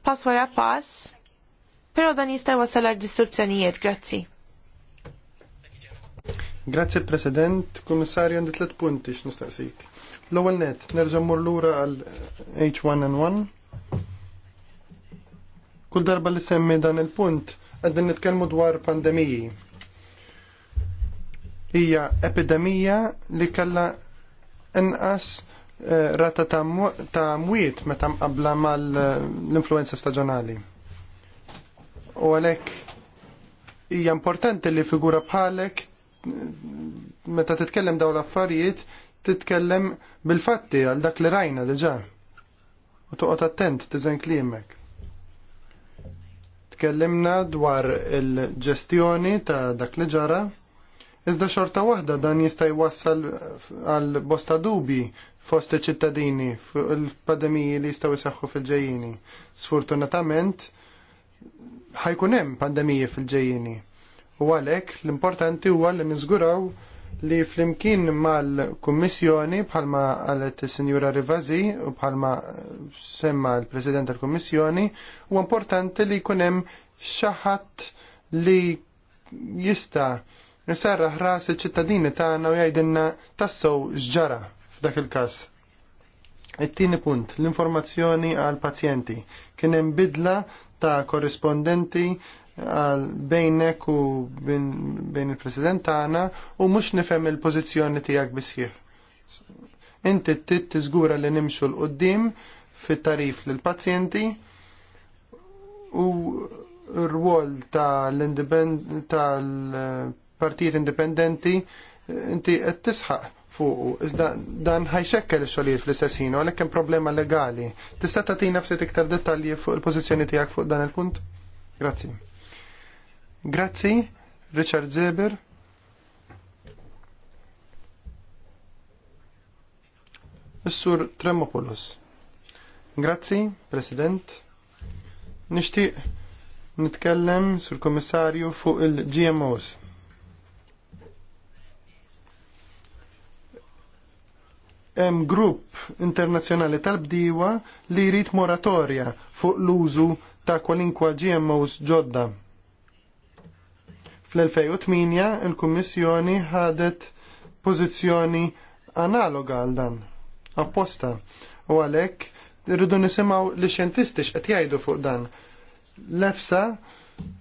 pass wara pass, pero dan jista' wasal għal distruzzjonijiet, grazzi. Grazzi President, Kummissarju għandi tliet punti x'nistaqsik. L-ewwel net, nerġa' murlura lura għal H1N1. Eh, Kull darba li semmi dan il-punt qegħdin nitkellmu dwar pandemiji. Hija epidemija li kellha inqas eh, rata ta' mwiet meta mqabbla mal-influenza staġjonali. U għalhekk hija importanti li figura bħalek meta titkellem daw l-affarijiet titkellem bil-fatti għal dak li rajna diġà. U toqgħod attent tiżen kliemek. Tkellimna dwar il-ġestjoni ta' dak li ġara, iżda xorta waħda dan jista' jwassal għal bosta dubi fost iċ-ċittadini fuq il-pandemiji li jistgħu jsaħħu fil-ġejjini. Sfortunatament ħajkun hemm pandemiji fil-ġejjini u għalhekk l-importanti huwa li niżguraw li flimkien mal-Kummissjoni bħalma għalet il-Sinjura Rivazi u bħalma semma l-President tal-Kummissjoni u importanti li kunem xaħat li jista nisarra ħras il-ċittadini tagħna u jgħidilna tassow xġara f'dak il-każ. It-tieni punt, l-informazzjoni għal pazjenti. Kien hemm bidla ta' korrespondenti bejnek u bejn il-President tagħna u mhux nifhem il-pożizzjoni tiegħek bisħieħ. Inti trid tiżgura li nimxu l qudiem fit-tarif lill pazjenti u r-rwol tal-partijiet indipendenti inti qed tisħaq fuq iżda dan ħajxekkel ix-xogħlijiet fl-istess ħin u għalhekk hemm problema legali. Tista' tagħtina ftit iktar dettalji fuq il-pożizzjoni tiegħek fuq dan il-punt? Grazzi. Grazzi, Richard Zeber. sur Tremopoulos. Grazzi, President. Nixtieq nitkellem sur Kommissarju fuq il-GMOs. Hemm grupp internazzjonali tal bdiwa li jrid moratorja fuq l-użu ta' kwalinkwa GMOs ġodda Fl-2008 il-Kummissjoni ħadet pożizzjoni analoga għal dan, apposta. U għalhekk irridu nisimgħu li xjentisti xqet jgħidu fuq dan. L-EFSA,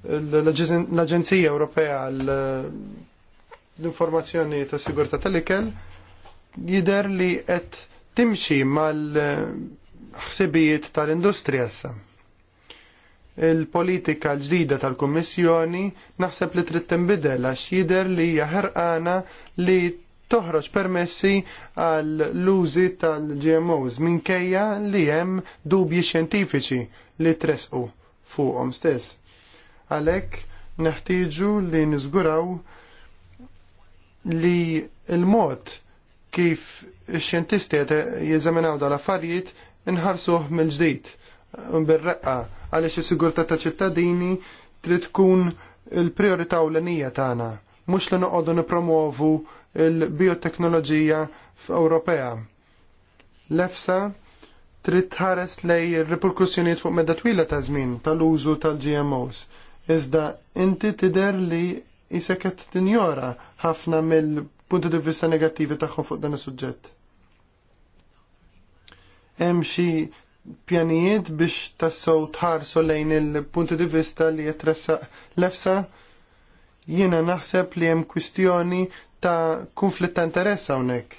l-Aġenzija Ewropea eh, l-Informazzjoni ta' Sigurtà tal-Ikel, jider li qed timxi mal eh, ħsibijiet tal-industrija issa il-politika l-ġdida tal-Kummissjoni naħseb li trid tinbidel għax jidher li hija ħerqana li toħroġ permessi għal l-użi tal-GMOs minkejja li hemm dubji xjentifiċi li tresqu fuqhom stess. Għalhekk neħtieġu li niżguraw li l-mod kif ix-xjentisti jeżaminaw dal-affarijiet inħarsuh mill-ġdid bil-reqqa għaliex is-sigurtà ta' ċittadini trid tkun il-priorità ewlenija tagħna, mhux li noqogħdu nippromovu il-bioteknoloġija f'Ewropea. L-EFSA trid tħares lej reperkussjonijiet fuq medda twila ta' żmien tal-użu tal-GMOs. Iżda inti tidher li jisek qed tinjora ħafna mill-punti di vista negattivi tagħhom fuq dan is-suġġett. Hemm xi pjanijiet biex tassow tħarsu lejn il-punti di vista li jitressa lefsa jiena naħseb li hemm kwistjoni ta' konflitt ta' interess hawnhekk.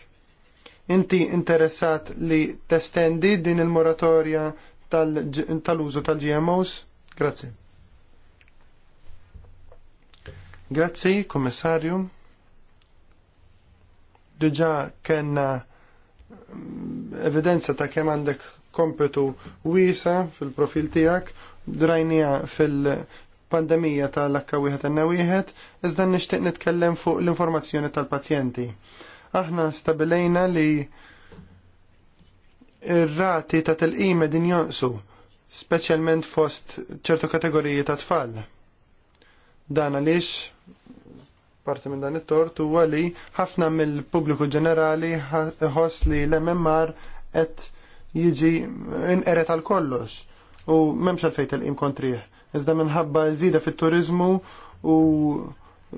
Inti interessat li testendi din il-moratorja tal-użu tal-GMOs? Grazzi. Grazzi, kommissarju. Diġa kena mm, evidenza ta' kemm għandek kompetu wiesa fil-profil tiegħek, drajnija fil-pandemija tal-akka wieħed għanna wieħed, iżda nixtieq nitkellem fuq l-informazzjoni tal-pazjenti. Aħna stabilejna li ir-rati ta' tal-qime din jonqsu, speċjalment fost ċertu kategoriji ta' tfal. Dan għaliex parti minn dan it-tort huwa li ħafna mill-pubbliku ġenerali ħoss li l-MMR qed jiġi inqeret għal kollox u memx għalfejn telqim kontrih. Iżda minħabba żida fit-turizmu u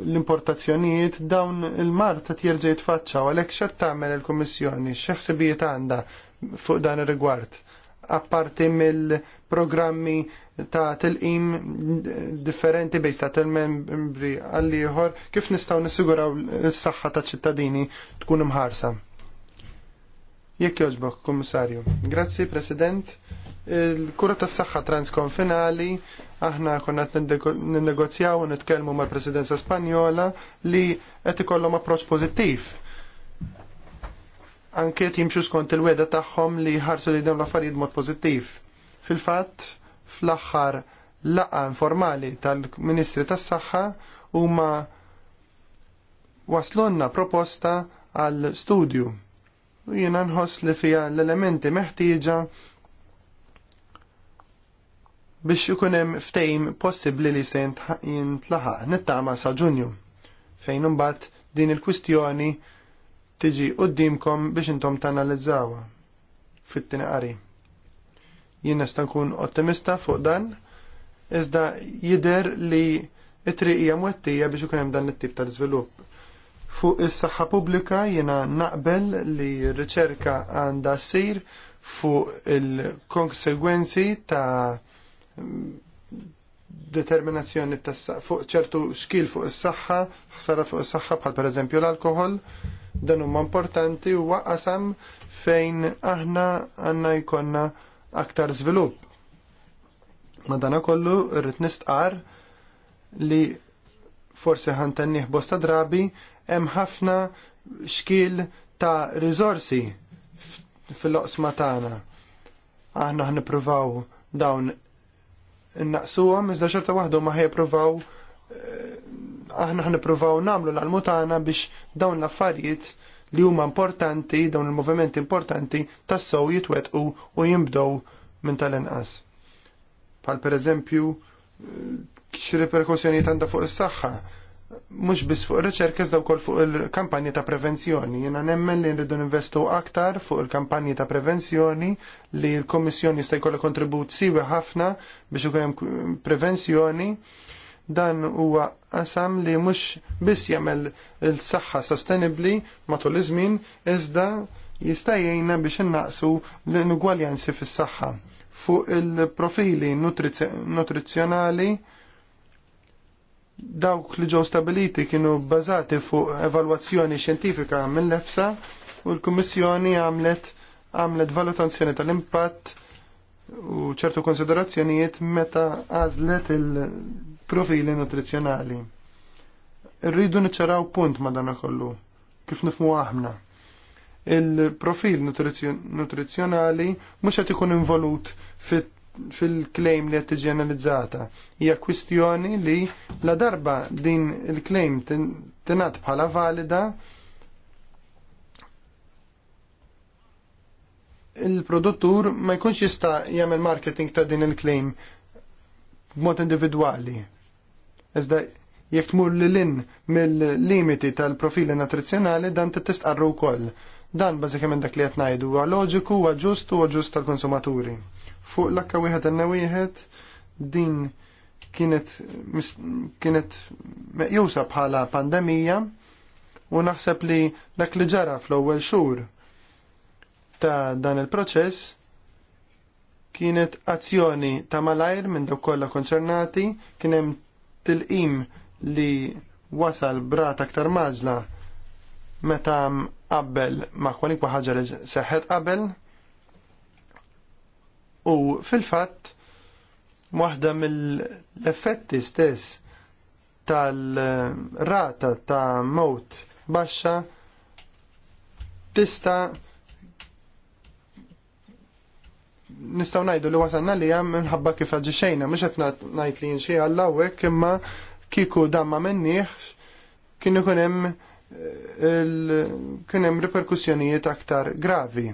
l-importazzjonijiet dawn il-mart qed tfaċċa u għalhekk x'qed tagħmel il-Kummissjoni, xieħsibijiet għandha fuq dan ir-rigward. Apparti mill-programmi ta' tilqim differenti bejn ta' il-membri għall ieħor kif nistgħu nissiguraw is-saħħa taċ ċittadini tkun imħarsa. Jekk joġbok, Kommissarju, Grazzi, President. Il-kura tas saħħa transkonfinali, aħna konna t negozjaw u nitkellmu mal presidenza Spanjola li qed ikollhom approċċ pożittiv. Anke jimxu skont il-weda tagħhom li ħarsu li dem l-affarijiet mod pożittiv. Fil-fatt, fl-aħħar laqa informali tal-Ministri tas-Saħħa huma waslonna proposta għal studju u jiena nħoss li fiha l-elementi meħtieġa biex ikun hemm ftejm possibbli li se jintlaħaq nittama sa Ġunju fejn imbagħad din il-kwistjoni tiġi qudiemkom biex intom tanalizzawha fit qari. Jien nista' nkun ottimista fuq dan, iżda jidher li t triqija mwettija biex ikun hemm dan it-tip ta' iżvilupp. Fuq is-saħħa pubblika jiena naqbel li riċerka għandha ssir fuq il-konsegwenzi ta' determinazzjoni ta' fuq ċertu xkil fuq is-saħħa, ħsara fuq is-saħħa bħal pereżempju l-alkohol, dan huma importanti u waqasam fejn aħna għandna jkollna aktar żvilupp. Madankollu kollu rrit nistqar li forse ħantan bosta drabi hemm ħafna xkil ta' rizorsi fil-loqsma tagħna. Aħna ħnipruvaw dawn innaqsuhom iżda xorta waħdu ma ħejpruvaw eh, aħna ħnipruvaw nagħmlu l-almutana biex dawn l-affarijiet li huma importanti, dawn il-movimenti importanti tassew jitwetqu u jimbdow minn tal-inqas. Pal per eżempju, eh, xi reperkussjonijiet għandha fuq is-saħħa, mhux biss fuq ir-riċerka iżda wkoll fuq il-kampanji ta' prevenzjoni. Jiena nemmen li nridu investu aktar fuq il-kampanji ta' prevenzjoni li l komissjoni jista' jkollha kontribut siwi ħafna biex ikun hemm prevenzjoni. Dan huwa qasam li mhux biss jagħmel il-saħħa sostenibbli matul iż-żmien iżda jista' jgħinna biex innaqsu l-inugwaljanzi fis-saħħa fuq il-profili nutrizjonali dawk li ġew stabiliti kienu bbażati fuq evalwazzjoni xjentifika mill-EFSA u l-Kummissjoni għamlet għamlet valutazzjoni tal-impatt u ċertu konsiderazzjonijiet meta għażlet il-profili nutrizzjonali. Rridu niċċaraw punt madana kollu, kif nifmu aħna. Il-profil nutrizzjonali mhux qed ikun involut fit fil-klejm li qed tiġi analizzata. Hija kwistjoni li la darba din il-klejm tenat bħala valida il-produttur ma jkunx jista' jagħmel marketing ta' din il-claim b'mod individwali. Iżda jekk tmur lil in mill-limiti tal-profili nutrizzjonali dan tistqarru wkoll. Dan bażikament dak li qed ngħidu huwa loġiku, huwa ġust u ġust tal-konsumaturi. Fuq l-akka wieħed għandna wieħed din kienet kienet meqjusa bħala pandemija u naħseb li dak li ġara fl-ewwel xhur ta' dan il-proċess kienet azzjoni ta' malajr minn dawk kollha konċernati kien hemm tilqim li wasal brat aktar maġla meta qabel ma' kwalinkwa ħaġa li seħħet qabel u fil-fatt waħda mill-effetti stess tal-rata ta' mowt baxxa tista' nistaw najdu li wasanna li jam minħabba kif xejna, mux għet najt li nxie għallawek, imma kiku damma minniħ, kien ikun hemm kien hemm riperkussjonijiet aktar gravi.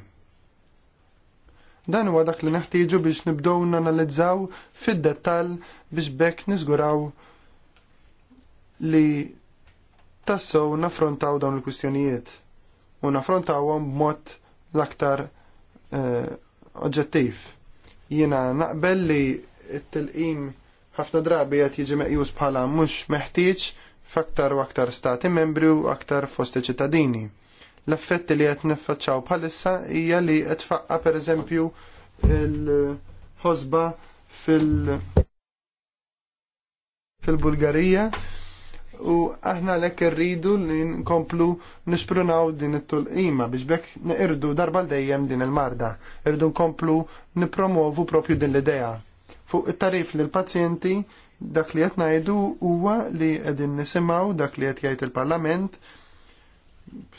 Dan huwa dak li neħtieġu biex nibdew nanalizzaw fid-dettall biex bekk niżguraw li tassew naffrontaw dawn il-kwistjonijiet u naffrontawhom b'mod l-aktar eh, oġġettiv. Jiena naqbel li t tilqim ħafna drabi qed jiġi meqjus bħala mhux meħtieġ f'aktar u aktar stati membri u aktar fost ċittadini. L-effetti li qed niffaċċaw bħalissa hija li qed faqqa pereżempju l-ħosba fil- fil-Bulgarija u aħna għalhekk irridu li nkomplu nispronaw din it-tulqima biex bekk irdu darba dejjem din il-marda. Irdu nkomplu nipromovu propju din l-idea Fuq it-tarif l pazjenti dak li qed ngħidu huwa li qegħdin nisimgħu dak li qed jgħid il-Parlament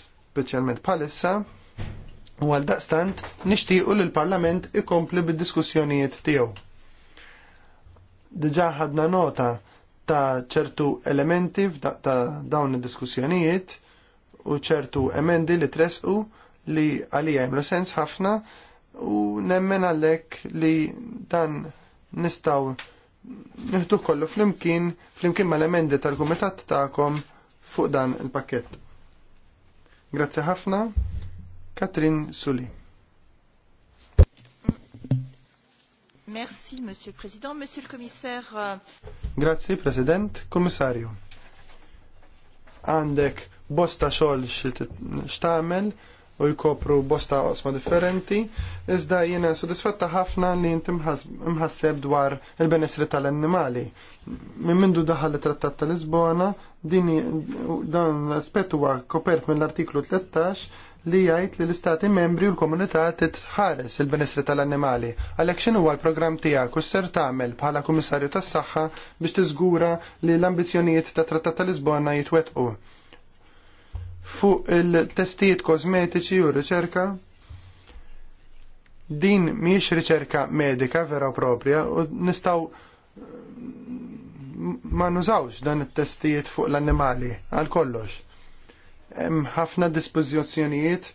speċjalment bħalissa u għal daqstant nixtiequ li l-Parlament ikompli bid-diskussjonijiet tiegħu. Diġà ħadna nota ta' ċertu elementi ta' dawn id-diskussjonijiet u ċertu emendi li tresqu li għalija jemlu sens ħafna u nemmen għalek li dan nistaw nieħdu kollu flimkien flimkien mal-emendi tal-kumitat tagħkom fuq dan il-pakket. Grazzi ħafna, Katrin Suli. Merci, Monsieur le Président. Monsieur le Commissaire. Euh, Grazie, President. Commissario. Għandek bosta xogħol x'tagħmel u jkopru bosta osma differenti, iżda jiena sodisfatta ħafna li inti mħasseb dwar il-benessri tal-annimali. Minn mindu daħal trattat tal-Lisbona, din dan l-aspett huwa kopert mill-artiklu 13 li jgħid li l-istati membri u l-komunità titħares il-benessri tal-annimali. Għalhekk x'inhu huwa l-programm tiegħek u ser tagħmel bħala kummissarju tas-saħħa biex tiżgura li l-ambizzjonijiet ta' Trattat tal Lisbona jitwettqu fuq il-testijiet kosmetiċi u riċerka. Din miex riċerka medika vera u propria u nistaw ma nużawx dan it-testijiet fuq l-annimali għal kollox. Hemm ħafna dispożizzjonijiet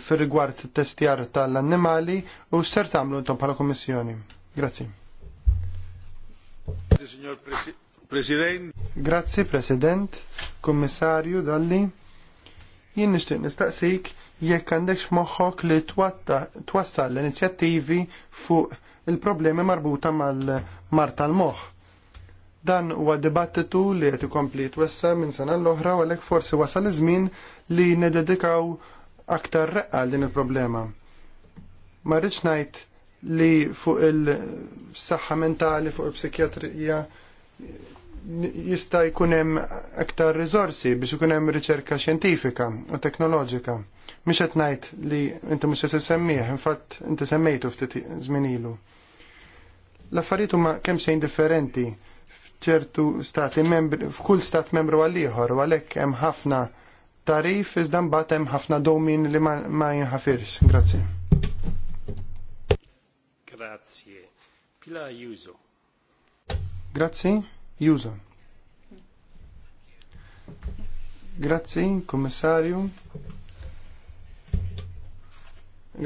fir rigward it-testjar tal-annimali u ser tagħmlu intom bħala kummissjoni. Grazzi. Grazzi President, Kummissarju Dalli. Jien nixtieq nistaqsik jekk għandekx moħħok li twassal l-inizjattivi fuq il-problemi marbuta mal-mar tal-moħħ. Dan huwa dibattitu li qed ikompli twessa minn sena l-oħra u għalhekk forsi wasal iż-żmien li nededikaw aktar reqqa din il-problema. Ma rridx ngħid li fuq il-saħħa mentali, fuq il-psikjatrija jista' jkun hemm aktar riżorsi biex ikun hemm riċerka xjentifika u teknoloġika. Mhux qed ngħid li inti mhux se semmih, infatt inti semmejtu ftit żmien ilu. L-affarijiet huma kemm xejn differenti f'ċertu stati membri, f'kull stat membru għal ieħor u għalhekk hemm ħafna tarif iżda mbagħad hemm ħafna domin li ma jinħafirx. Grazzi. Grazie. Pila Juso. Grazzi juża. Grazzi, Kommissarju.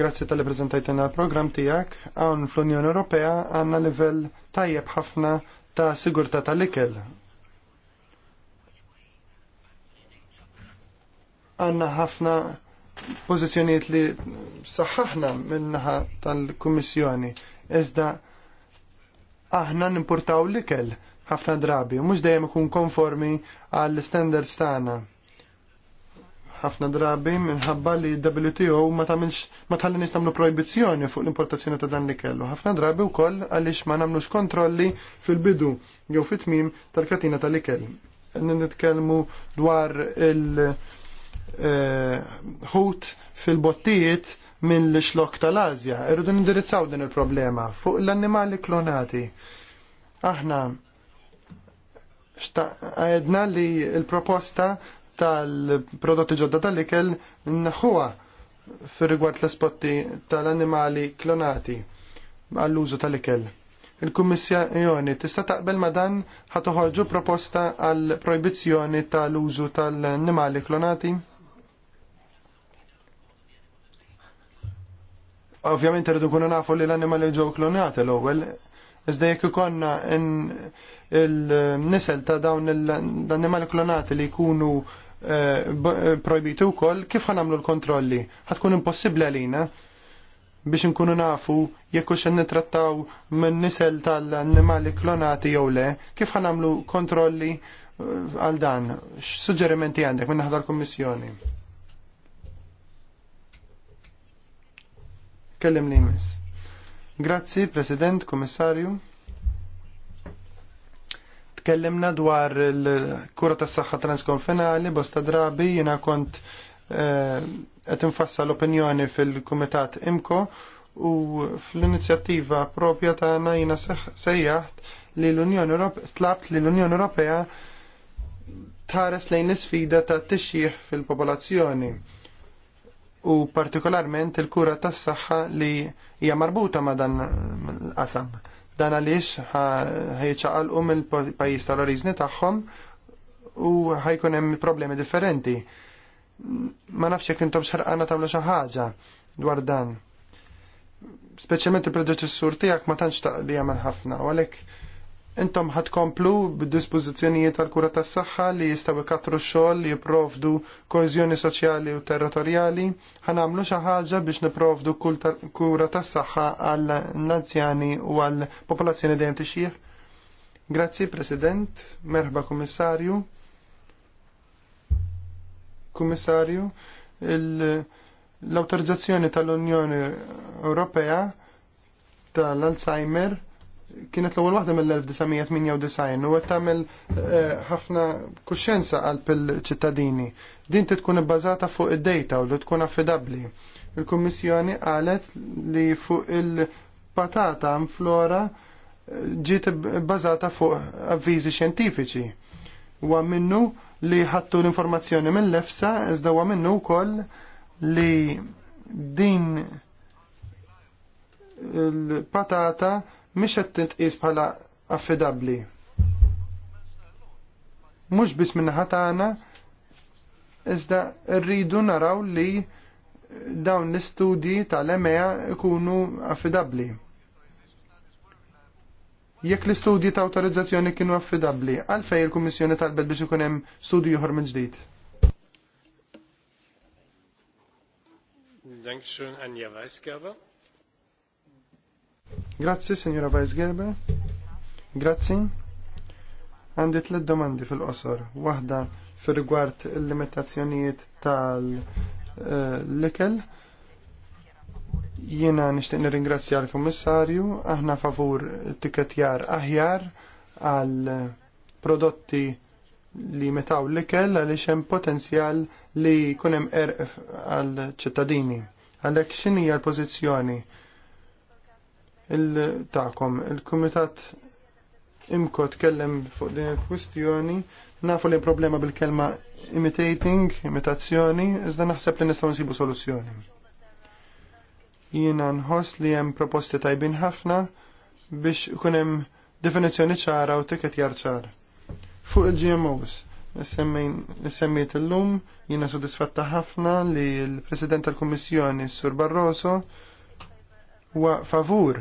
Grazzi tal-li prezentajtena program tijak, għawn fl-Unjoni Ewropea għanna livell tajjeb ħafna ta' sigurta tal-ikel. Għanna ħafna pozizjoniet li saħħaħna minnaħa tal-Kummissjoni, iżda aħna nimportaw l-ikel ħafna drabi, u mhux dejjem ikun konformi għall standards tagħna. Ħafna drabi minħabba li WTO ma tagħmilx ma tħallinix nagħmlu projbizzjoni fuq l-importazzjoni ta' dan li kellu. Ħafna drabi wkoll għaliex ma nagħmlux kontrolli fil-bidu jew fit-tmim tal-katina tal-ikel. Nitkellmu dwar il-ħut eh, fil-bottijiet mill-xlok tal-Azja. Irridu nindirizzaw din il-problema fuq l-annimali klonati. Aħna għedna li il-proposta tal-prodotti ġodda tal-ikel nħuwa fir rigward l-espotti tal-animali klonati għall-użu tal-ikel. Il-Kummissjoni tista' taqbel ma dan ħatoħorġu proposta għal proibizzjoni tal-użu tal-animali klonati? Ovvjament irridu kunu nafu li l-animali ġew klonati l-ewwel Iżda jekk ikonna il-nisel ta' dawn l-annimali klonati li jkunu eh, projbiti wkoll, kif ħanamlu l-kontrolli? Ħatkun impossibbli għalina biex nkunu nafu jekk hux nittrattaw minn nisel tal-annimali klonati jew le, kif nagħmlu kontrolli eh, għal dan? X'suġġerimenti għandek minn naħdar kummissjoni? Kellim li miss. Grazzi, President, Komissarju. Tkellimna dwar il-kura tas saħħa transkonfinali, bosta drabi, jina kont eh, qed infassa l-opinjoni fil-Kumitat IMCO u fl-inizjattiva propja tagħna jina sejjaħt li l-Unjoni Ewropea tlabt li l-Unjoni Ewropea tħares lejn l-isfida ta' tixjih fil-popolazzjoni u partikolarment il-kura tas-saħħa li hija marbuta ma' dan l-qasam. Dan għaliex ħajċaqalqu mill-pajjiż tal-oriżni tagħhom u ħajkun hemm problemi differenti. Ma nafx jekk intom xarqana tagħmlu xi ħaġa dwar dan. Speċjalment il proġett s-sur tiegħek ma tantx taqlija minn ħafna, u għalhekk intom komplu b'dispożizzjonijiet tal-kura tas-saħħa li jistgħu ikatru x-xogħol li jipprovdu koeżjoni soċjali u territorjali, ħanamlu xi ħaġa biex nipprovdu kura tas-saħħa għall nazzjani u għall-popolazzjoni dejjem tixjih. Grazzi President, merħba Kummissarju. Kummissarju, l-autorizzazzjoni tal-Unjoni Ewropea tal-Alzheimer kienet l-ewwel waħda mill-1998 u qed tagħmel eh, ħafna kuxjenza għal il ċittadini Din tkun ibbażata fuq id data u li tkun affidabbli. Il-Kummissjoni qalet li fuq il-patata mflora eh, ġiet bbażata fuq avviżi xjentifiċi. Huwa minnu li ħattu l-informazzjoni mill-lefsa iżda huwa minnu wkoll li din il-patata mhix qed tintqis bħala affidabbli. Mhux biss minn tagħna. iżda rridu naraw li dawn l-istudji tal-EMEA ikunu affidabbli. Jekk l-istudji ta' autorizzazzjoni kienu affidabbli, għalfej il-Kummissjoni talbet biex ikun hemm studju ieħor minn ġdid. Dankeschön, Anja Weisgerber. Grazzi, Signora Weisgerber. Grazzi. Għandi tlet domandi fil-qosor. Waħda fil-rigward il-limitazzjonijiet tal-likel. Eh, Jiena nixtieq nirringrazzja l-Kummissarju, aħna favur tikketjar aħjar għal prodotti li metaw l-ikel għaliex hemm potenzjal li jkun hemm erq għal ċittadini. Għalhekk x'inhi l-pożizzjoni il-taqom. Il-Kumitat imko tkellem fuq din il-kwistjoni, nafu li problema bil-kelma imitating, imitazzjoni, iżda naħseb li nistgħu nsibu soluzzjoni. Jiena nħoss li hemm proposti tajbin ħafna biex ikun hemm definizzjoni ċara u tiket jar ċar. Fuq il-GMOs, il illum jiena sodisfatta ħafna li l-President tal-Kummissjoni, Sur Barroso, huwa favur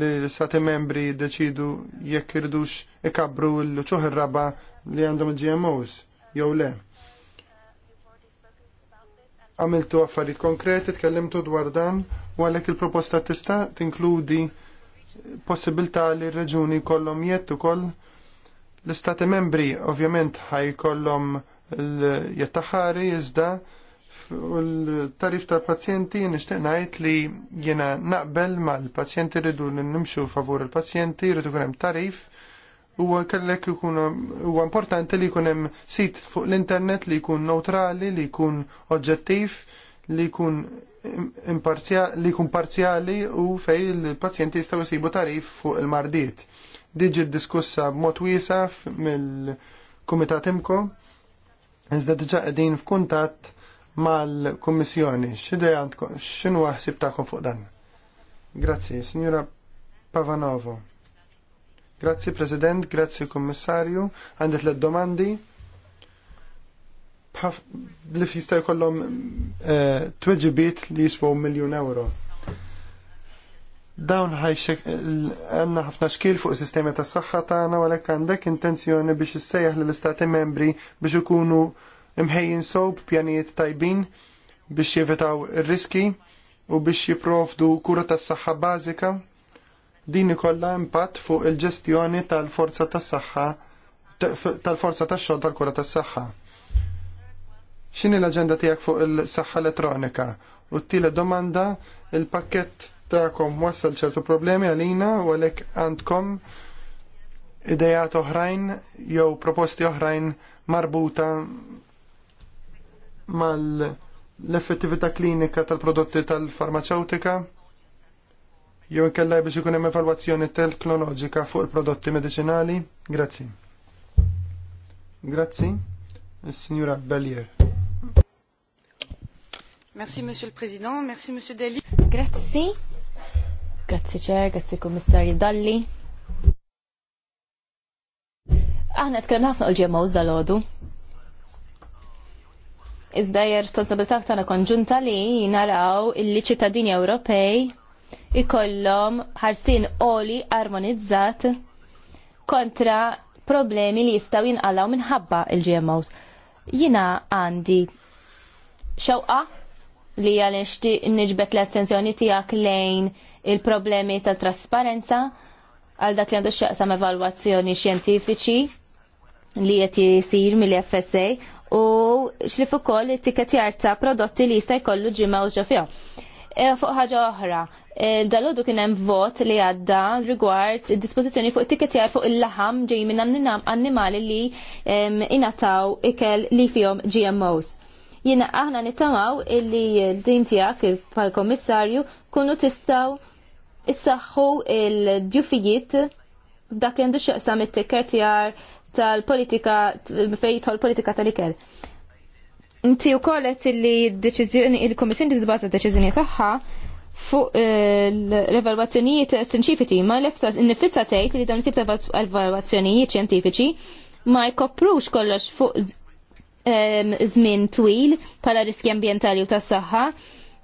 li l-istati membri deċidu jekk irdux ikabru l-ċuħ raba li għandhom il-GMOs jew le. Għamiltu affarijiet konkreti, tkellimtu dwar dan, u għalhekk il-proposta tista' tinkludi possibilità li r-reġuni kollom jett ukoll l-istati membri ovvjament ħaj kollom l-jettaħari iżda l-tarif ta' pazjenti nishtiq ngħid li jiena naqbel mal-pazjenti rridu li nimxu favur il-pazjenti, rridu kunem hemm tarif huwa kellek ikun huwa importanti li jkun hemm sit fuq l-internet li jkun neutrali, li jkun oġġettiv, li jkun li jkun parzjali u fej il-pazjenti jistgħu jisibu tarif fuq il-mardiet. Diġi diskussa b'mod wiesa' mill-Kumitat Imko, iżda diġa qegħdin f'kuntatt mal-Kummissjoni. xidej għandkom, x'inhu ħsib tagħkom fuq dan? Grazzi, Signora Pavanovo. Grazzi President, grazzi Kummissarju. Għandet le domandi li jista' jkollhom eh, tweġibit li jiswew miljun euro. Dawn ħajxek għandna ħafna xkil fuq is-sistema tas-saħħa tagħna għalek għandek intenzjoni biex issejjaħ lill istati membri biex ikunu imħejjin sow pjanijiet tajbin biex jevitaw riski u biex jiprovdu kura tas saħħa bażika. Din ikollha impatt fuq il-ġestjoni tal-forza tas saħħa tal-forza tax xogħol tal-kura tas saħħa X'inhi l-aġenda tiegħek fuq il-saħħa elettronika? U t-tielet domanda il-pakkett ta'kom wassal ċertu problemi għalina u għalhekk għandkom idejat oħrajn jew proposti oħrajn marbuta mal-effettività klinika tal-prodotti tal-farmaceutika jew inkella biex ikun hemm evalwazzjoni teknoloġika fuq il-prodotti mediċinali? Grazzi. Grazzi. Signora Bellier. Merci Monsieur le Président, merci Monsieur Dalli. Grazzi. Grazzi Cher, grazzi Kummissarju Dalli. Aħna tkellem ħafna l-GMOs dal-ħodu. Iżda hija responsabilità tagħna konġunta li naraw illi ċittadini Ewropej ikollhom ħarsin oli armonizzat kontra problemi li jistgħu jinqalgħu minħabba il-GMOs. Jina għandi xewqa li hija nixbet l-attenzjoni tiegħek lejn il-problemi ta' trasparenza għal dak li għandu xaqsam evalwazzjoni xjentifiċi li qed jisir mill-FSA u xlif ukoll it-tikketjar ta' prodotti li jista' jkollu ġimma u ġofija. E, fuq ħaġa oħra, e, dalodu kien hemm vot li għadda rigward dispożizzjoni fuq it-tikketjar fuq il-laħam ġej minn annimali li inataw ikel li fihom GMOs. Jina aħna nittamaw illi l-din tiegħek pal kommissarju kunu tistaw issaħħu il-djufijiet dak li għandu xaqsam it-tikketjar tal-politika fejn tal-politika tal-ikel. Inti wkoll qed li d il-Kummissjoni tibbaża d deċizjoni tagħha fuq eh, l-evalwazzjonijiet sinċifiti ma l n nifissa tgħid li dawn tip ta' evalwazzjonijiet xjentifiċi ma jkoprux kollox fuq eh, żmien twil bħala riski ambjentali u tas-saħħa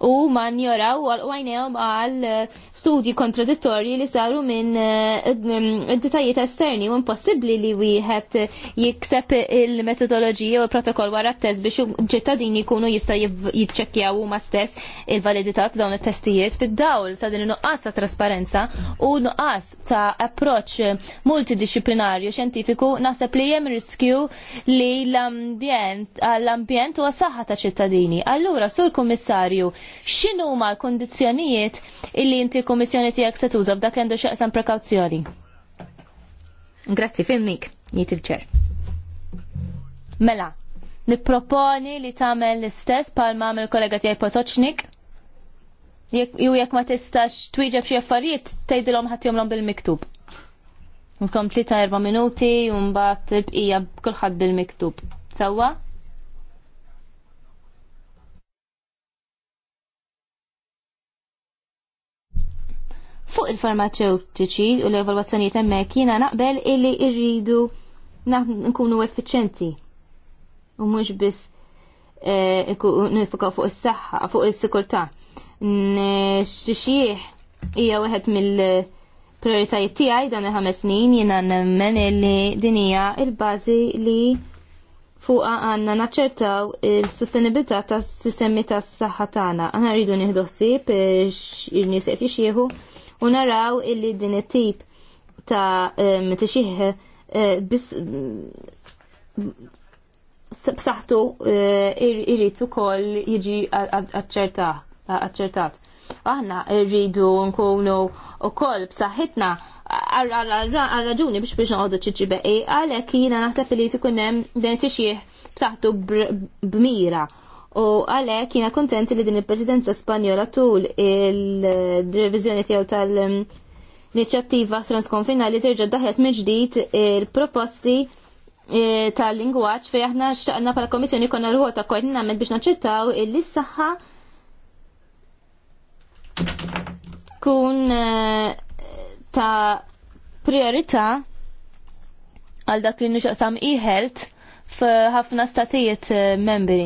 u ma njoraw għal għajnejhom għal eh, studji kontradittorji li saru minn eh, id-detajiet mm, esterni u impossibbli li wieħed eh, jikseb il-metodoloġija u l-protokoll wara t-test biex ċittadini jkunu jista' u huma stess il-validità ta' dawn it-testijiet fid-dawl ta' din nuqqas ta' trasparenza u nuqqas ta' approċċ multidisciplinarju xjentifiku naħseb li hemm riskju li l-ambjent għall-ambjent u għas-saħħa ta' ċittadini. Allura, sur kummissarju, xinu ma l-kundizzjonijiet illi inti l-Kummissjoni tiegħek se tuża f'dak li xaqsan x'aqsam prekawzjoni. Grazzi, filmik, jiet il-ċer. Mela, nipproponi li tagħmel l-istess pal ma għamel kollega tiegħi Potoċnik. Ju jekk ma tistax twieġeb xi affarijiet tgħidilhom ħaddihomlhom bil-miktub. Nkom tlieta erba' minuti u mbagħad tibqija kulħadd bil-miktub. Sewwa? fuq il-farmaceutiċi u l-evalwazzjonijiet hemmhekk jiena naqbel illi rridu nkunu effiċenti u mhux biss eh, nifukaw fuq is-saħħa, fuq is-sikurtà. Xixieħ hija wieħed mill-prioritajiet tiegħi dan il-ħames snin jiena nemmen illi din hija l-bażi li fuqa għanna naċċertaw il-sostenibilità tas sistemi tas saħħa tagħna. Aħna rridu nieħdu ħsieb eh, il-nies qed jixjieħu u naraw illi din it-tip ta' tixih eh, biss b'saħħtu eh, irid ukoll jiġi aċċertat. Aħna rridu nkunu wkoll b'saħħitna għal-raġuni biex biex naqodu ċiċi beqi, għalek jina naħseb li tikun hemm dan tixjih b'saħħtu b'mira U għalhekk jiena kontent li din il-Presidenza Spanjola tul il-reviżjoni tiegħu tal transkonfina li terġa' daħjat minn il-proposti eh, tal-lingwaġġ fejn aħna xtaqna bħala Komissjoni konna ruħu ta' koordinament biex naċċettaw illi s-saħħa Kun eh, ta' priorità għal dak li nixaqsam e-health f'ħafna statijiet eh, membri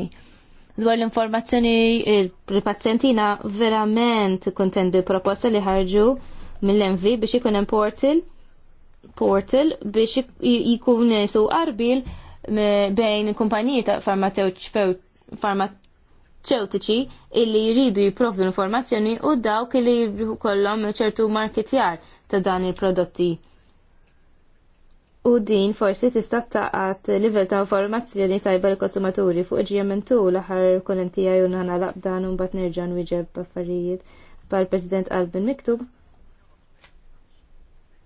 dwar l-informazzjoni il-pazjentina verament kontent bil-proposta li ħarġu mill-envi biex ikun hemm portal portal biex jikun su qarbil bejn kumpaniji ta' farmaceutiċi illi jridu jipprovdu l-informazzjoni u dawk illi kollhom ċertu marketjar ta' dan il-prodotti U din forsi tista' taqat livell ta' informazzjoni tajba l-konsumaturi fuq ġiementu l-aħħar kolentija jew nagħna laqdan u mbagħad nerġa' nwieġeb affarijiet bħall-President Albin Miktub.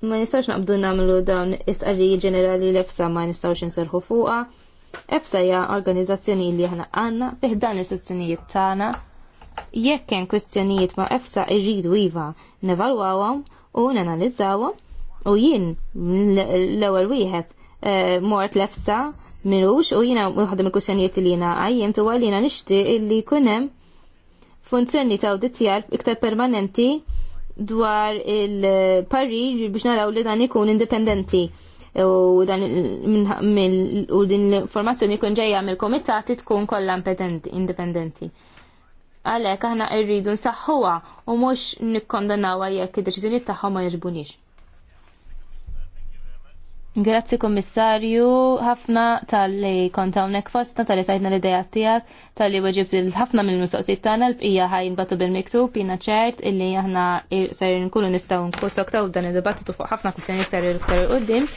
Ma nistax naqbdu nagħmlu dawn istqarrijiet ġenerali l-EFSA ma nistgħux inserħu fuqha. EFSA hija organizzazzjoni li aħna għandna fih dan l-istituzzjonijiet tagħna. Jekk hemm kwistjonijiet ma' EFSA irridu iva nevalwawhom u nanalizzawhom U jien l-ewwel wieħed eh, mort lefsa minux u jiena waħda mill-kussjonijiet li jiena għajjem tuwa li jiena nixtieq illi jkun hemm funzjoni ta' awdizzjar iktar permanenti dwar il-parir biex naraw li dan ikun indipendenti u dan u din l-informazzjoni kun ġejja mill komitati tkun kollha indipendenti. Għalhekk aħna rridu nsaħħuha u mhux nikkondanawha jekk id-deċiżjonijiet tagħhom ma jiġbunix. Grazzi kommissarju, ħafna tal-li konta unnek fostna, tal-li tajna l-ideja tijak, tal-li weġibt ħafna mill-mistoqsijiet tagħna l-bqija ħajn batu bil-miktub, jina ċert illi aħna ser nkunu nistgħu nkussok soktaw dan il dibattitu fuq ħafna kwistjoni ser iktar